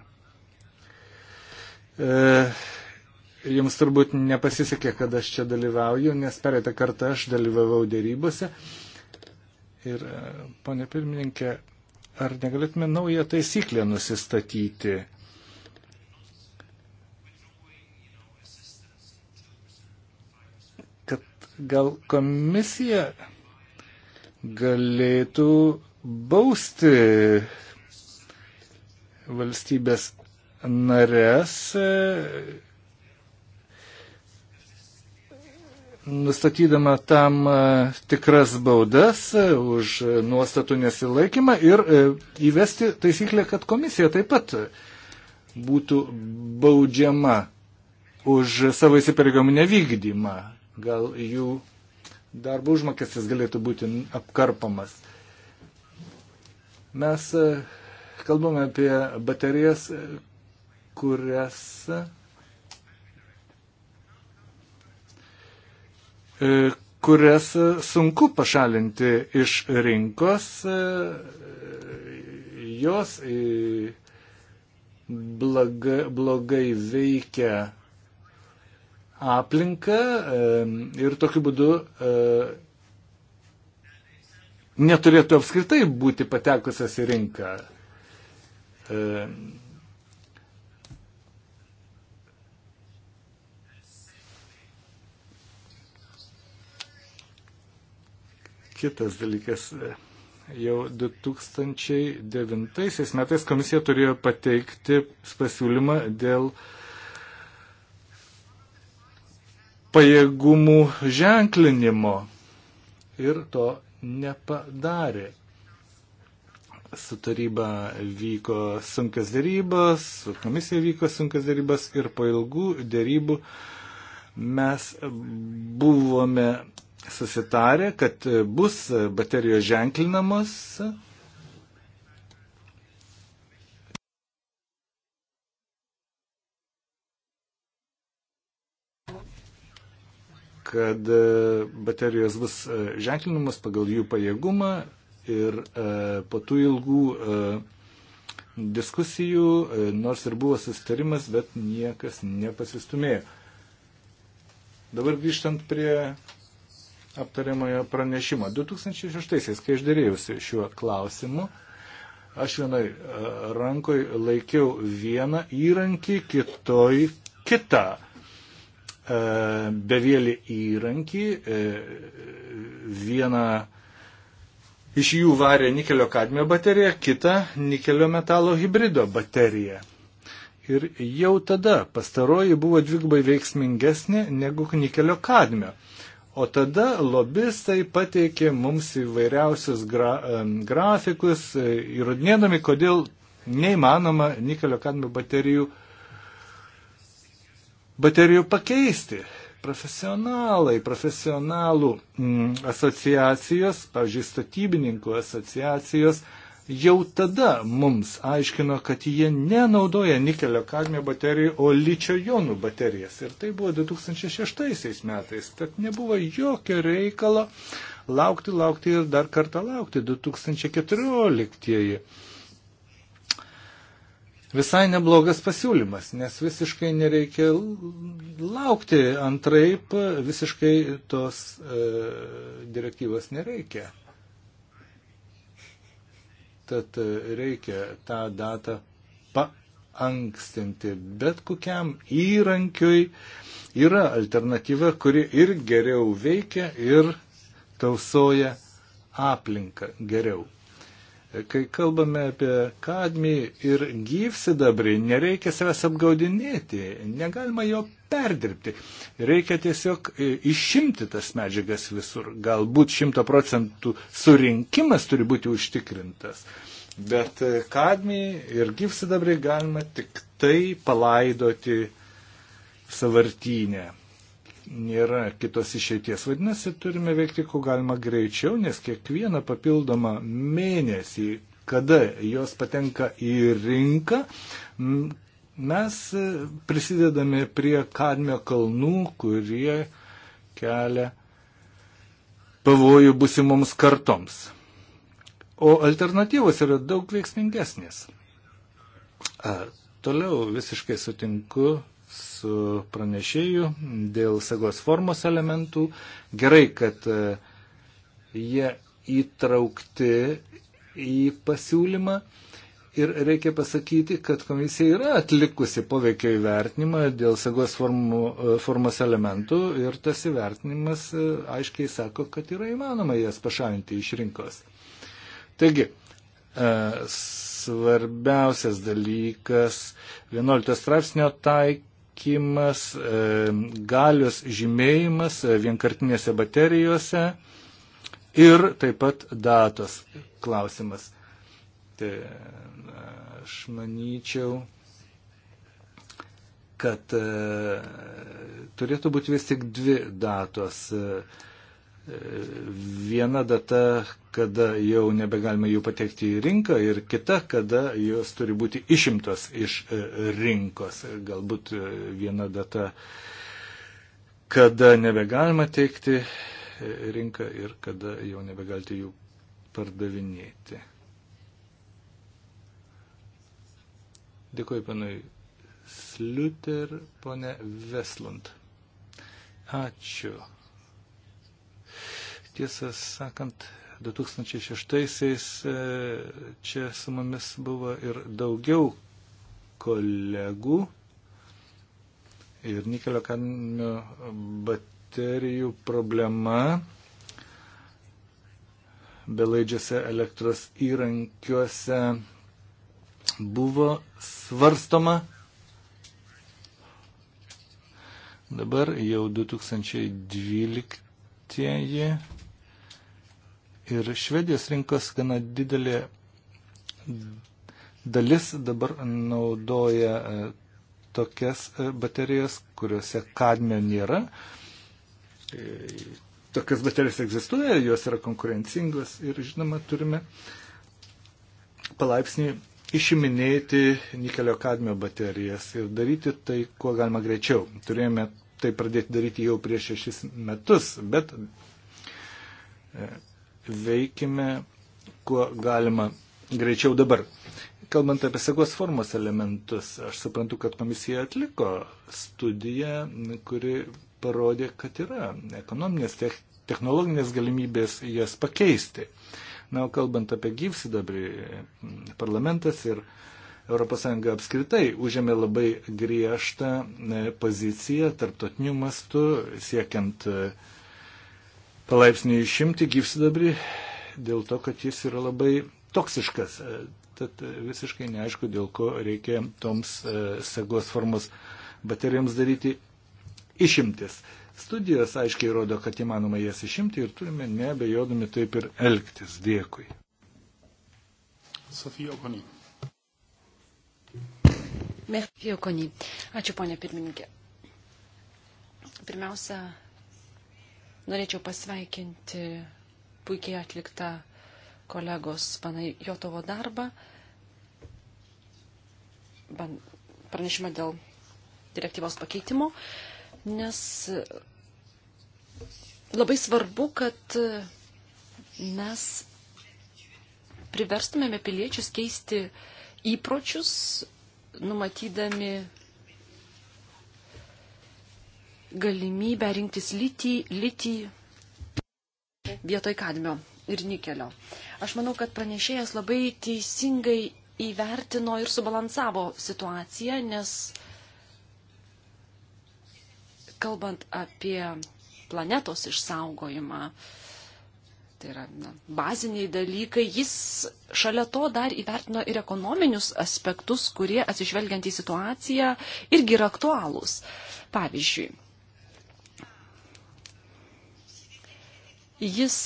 E, Jums turbūt nepasisekė, kad aš čia dalyvauju, nes pereitą kartą aš dalyvavau dėrybose. Ir, e, ponė pirmininkė, ar negalėtume naują taisyklę nusistatyti? Kad gal komisija galėtų bausti valstybės nares e, nustatydama tam e, tikras baudas e, už e, nuostatų nesilaikymą ir įvesti taisyklę, kad komisija taip pat būtų baudžiama už savo įsipareigomų nevykdymą. Gal jų darbo užmokestis galėtų būti apkarpamas. Mes kalbame apie baterijas, kurias E, kurias e, sunku pašalinti iš rinkos, e, jos blaga, blogai veikia aplinką ir tokiu būdu neturėtų apskritai būti patekusias į rinką. Kitas dalykas, jau 2009 metais komisija turėjo pateikti pasiūlymą dėl pajėgumų ženklinimo ir to nepadarė. Su taryba vyko sunkas dėrybas, su komisija vyko sunkas dėrybas ir po ilgų dėrybų mes buvome susitarę, kad e, bus e, baterijos ženklinamos. kad e, baterijos bus ženklinimas pagal jų pajėgumą ir po tų ilgų diskusijų, nors ir buvo sustarimas, bet niekas nepasistumėjo. Dabar grįžtant prie aptariamojo pranešimo. 2006-aisiais, kai aš dėrėjusi šiuo klausimu, aš vienai e, rankoj laikiau vieną įrankį, kitoj kitą e, bevėlį įrankį. E, vieną iš jų varė nikelio kadmio bateriją, kitą nikelio metalo hybrido bateriją. Ir jau tada pastaroji buvo dvigubai veiksmingesnė negu nikelio kadmio. O tada lobistai pateikė mums įvairiausius gra, grafikus, e, įrodinėdami, kodėl neįmanoma nikelio kadmio baterijų, baterijų pakeisti. Profesionalai, profesionalų m, mm, asociacijos, pavyzdžiui, statybininkų asociacijos, m, jau tada mums aiškino, kad jie nenaudoja nikelio kadmio baterijų, o ličio jonų baterijas. Ir tai buvo 2006 metais. Tad nebuvo jokio reikalo laukti, laukti ir dar kartą laukti 2014. Visai neblogas pasiūlymas, nes visiškai nereikia laukti, antraip visiškai tos e, direktyvos nereikia. Tad e, reikia tą datą paankstinti. Bet kokiam įrankiui yra alternatyva, kuri ir geriau veikia, ir tausoja aplinką geriau. Kai kalbame apie kadmį ir gyvsidabrį, nereikia savęs apgaudinėti, negalima jo perdirbti. Reikia tiesiog e, išimti tas medžiagas visur. Galbūt šimto procentų surinkimas turi būti užtikrintas. Bet e, kadmį ir gyvsidabrį galima tik tai palaidoti savartynę nėra kitos išeities. Vadinasi, turime veikti kuo galima greičiau, nes kiekvieną papildomą mėnesį, kada jos patenka į rinką, mes prisidedame prie kadmio kalnų, kurie kelia pavojų busimoms kartoms. O alternatyvos yra daug veiksmingesnės. A, toliau visiškai sutinku su pranešėju dėl sagos formos elementų. Gerai, kad e, jie įtraukti į pasiūlymą. Ir reikia pasakyti, kad komisija yra atlikusi poveikio įvertinimą dėl sagos formų, e, formos elementų ir tas įvertinimas e, aiškiai sako, kad yra įmanoma jas pašalinti iš rinkos. Taigi, svarbiausias dalykas 11 straipsnio taik, taikymas, e, galios žymėjimas e, vienkartinėse baterijose ir taip pat datos klausimas. Tai e, aš manyčiau, kad turėtų būti vis tik dvi datos. E, viena data, kada jau nebegalima jų patekti į rinką ir kita, kada jos turi būti išimtos iš e, rinkos. Galbūt e, viena data, kada nebegalima teikti e, rinką ir kada jau nebegalite jų pardavinėti. Dėkuoju panui Sliuter, ponė Veslund. Ačiū. Tiesą sakant, 2006-aisiais e, čia su mumis buvo ir daugiau kolegų ir nikelio kadmio baterijų problema belaidžiuose elektros įrankiuose buvo svarstoma. Dabar jau 2012 teigiamieji. Ir Švedijos rinkos gana didelė dalis dabar naudoja e, tokias e, baterijas, kuriuose kadmio nėra. E, tokias baterijas egzistuoja, jos yra konkurencingos ir žinoma turime palaipsniui išiminėti nikelio kadmio baterijas ir daryti tai, kuo galima greičiau. Turėjome tai pradėti daryti jau prieš šešis metus, bet e, veikime kuo galima greičiau dabar. Kalbant apie segos formos elementus, aš suprantu, kad komisija atliko studiją, kuri parodė, kad yra ekonominės, technologinės galimybės jas pakeisti. Na, o kalbant apie gyvsidabrį, parlamentas ir uh, ES apskritai užėmė labai griežtą e, poziciją tarptautiniu mastu, siekiant e, palaipsniui išimti gyvsidabrį dėl to, kad jis yra labai toksiškas. E, tad visiškai neaišku, dėl ko reikia toms sagos formos baterijoms daryti išimtis. Studijos aiškiai rodo, kad įmanoma jas išimti ir turime nebejodami taip ir elgtis. Dėkui. Sofija Okonė. Merkijo Konį. Ačiū, ponė pirmininkė. Pirmiausia, norėčiau pasveikinti puikiai atliktą kolegos Panajotovo darbą. Pranešimą dėl direktyvos pakeitimo, nes labai svarbu, kad mes priverstumėme piliečius keisti įpročius numatydami galimybę rinktis litį, litį vietoj kadmio ir nikelio. Aš manau, kad pranešėjas labai teisingai įvertino ir subalansavo situaciją, nes kalbant apie planetos išsaugojimą, uh, tai yra na, baziniai dalykai, jis šalia to dar įvertino ir ekonominius aspektus, kurie atsižvelgiant į situaciją irgi yra aktualūs. Pavyzdžiui, jis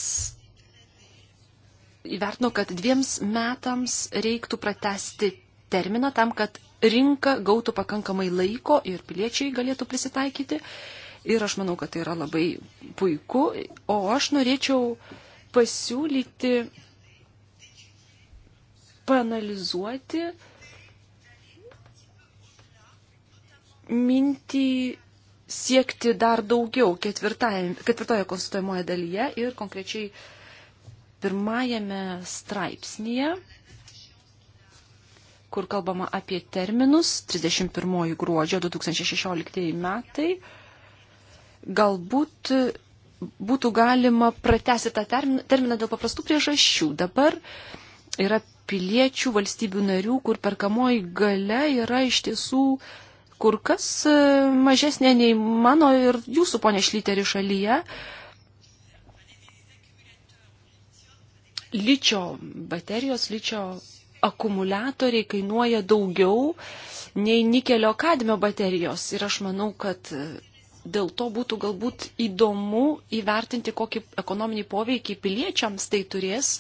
įvertino, kad dviems metams reiktų pratesti terminą tam, kad rinka gautų pakankamai laiko ir piliečiai galėtų prisitaikyti. Ir aš manau, kad tai yra labai puiku, o aš norėčiau uh, pasiūlyti panalizuoti mintį siekti dar daugiau ketvirtoje konstituojamoje dalyje ir konkrečiai pirmajame straipsnėje, kur kalbama apie terminus 31 gruodžio 2016 metai, galbūt būtų galima pratesti tą terminą dėl paprastų priežasčių. Dabar yra piliečių valstybių narių, kur perkamoji gale yra iš tiesų kur kas e, mažesnė nei mano ir jūsų, ponė Šlyteri, šalyje. Ličio baterijos, ličio akumuliatoriai kainuoja daugiau nei nikelio kadmio baterijos. Ir aš manau, kad dėl to būtų galbūt įdomu įvertinti, kokį ekonominį poveikį piliečiams tai turės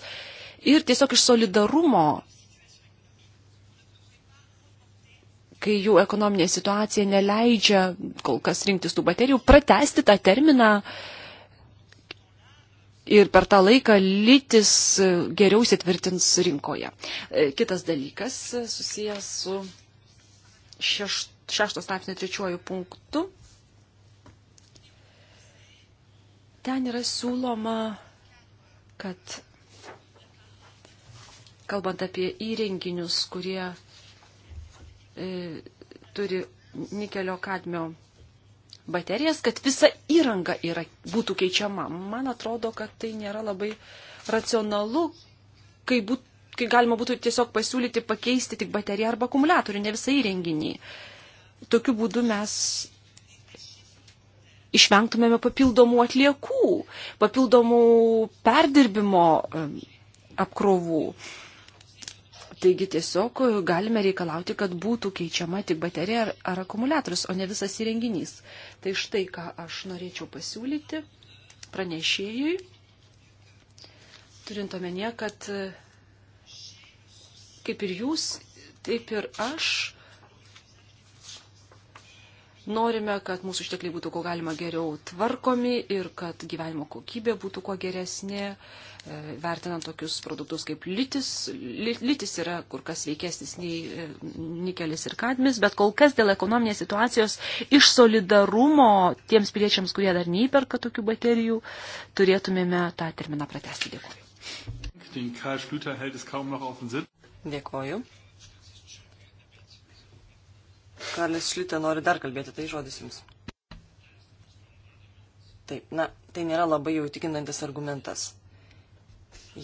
ir tiesiog iš solidarumo, kai jų ekonominė situacija neleidžia kol kas rinktis tų baterijų, pratesti tą terminą. Ir per tą laiką lytis geriau įsitvirtins rinkoje. E, kitas dalykas susijęs su šeštu šešto straipsnio trečiuoju punktu Ten yra siūloma, kad kalbant apie įrenginius, kurie e, turi nikelio kadmio baterijas, kad visa įranga yra, būtų keičiama. Man atrodo, kad tai nėra labai racionalu, kai, būt, kai galima būtų tiesiog pasiūlyti pakeisti tik bateriją arba akumuliatorių, ne visą įrenginį. Tokiu būdu mes išvengtumėme papildomų atliekų, papildomų perdirbimo apkrovų. Taigi tiesiog e, galime reikalauti, kad būtų keičiama tik baterija ar, ar akumuliatorius, o ne visas įrenginys. Tai štai ką aš norėčiau pasiūlyti pranešėjui, turint omenyje, kad e, kaip ir jūs, taip ir aš Norime, kad mūsų ištekliai būtų kuo galima geriau tvarkomi ir kad gyvenimo kokybė būtų kuo geresnė, e, vertinant tokius produktus kaip litis. Litis yra kur kas veikesnis nei e, nikelis ir kadmis, bet kol kas dėl ekonominės situacijos iš solidarumo tiems piliečiams, kurie dar neįperka tokių baterijų, turėtumėme tą terminą pratesti. Dėkuoju. Dėkuoju. Karlis Šlitė nori dar kalbėti, tai žodis jums. Taip, na, tai nėra labai jau tikinantis argumentas.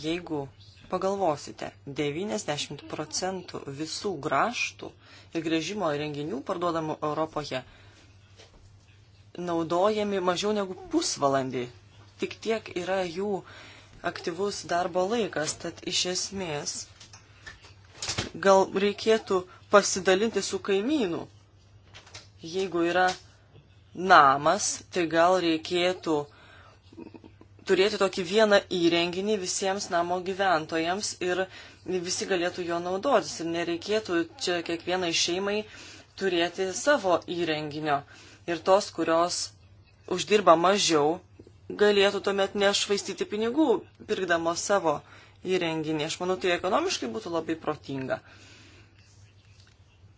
Jeigu pagalvosite, 90 procentų visų graštų ir grėžimo renginių parduodamų Europoje naudojami mažiau negu pusvalandį. Tik tiek yra jų aktyvus darbo laikas, tad iš esmės gal reikėtų pasidalinti su kaimynu. Jeigu yra namas, tai gal reikėtų turėti tokį vieną įrenginį visiems namo gyventojams ir visi galėtų jo naudotis ir nereikėtų čia kiekvienai šeimai turėti savo įrenginio. Ir tos, kurios uždirba mažiau, galėtų tuomet nešvaistyti pinigų, pirkdamos savo įrenginį. Aš manau, tai ekonomiškai būtų labai protinga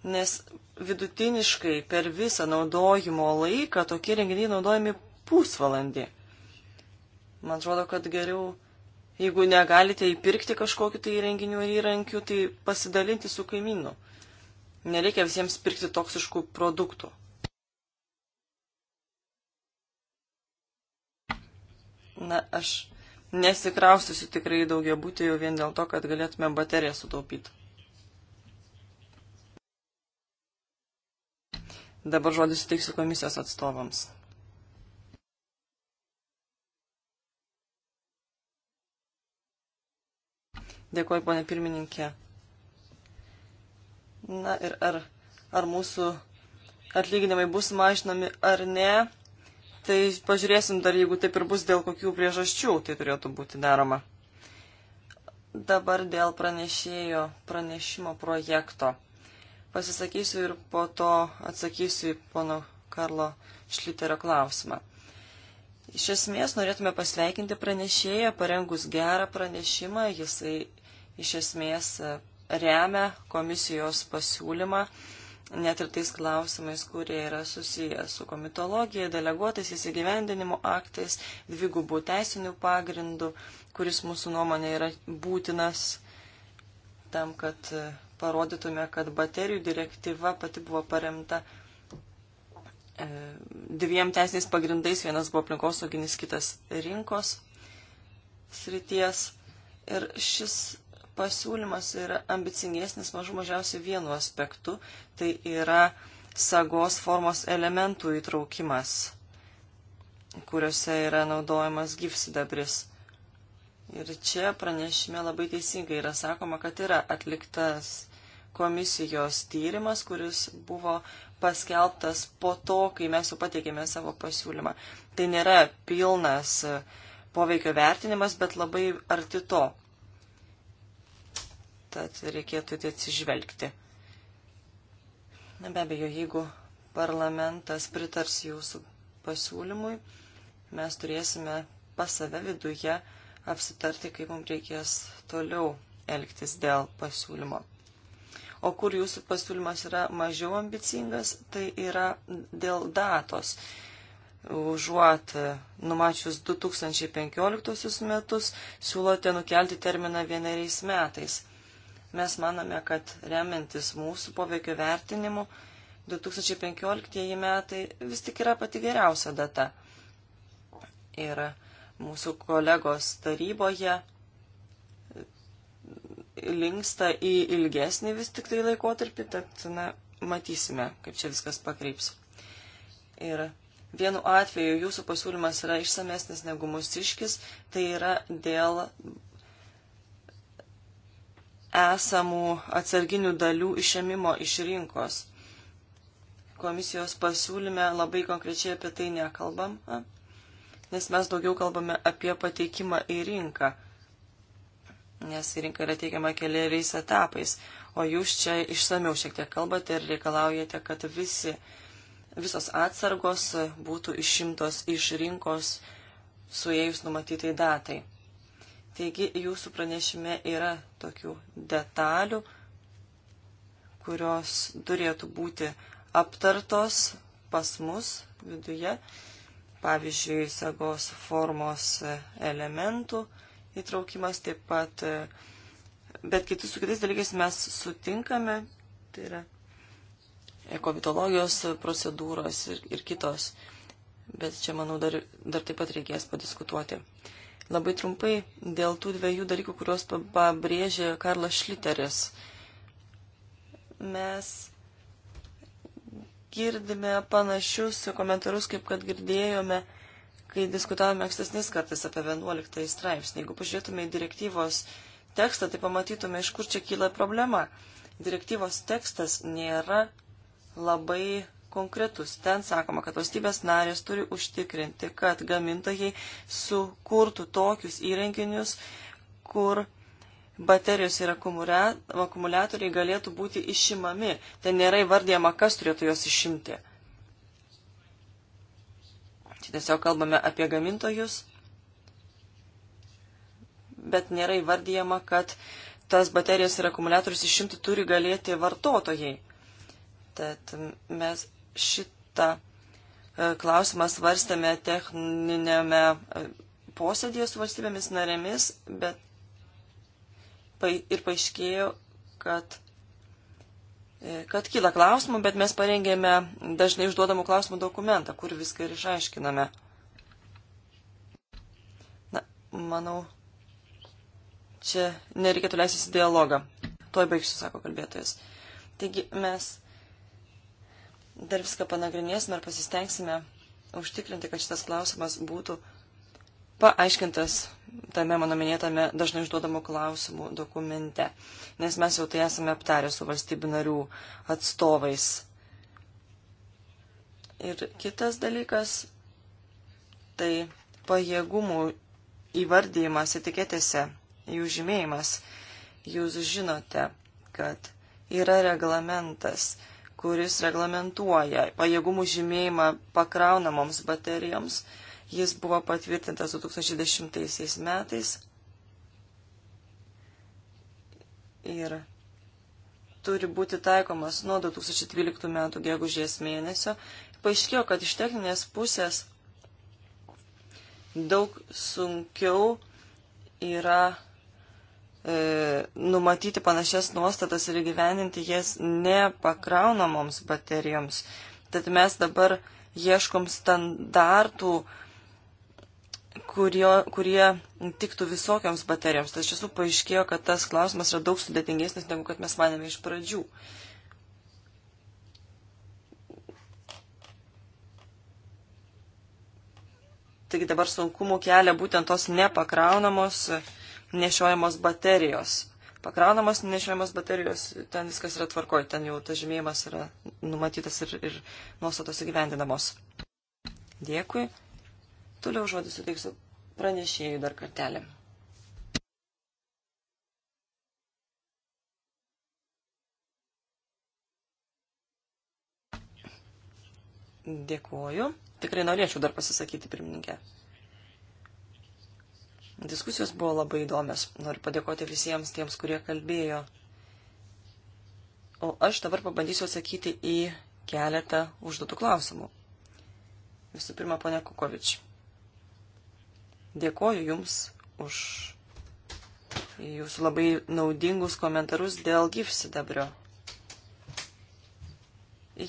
nes vidutiniškai per visą naudojimo laiką tokie renginiai naudojami pusvalandį. Man atrodo, kad geriau, jeigu negalite įpirkti kažkokiu tai renginiu ar įrankiu, tai pasidalinti su kaimynu. Nereikia visiems pirkti toksiškų produktų. Na, aš nesikraustysiu tikrai daugia būti jau vien dėl to, kad galėtume bateriją sutaupyti. Dabar žodį suteiksiu komisijos atstovams. Dėkuoju, ponė pirmininkė. Na ir ar, ar mūsų atlyginimai bus mažinami ar ne, tai pažiūrėsim dar, jeigu taip ir bus, dėl kokių priežasčių tai turėtų būti daroma. Dabar dėl pranešėjo pranešimo projekto pasisakysiu ir po to atsakysiu į pono Karlo Šliterio klausimą. Iš esmės norėtume pasveikinti pranešėją, parengus gerą pranešimą, jisai iš esmės e, remia komisijos pasiūlymą, net ir tais klausimais, kurie yra susiję su komitologija, deleguotais įsigyvendinimo aktais, dvigubų teisinių pagrindų, kuris mūsų nuomonė yra būtinas tam, kad e, parodytume, kad baterijų direktyva pati buvo paremta e, dviem teisiniais pagrindais, vienas buvo aplinkosauginis, kitas rinkos srities. Ir šis pasiūlymas yra ambicingesnis mažų mažiausiai vienu aspektu, tai yra sagos formos elementų įtraukimas, kuriuose yra naudojamas gyvsidabris. Ir čia pranešime labai teisingai yra sakoma, kad yra atliktas komisijos tyrimas, kuris buvo paskelbtas po to, kai mes jau pateikėme savo pasiūlymą. Tai nėra pilnas e, poveikio vertinimas, bet labai arti to. Tad reikėtų tai atsižvelgti. Na be abejo, jeigu parlamentas pritars jūsų pasiūlymui, mes turėsime pas save viduje apsitarti, kaip mums reikės toliau elgtis dėl pasiūlymo. O kur jūsų pasiūlymas yra mažiau ambicingas, tai yra dėl datos. Užuot numačius 2015 metus, siūlote nukelti terminą vieneriais metais. Mes manome, kad remiantis mūsų poveikio vertinimu, 2015 metai vis tik yra pati geriausia data. Ir mūsų kolegos taryboje linksta į ilgesnį vis tik tai laikotarpį, tad, na, matysime, kaip čia viskas pakreips. Ir vienu atveju jūsų pasiūlymas yra išsamesnis negu mūsiškis, tai yra dėl esamų atsarginių dalių išėmimo iš rinkos. Komisijos pasiūlyme labai konkrečiai apie tai nekalbam, nes mes daugiau kalbame apie pateikimą į rinką nes į rinką yra teikiama keliariais etapais, o jūs čia išsamiau šiek tiek kalbate ir reikalaujate, kad visi, visos atsargos būtų išimtos iš rinkos suėjus numatytai datai. Taigi jūsų pranešime yra tokių detalių, kurios turėtų būti aptartos pas mus viduje, pavyzdžiui, sagos formos elementų, įtraukimas taip pat, e, bet kitus su kitais dalykais mes sutinkame, tai yra komitologijos procedūros ir, ir kitos, bet čia, manau, dar, dar taip pat reikės padiskutuoti. Labai trumpai dėl tų dviejų dalykų, kuriuos pabrėžė Karlas Šliteris. Mes girdime panašius komentarus, kaip kad girdėjome kai diskutavome ankstesnis kartais apie 11 straipsnį. Jeigu pažiūrėtume į direktyvos tekstą, tai pamatytume, iš kur čia kyla problema. Direktyvos tekstas nėra labai konkretus. Ten sakoma, kad valstybės narės turi užtikrinti, kad gamintojai sukurtų tokius įrenginius, kur baterijos ir akumuliatoriai galėtų būti išimami. Ten nėra įvardyjama, kas turėtų juos išimti. Čia tiesiog kalbame apie gamintojus, bet nėra įvardyjama, kad tas baterijas ir akumuliatorius išimti turi galėti vartotojai. Tad mes šitą e, klausimą svarstėme techninėme e, posėdėje su valstybėmis narėmis, bet ir paaiškėjo, kad kad kyla klausimų, bet mes parengėme dažnai užduodamų klausimų dokumentą, kur viską ir išaiškiname. Na, manau, čia nereikėtų leistis į dialogą. Toj baigsiu, sako kalbėtojas. Taigi mes dar viską panagrinėsime ir pasistengsime užtikrinti, kad šitas klausimas būtų paaiškintas tame mano minėtame dažnai užduodamų klausimų dokumente, nes mes jau tai esame aptarę su valstybių narių atstovais. Ir kitas dalykas, tai pajėgumų įvardyjimas etiketėse, jų žymėjimas. Jūs žinote, kad yra reglamentas, kuris reglamentuoja pajėgumų žymėjimą pakraunamoms baterijoms, Jis buvo patvirtintas 2010 metais ir turi būti taikomas nuo 2012 metų gegužės mėnesio. Paaiškėjo, kad iš techninės pusės daug sunkiau yra e, numatyti panašias nuostatas ir gyveninti jas nepakraunamoms baterijoms. Tad mes dabar ieškom standartų, kurio, kurie tiktų visokioms baterijoms. Tačiau esu paaiškėjo, kad tas klausimas yra daug sudėtingesnis, negu kad mes manėme iš pradžių. Taigi dabar sunkumų kelia būtent tos nepakraunamos nešiojamos baterijos. Pakraunamos nešiojamos baterijos, ten viskas yra tvarkoj, ten jau ta žymėjimas yra numatytas ir, ir nuostatos įgyvendinamos. Dėkui. Toliau žodį suteiksiu pranešėjų dar kartelį. Dėkuoju. Tikrai norėčiau dar pasisakyti, pirmininkė. Diskusijos buvo labai įdomios. Noriu padėkoti visiems tiems, kurie kalbėjo. O aš dabar pabandysiu atsakyti į keletą užduotų klausimų. Visų pirma, ponia Kukovič. Dėkoju Jums už Jūsų labai naudingus komentarus dėl gyvsidabrio.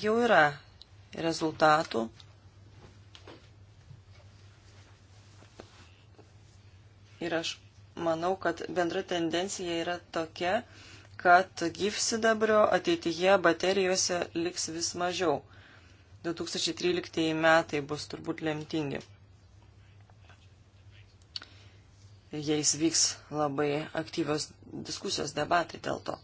Jau yra rezultatų. Ir aš manau, kad bendra tendencija yra tokia, kad gyvsidabrio ateityje baterijose liks vis mažiau. 2013 metai bus turbūt lemtingi. jais vyks labai aktyvios diskusijos debatai dėl to.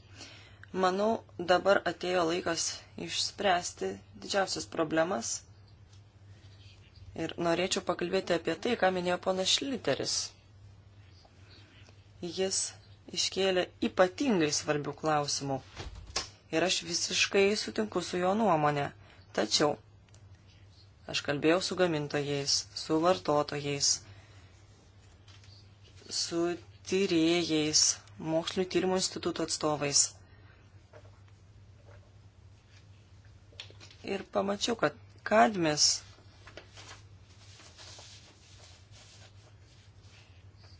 Manau, dabar atėjo laikas išspręsti didžiausias problemas ir norėčiau pakalbėti apie tai, ką minėjo ponas Šliteris. Jis iškėlė ypatingai svarbių klausimų ir aš visiškai sutinku su jo nuomonė. Tačiau aš kalbėjau su gamintojais, su vartotojais, su tyrėjais, mokslinio tyrimo instituto atstovais. Ir pamačiau, kad kadmis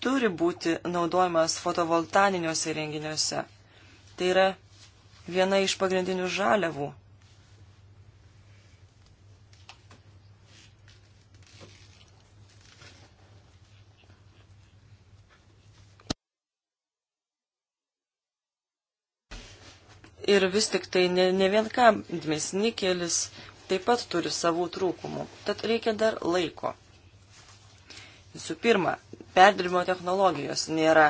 turi būti naudojamas fotovoltaniniuose renginiuose. Tai yra viena iš pagrindinių žaliavų. Ir vis tik tai ne, ne vien kadmis, nikelis taip pat turi savų trūkumų. Tad reikia dar laiko. Visų pirma, perdirbimo technologijos nėra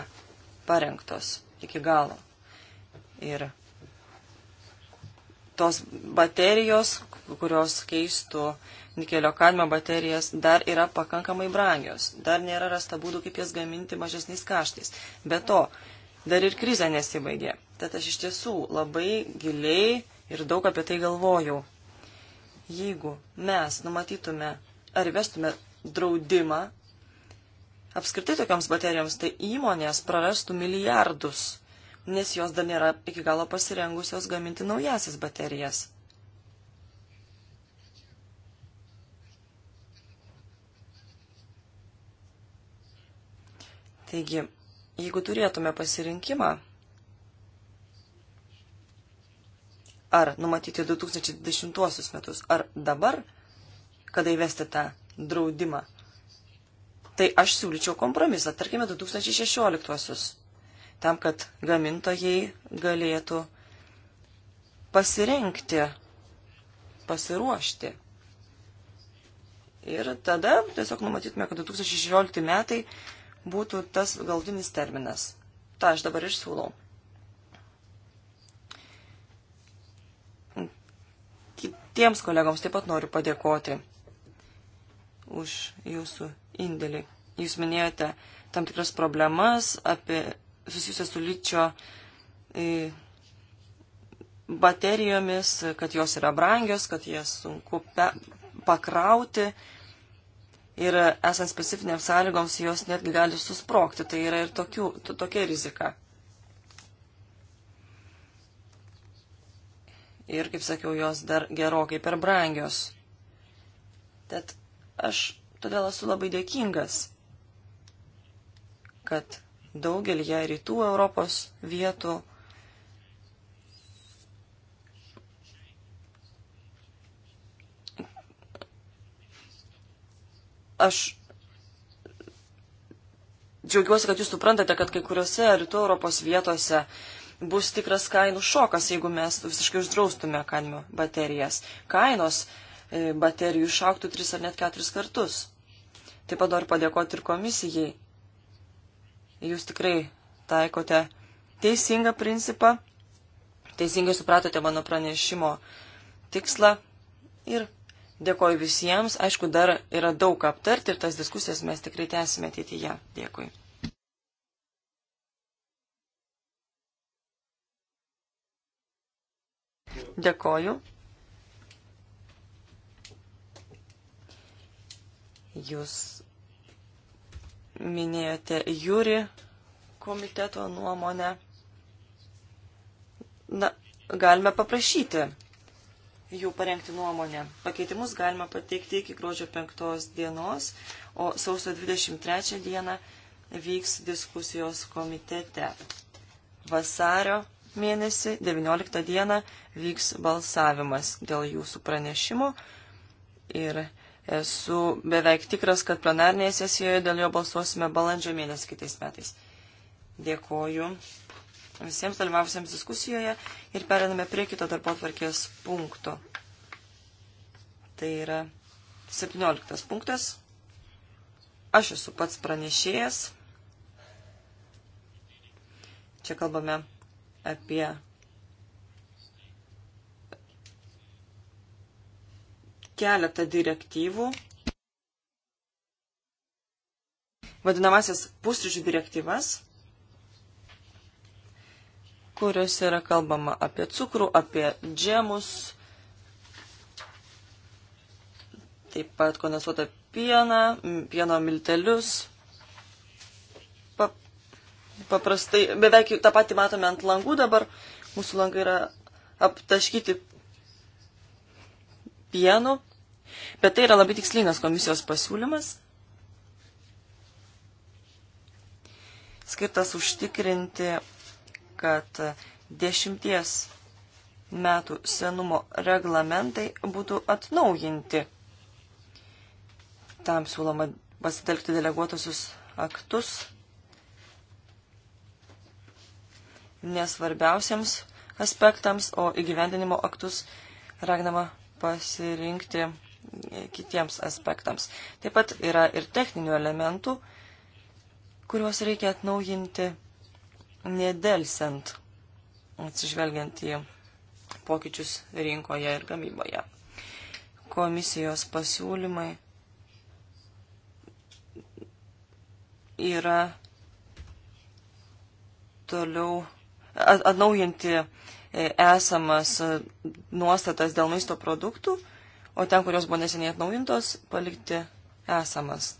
parengtos iki galo. Ir tos baterijos, kurios keistų nikelio kadmio baterijas, dar yra pakankamai brangios. Dar nėra rasta būdų, kaip jas gaminti mažesniais kaštais. Be to, dar ir krizė nesibaigė. Tad aš iš tiesų labai giliai ir daug apie tai galvojau. Jeigu mes numatytume ar vestume draudimą apskritai tokiams baterijoms, tai įmonės prarastų milijardus, nes jos dar nėra iki galo pasirengusios gaminti naujasis baterijas. Taigi, Jeigu turėtume pasirinkimą, ar numatyti 2020 metus, ar dabar, kada įvesti tą draudimą, tai aš siūlyčiau kompromisą, tarkime, 2016 tam, kad gamintojai galėtų pasirengti, pasiruošti. Ir tada tiesiog numatytume, kad 2016 metai būtų tas galutinis terminas. Ta aš dabar ir siūlau. Kitiems kolegoms taip pat noriu padėkoti už jūsų indėlį. Jūs minėjote tam tikras problemas apie susijusias su lyčio e, baterijomis, kad jos yra brangios, kad jas sunku pakrauti ir esant specifinėms sąlygoms jos netgi gali susprogti. Tai yra ir tokių, to, tokia rizika. Ir, kaip sakiau, jos dar gerokai per brangios. Tad aš todėl esu labai dėkingas, kad daugelį rytų Europos vietų Aš džiaugiuosi, kad jūs suprantate, kad kai kuriuose rytų Europos vietose bus tikras kainų šokas, jeigu mes visiškai uždraustume kadmio baterijas. Kainos e, baterijų išauktų tris ar net keturis kartus. Taip pat noriu padėkoti ir komisijai. Jūs tikrai taikote teisingą principą, teisingai supratote mano pranešimo tikslą ir Dėkoju visiems. Aišku, dar yra daug aptarti ir tas diskusijas mes tikrai tęsime ateityje. Dėkui. Dėkoju. Jūs minėjote Jūri komiteto nuomonę. Na, galime paprašyti jų parengti nuomonę. Pakeitimus galima pateikti iki gruodžio 5 dienos, o sausio 23 dieną vyks diskusijos komitete. Vasario mėnesį 19 dieną vyks balsavimas dėl jūsų pranešimo ir esu beveik tikras, kad plenarnėje sesijoje dėl jo balsuosime balandžio mėnesį kitais metais. Dėkoju visiems dalyvavusiems diskusijoje ir periname prie kito darbo tvarkės punkto. Tai yra 17 punktas. Aš esu pats pranešėjas. Čia kalbame apie keletą direktyvų. Vadinamasis pusryčių direktyvas kuriuose yra kalbama apie cukrų, apie džemus, taip pat kondensuotą pieną, pieno miltelius. Pap, paprastai, beveik tą patį matome ant langų dabar, mūsų langai yra aptaškyti pienu, bet tai yra labai tikslingas komisijos pasiūlymas, skirtas užtikrinti kad dešimties metų senumo reglamentai būtų atnaujinti. Tam siūloma pasitelkti deleguotusius aktus, nesvarbiausiams aspektams, o įgyvendinimo aktus ragnama pasirinkti kitiems aspektams. Taip pat yra ir techninių elementų, kuriuos reikia atnaujinti nedelsiant, atsižvelgiant į pokyčius rinkoje ir gamyboje. Komisijos pasiūlymai yra toliau atnaujinti e, esamas e, nuostatas dėl maisto produktų, o ten, kurios buvo neseniai atnaujintos, palikti esamas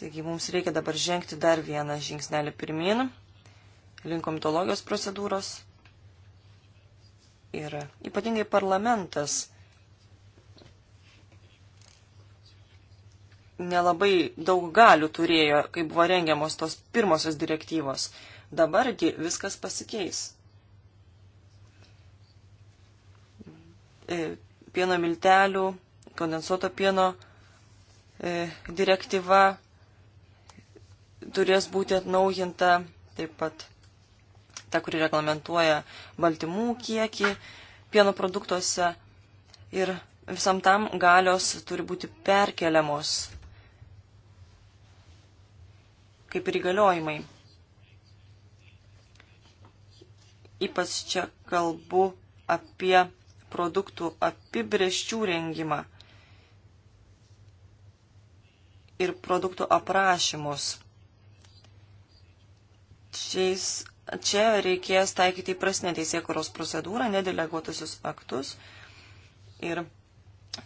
Taigi mums reikia dabar žengti dar vieną žingsnelį pirmin, link komitologijos procedūros. Ir ypatingai parlamentas nelabai daug galių turėjo, kai buvo rengiamos tos pirmosios direktyvos. Dabargi viskas pasikeis. E, pieno miltelių, kondensuoto pieno e, direktyva turės būti atnaujinta taip pat ta, kuri reglamentuoja baltymų kiekį pieno produktuose ir visam tam galios turi būti perkeliamos kaip ir įgaliojimai. Ypač čia kalbu apie produktų apibrėžčių rengimą ir produktų aprašymus šiais, čia reikės taikyti įprasnę teisėkuros procedūrą, nedeleguotusius aktus. Ir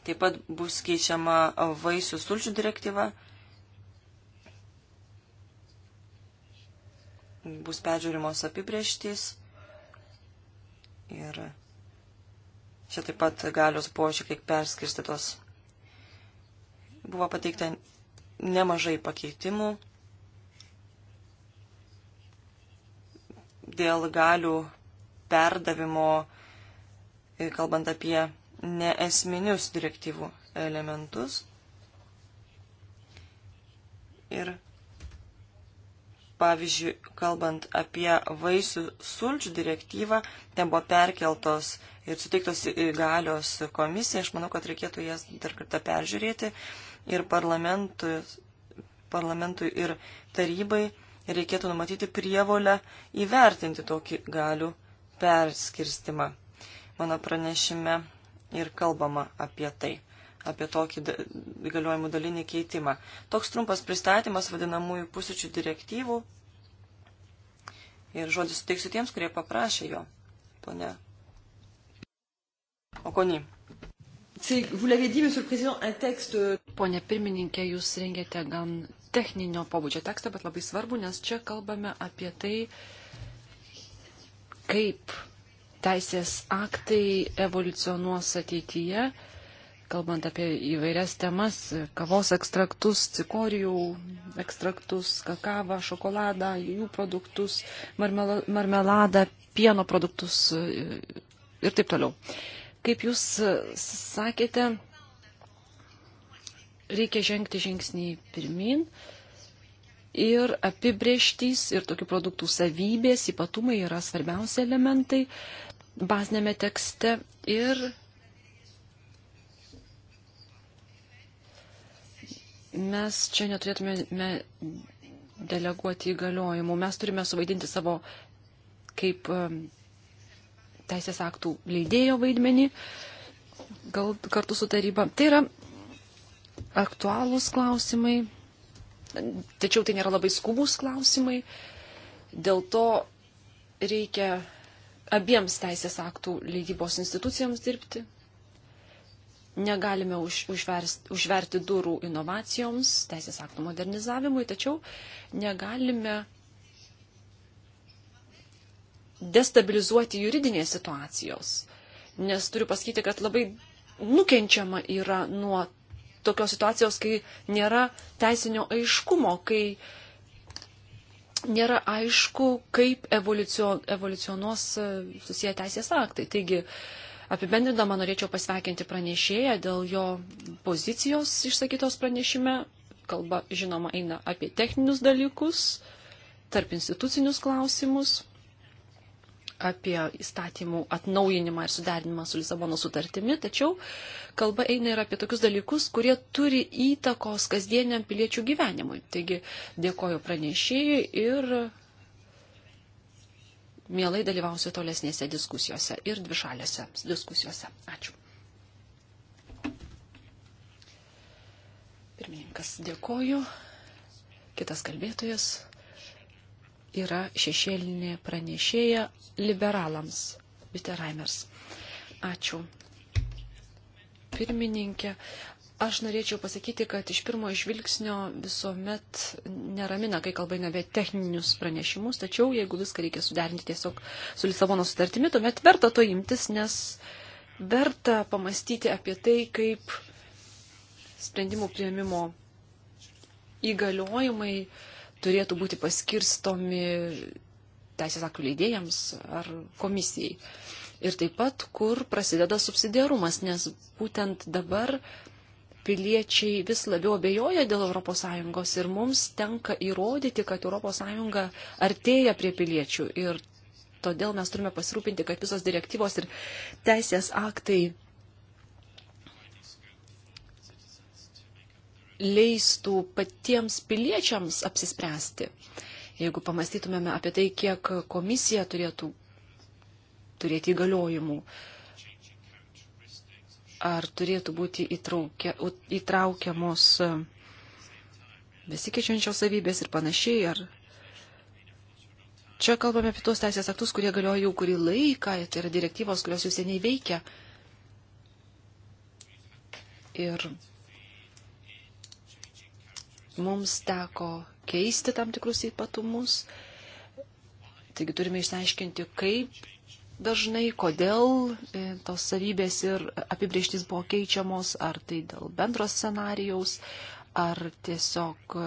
taip pat bus keičiama vaisių sulčių direktyva. Bus peržiūrimos apibrieštys. Ir čia taip pat galios buvo šiek tiek perskirstytos. Buvo pateikta nemažai pakeitimų dėl galių perdavimo, e, kalbant apie neesminius direktyvų elementus. Ir pavyzdžiui, kalbant apie vaisių sulčių direktyvą, ten buvo perkeltos ir suteiktos galios komisija. Aš manau, kad reikėtų jas dar kartą peržiūrėti ir parlamentui, parlamentui ir tarybai reikėtų numatyti prievolę įvertinti tokį galių perskirstimą. Mano pranešime ir kalbama apie tai, apie tokį galiojimų dalinį keitimą. Toks trumpas pristatymas vadinamųjų pusičių direktyvų. Ir žodis suteiksiu tiems, kurie paprašė jo. Pone. Okony. Pone pirmininkė, jūs rengėte gan techninio pobūdžio tekstą, bet labai svarbu, nes čia kalbame apie tai, kaip teisės aktai evoliucionuos ateityje, kalbant apie įvairias temas - kavos ekstraktus, cikorijų ekstraktus, kakavą, šokoladą, jų produktus, marmeladą, pieno produktus e, ir taip toliau. Kaip jūs sakėte, reikia žengti žingsnį pirmin ir apibrieštys ir tokių produktų savybės, ypatumai yra svarbiausi elementai bazinėme tekste ir mes čia neturėtume deleguoti įgaliojimų, mes turime suvaidinti savo kaip um, teisės aktų leidėjo vaidmenį, gal kartu su taryba. Tai yra aktualūs klausimai, tačiau tai nėra labai skubus klausimai, dėl to reikia abiems teisės aktų leidybos institucijoms dirbti. Negalime už, užverst, užverti durų inovacijoms, teisės aktų modernizavimui, tačiau negalime destabilizuoti juridinės situacijos. Nes turiu pasakyti, kad labai nukenčiama yra nuo tokios situacijos, kai nėra teisinio aiškumo, kai nėra aišku, kaip evoliucio, evoliucionuos e, susiję teisės aktai. Taigi, apibendrindama norėčiau pasveikinti pranešėją dėl jo pozicijos išsakytos pranešime. Kalba, žinoma, eina apie techninius dalykus, tarp institucinius klausimus apie įstatymų atnaujinimą ir suderinimą su Lisabono sutartimi, tačiau kalba eina ir apie tokius dalykus, kurie turi įtakos kasdieniam piliečių gyvenimui. Taigi dėkoju pranešėjai ir mielai dalyvausiu tolesnėse diskusijose ir dvišalėse diskusijose. Ačiū. Pirmininkas, dėkoju. Kitas kalbėtojas yra šešėlinė pranešėja liberalams. Vite Raimers. Ačiū. Pirmininkė, aš norėčiau pasakyti, kad iš pirmo žvilgsnio visuomet neramina, kai kalba eina apie techninius pranešimus, tačiau jeigu viską reikia suderinti tiesiog su Lisabono sutartimi, tuomet verta to imtis, nes verta pamastyti apie tai, kaip sprendimų prieimimo įgaliojimai uh, turėtų būti paskirstomi teisės aktų leidėjams ar komisijai. Ir taip pat, kur prasideda subsidiarumas, nes būtent dabar piliečiai vis labiau abejoja dėl ES ir mums tenka įrodyti, kad ES artėja prie piliečių ir todėl mes turime pasirūpinti, kad visos direktyvos ir teisės aktai leistų patiems piliečiams apsispręsti. Jeigu pamastytumėme apie tai, kiek komisija turėtų turėti įgaliojimų, ar turėtų būti įtraukia, įtraukiamos e, besikeičiančios savybės ir panašiai, ar čia kalbame apie tuos teisės aktus, kurie galioja jau kurį laiką, tai yra direktyvos, kurios jau seniai veikia. Ir mums teko keisti tam tikrus ypatumus. Taigi turime išsiaiškinti, kaip dažnai, kodėl e, tos savybės ir apibrieštys buvo keičiamos, ar tai dėl bendro scenarijaus, ar tiesiog e,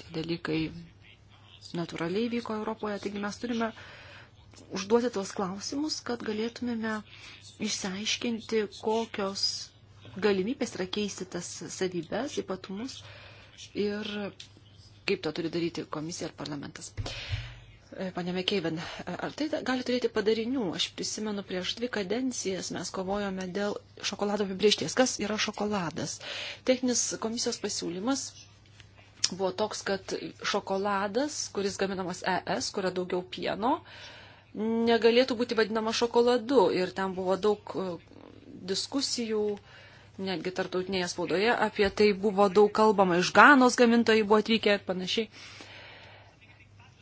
tie dalykai natūraliai vyko Europoje. Taigi mes turime užduoti tuos klausimus, kad galėtumėme išsiaiškinti, kokios galimybės yra keisti tas savybės, ypatumus ir kaip to turi daryti komisija ar parlamentas. E, Pane Mekeiven, ar tai gali turėti padarinių? Aš prisimenu, prieš dvi kadencijas mes kovojome dėl šokolado apibriešties. Kas yra šokoladas? Techninis komisijos pasiūlymas buvo toks, kad šokoladas, kuris gaminamas ES, kuria daugiau pieno, negalėtų būti vadinama šokoladu. Ir ten buvo daug e, diskusijų, uh, netgi tartautinėje spaudoje apie tai buvo daug kalbama, iš Ganos gamintojai buvo atvykę ir panašiai.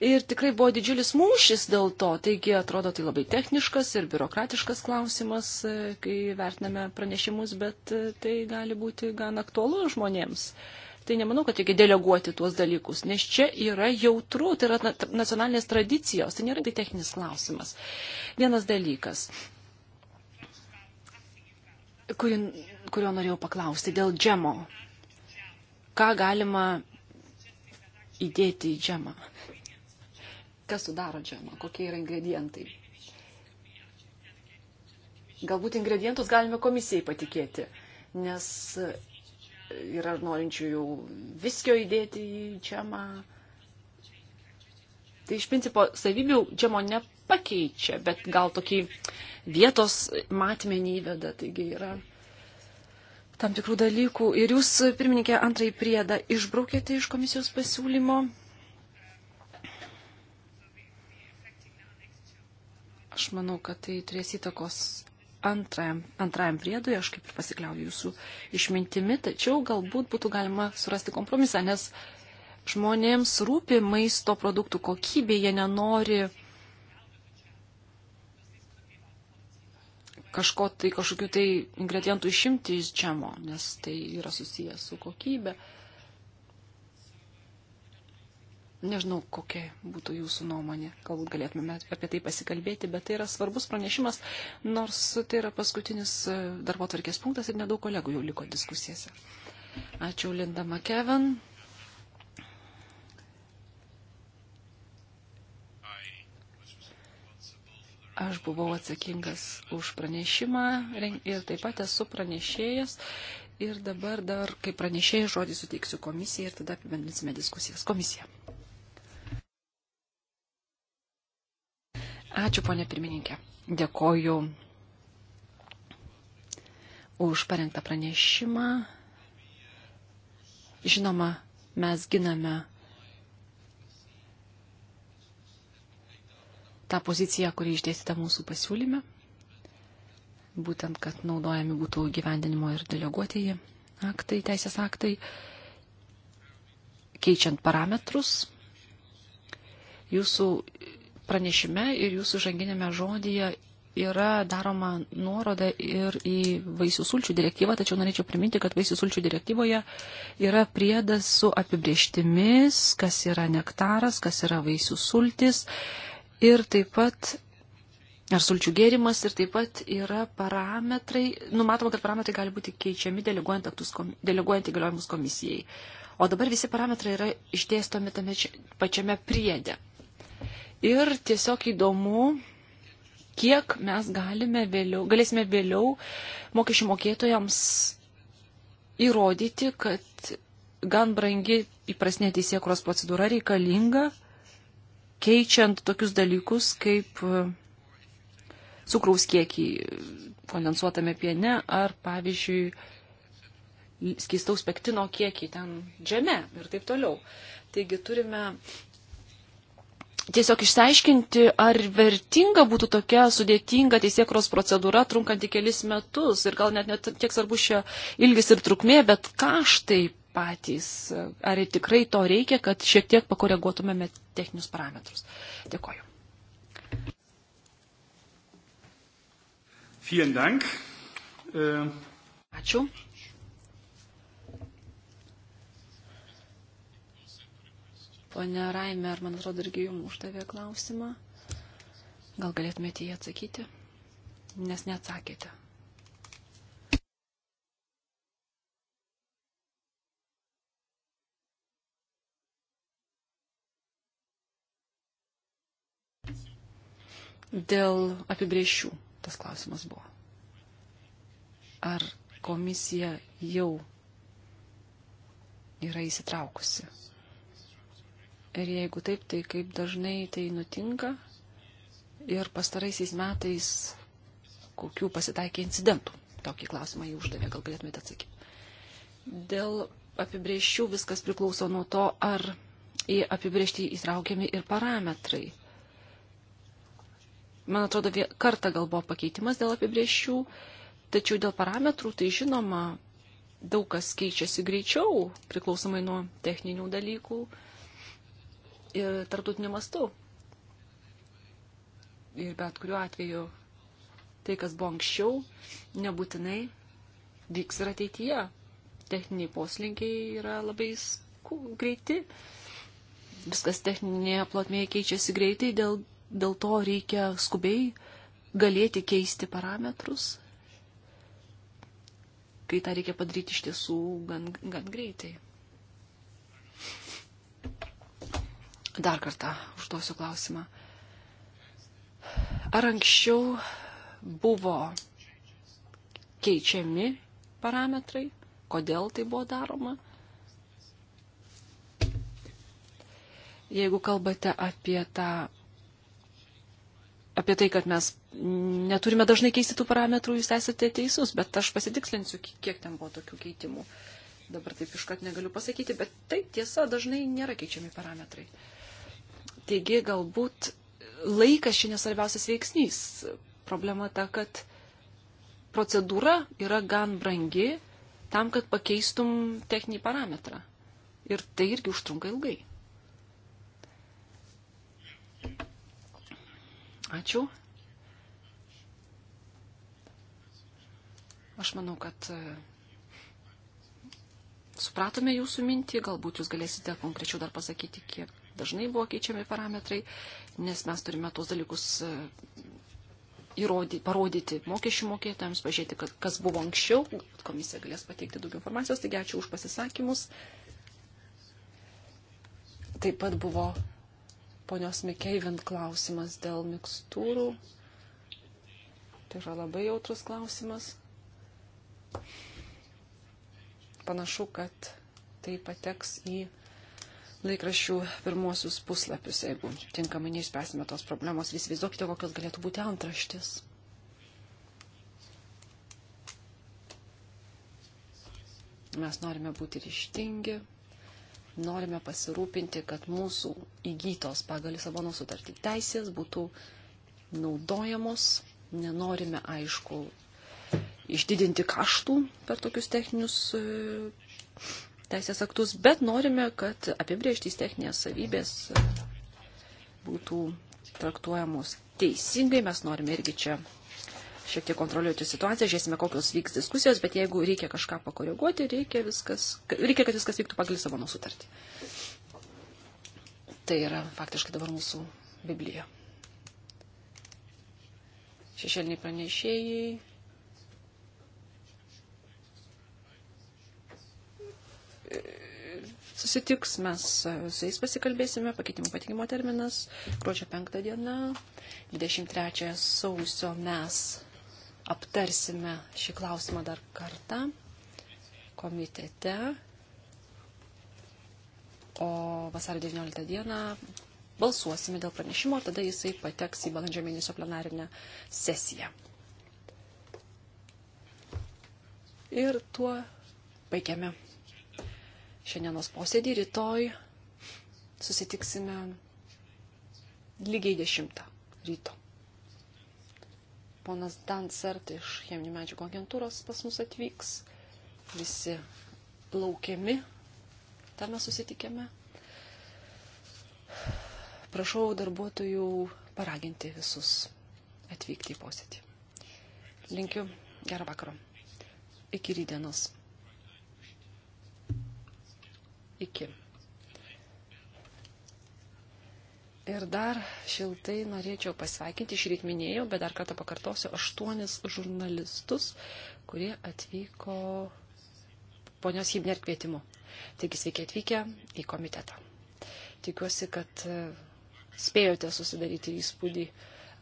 Ir tikrai buvo didžiulis mūšis dėl to, taigi atrodo tai labai techniškas ir biurokratiškas klausimas, e, kai vertiname pranešimus, bet e, tai gali būti gan aktualu žmonėms. Tai nemanau, kad reikia deleguoti tuos dalykus, nes čia yra jautru, tai yra nacionalinės tradicijos, tai nėra tai techninis klausimas. Vienas dalykas kurį kurio norėjau paklausti, dėl džemo. Ką galima įdėti į džemą? Kas sudaro džemą? Kokie yra ingredientai? Galbūt ingredientus galime komisijai patikėti, nes yra norinčių jau viskio įdėti į džemą. Tai iš principo savybių džemo nepakeičia, bet gal tokį vietos matmenį įveda, taigi yra tam tikrų dalykų. Ir jūs, pirmininkė, antrąjį priedą išbraukėte iš komisijos pasiūlymo. Aš manau, kad tai turės įtakos antrajam, antrajam priedui, aš kaip ir pasikliauju jūsų išmintimi, tačiau galbūt būtų galima surasti kompromisą, nes žmonėms rūpi maisto produktų kokybė, jie nenori kažko tai, kažkokių tai ingredientų išimti iš džemo, nes tai yra susijęs su kokybė. Nežinau, kokia būtų jūsų nuomonė, galbūt galėtume apie tai pasikalbėti, bet tai yra svarbus pranešimas, nors tai yra paskutinis e, darbo tvarkės punktas ir nedaug kolegų jau liko diskusijose. Ačiū Linda Makeven. Aš buvau atsakingas už pranešimą ir taip pat esu pranešėjas. Ir dabar dar, kaip pranešėjas, žodį suteiksiu komisijai ir tada apibendrinsime diskusijas. Komisija. Ačiū, ponė pirmininkė. Dėkoju už parengtą pranešimą. Žinoma, mes giname tą poziciją, kuri išdėstyta mūsų pasiūlyme, būtent, kad naudojami būtų gyvendinimo ir deleguotieji aktai, teisės aktai, keičiant parametrus. Jūsų pranešime ir jūsų žanginėme žodyje yra daroma nuoroda ir į vaisių sulčių direktyvą, tačiau norėčiau priminti, kad vaisių sulčių direktyvoje yra priedas su apibrieštimis, kas yra nektaras, kas yra vaisių sultis, ir taip pat Ar sulčių gėrimas ir taip pat yra parametrai, numatoma, kad parametrai gali būti keičiami deleguojant, aktus, deleguojant įgaliojimus komisijai. O dabar visi parametrai yra išdėstomi tame pačiame priedė. Ir tiesiog įdomu, kiek mes galime vėliau, galėsime vėliau mokesčių mokėtojams įrodyti, kad gan brangi įprasnė teisėkuros procedūra reikalinga keičiant tokius dalykus kaip e, cukraus kiekį kondensuotame piene ar, pavyzdžiui, skystaus pektino kiekį ten džeme ir taip toliau. Taigi turime tiesiog išsiaiškinti, ar vertinga būtų tokia sudėtinga teisėkros procedūra trunkanti kelis metus ir gal net net tiek svarbu šio ilgis ir trukmė, bet kaštai patys. Ar tikrai to reikia, kad šiek tiek pakoreguotumėme techninius parametrus? Dėkoju. Ähm, Ačiū. Pone Raime, ar man atrodo irgi jums uždavė klausimą? Gal galėtumėte jį atsakyti? Nes neatsakėte. Dėl apibriešių tas klausimas buvo. Ar komisija jau yra įsitraukusi? Ir jeigu taip, tai kaip dažnai tai nutinka ir pastaraisiais metais kokių pasitaikė incidentų. Tokį klausimą jį uždavė, gal galėtumėte atsakyti. Dėl apibrėžčių viskas priklauso nuo to, ar į apibrėžtį įtraukiami ir parametrai man atrodo, kartą gal buvo pakeitimas dėl apibrieščių, tačiau dėl parametrų, tai žinoma, daug kas keičiasi greičiau, priklausomai nuo techninių dalykų ir tartutinių mastų. Ir bet kuriuo atveju tai, kas buvo anksčiau, nebūtinai vyks ir ateityje. Techniniai poslinkiai yra labai greiti. Viskas techninėje plotmėje keičiasi greitai dėl dėl to reikia skubiai galėti keisti parametrus, kai tą reikia padaryti iš tiesų gan, gan greitai. Dar kartą užduosiu klausimą. Ar anksčiau buvo keičiami parametrai? Kodėl tai buvo daroma? Jeigu kalbate apie tą apie tai, kad mes neturime dažnai keisti tų parametrų, jūs esate teisus, bet aš pasitikslinsiu, kiek ten buvo tokių keitimų. Dabar taip iškart negaliu pasakyti, bet taip tiesa, dažnai nėra keičiami parametrai. Taigi galbūt laikas šiandien svarbiausias veiksnys. Problema ta, kad procedūra yra gan brangi tam, kad pakeistum techninį parametrą. Ir tai irgi užtrunka ilgai. Ačiū. Aš manau, kad e, supratome jūsų mintį, galbūt jūs galėsite konkrečiau dar pasakyti, kiek dažnai buvo keičiami parametrai, nes mes turime tuos dalykus e, įrody, parodyti mokesčių mokėtojams, pažiūrėti, kad, kas buvo anksčiau, komisija galės pateikti daugiau informacijos, taigi ačiū už pasisakymus. Taip pat buvo ponios Mikeivin klausimas dėl mikstūrų. Tai yra labai jautrus klausimas. Panašu, kad tai pateks į laikraščių pirmosius puslapius, jeigu tinkamai neišspręsime tos problemos. Vis vizuokite, kokios galėtų būti antraštis. Mes norime būti ryštingi, norime pasirūpinti, kad mūsų įgytos pagal Lisabono sutartį teisės būtų naudojamos. Nenorime, aišku, išdidinti kaštų per tokius techninius e, teisės aktus, bet norime, kad apibriežtys techninės savybės būtų traktuojamos teisingai. Mes norime irgi čia šiek tiek kontroliuoti situaciją, žiūrėsime, kokios vyks diskusijos, bet jeigu reikia kažką pakoreguoti, reikia, viskas, reikia kad viskas vyktų pagal savo nusutartį. Tai yra faktiškai dabar mūsų Biblija. Šešėliniai pranešėjai. Susitiks, mes su jais pasikalbėsime, pakeitimų patikimo terminas, gruodžio 5 diena, 23 sausio mes aptarsime šį klausimą dar kartą komitete. O vasario 19 dieną balsuosime dėl pranešimo ir tada jisai pateks į balandžio mėnesio plenarinę sesiją. Ir tuo baigiame šiandienos posėdį. Rytoj susitiksime lygiai 10 ryto. Ponas Dansert iš cheminių medžiagų agentūros pas mus atvyks. Visi laukiami tame susitikime. Prašau darbuotojų paraginti visus atvykti į posėdį. Linkiu gerą vakarą. Iki rydienos. Iki. Ir dar šiltai norėčiau pasveikinti, iš ryt minėjau, bet dar kartą pakartosiu, aštuonis žurnalistus, kurie atvyko ponios Hibner kvietimu. Taigi sveiki atvykę į komitetą. Tikiuosi, kad e, spėjote susidaryti įspūdį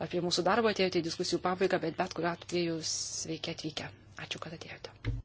apie mūsų darbą, atėjote į diskusijų pabaigą, bet bet kuriuo atveju sveiki atvykę. Ačiū, kad atėjote.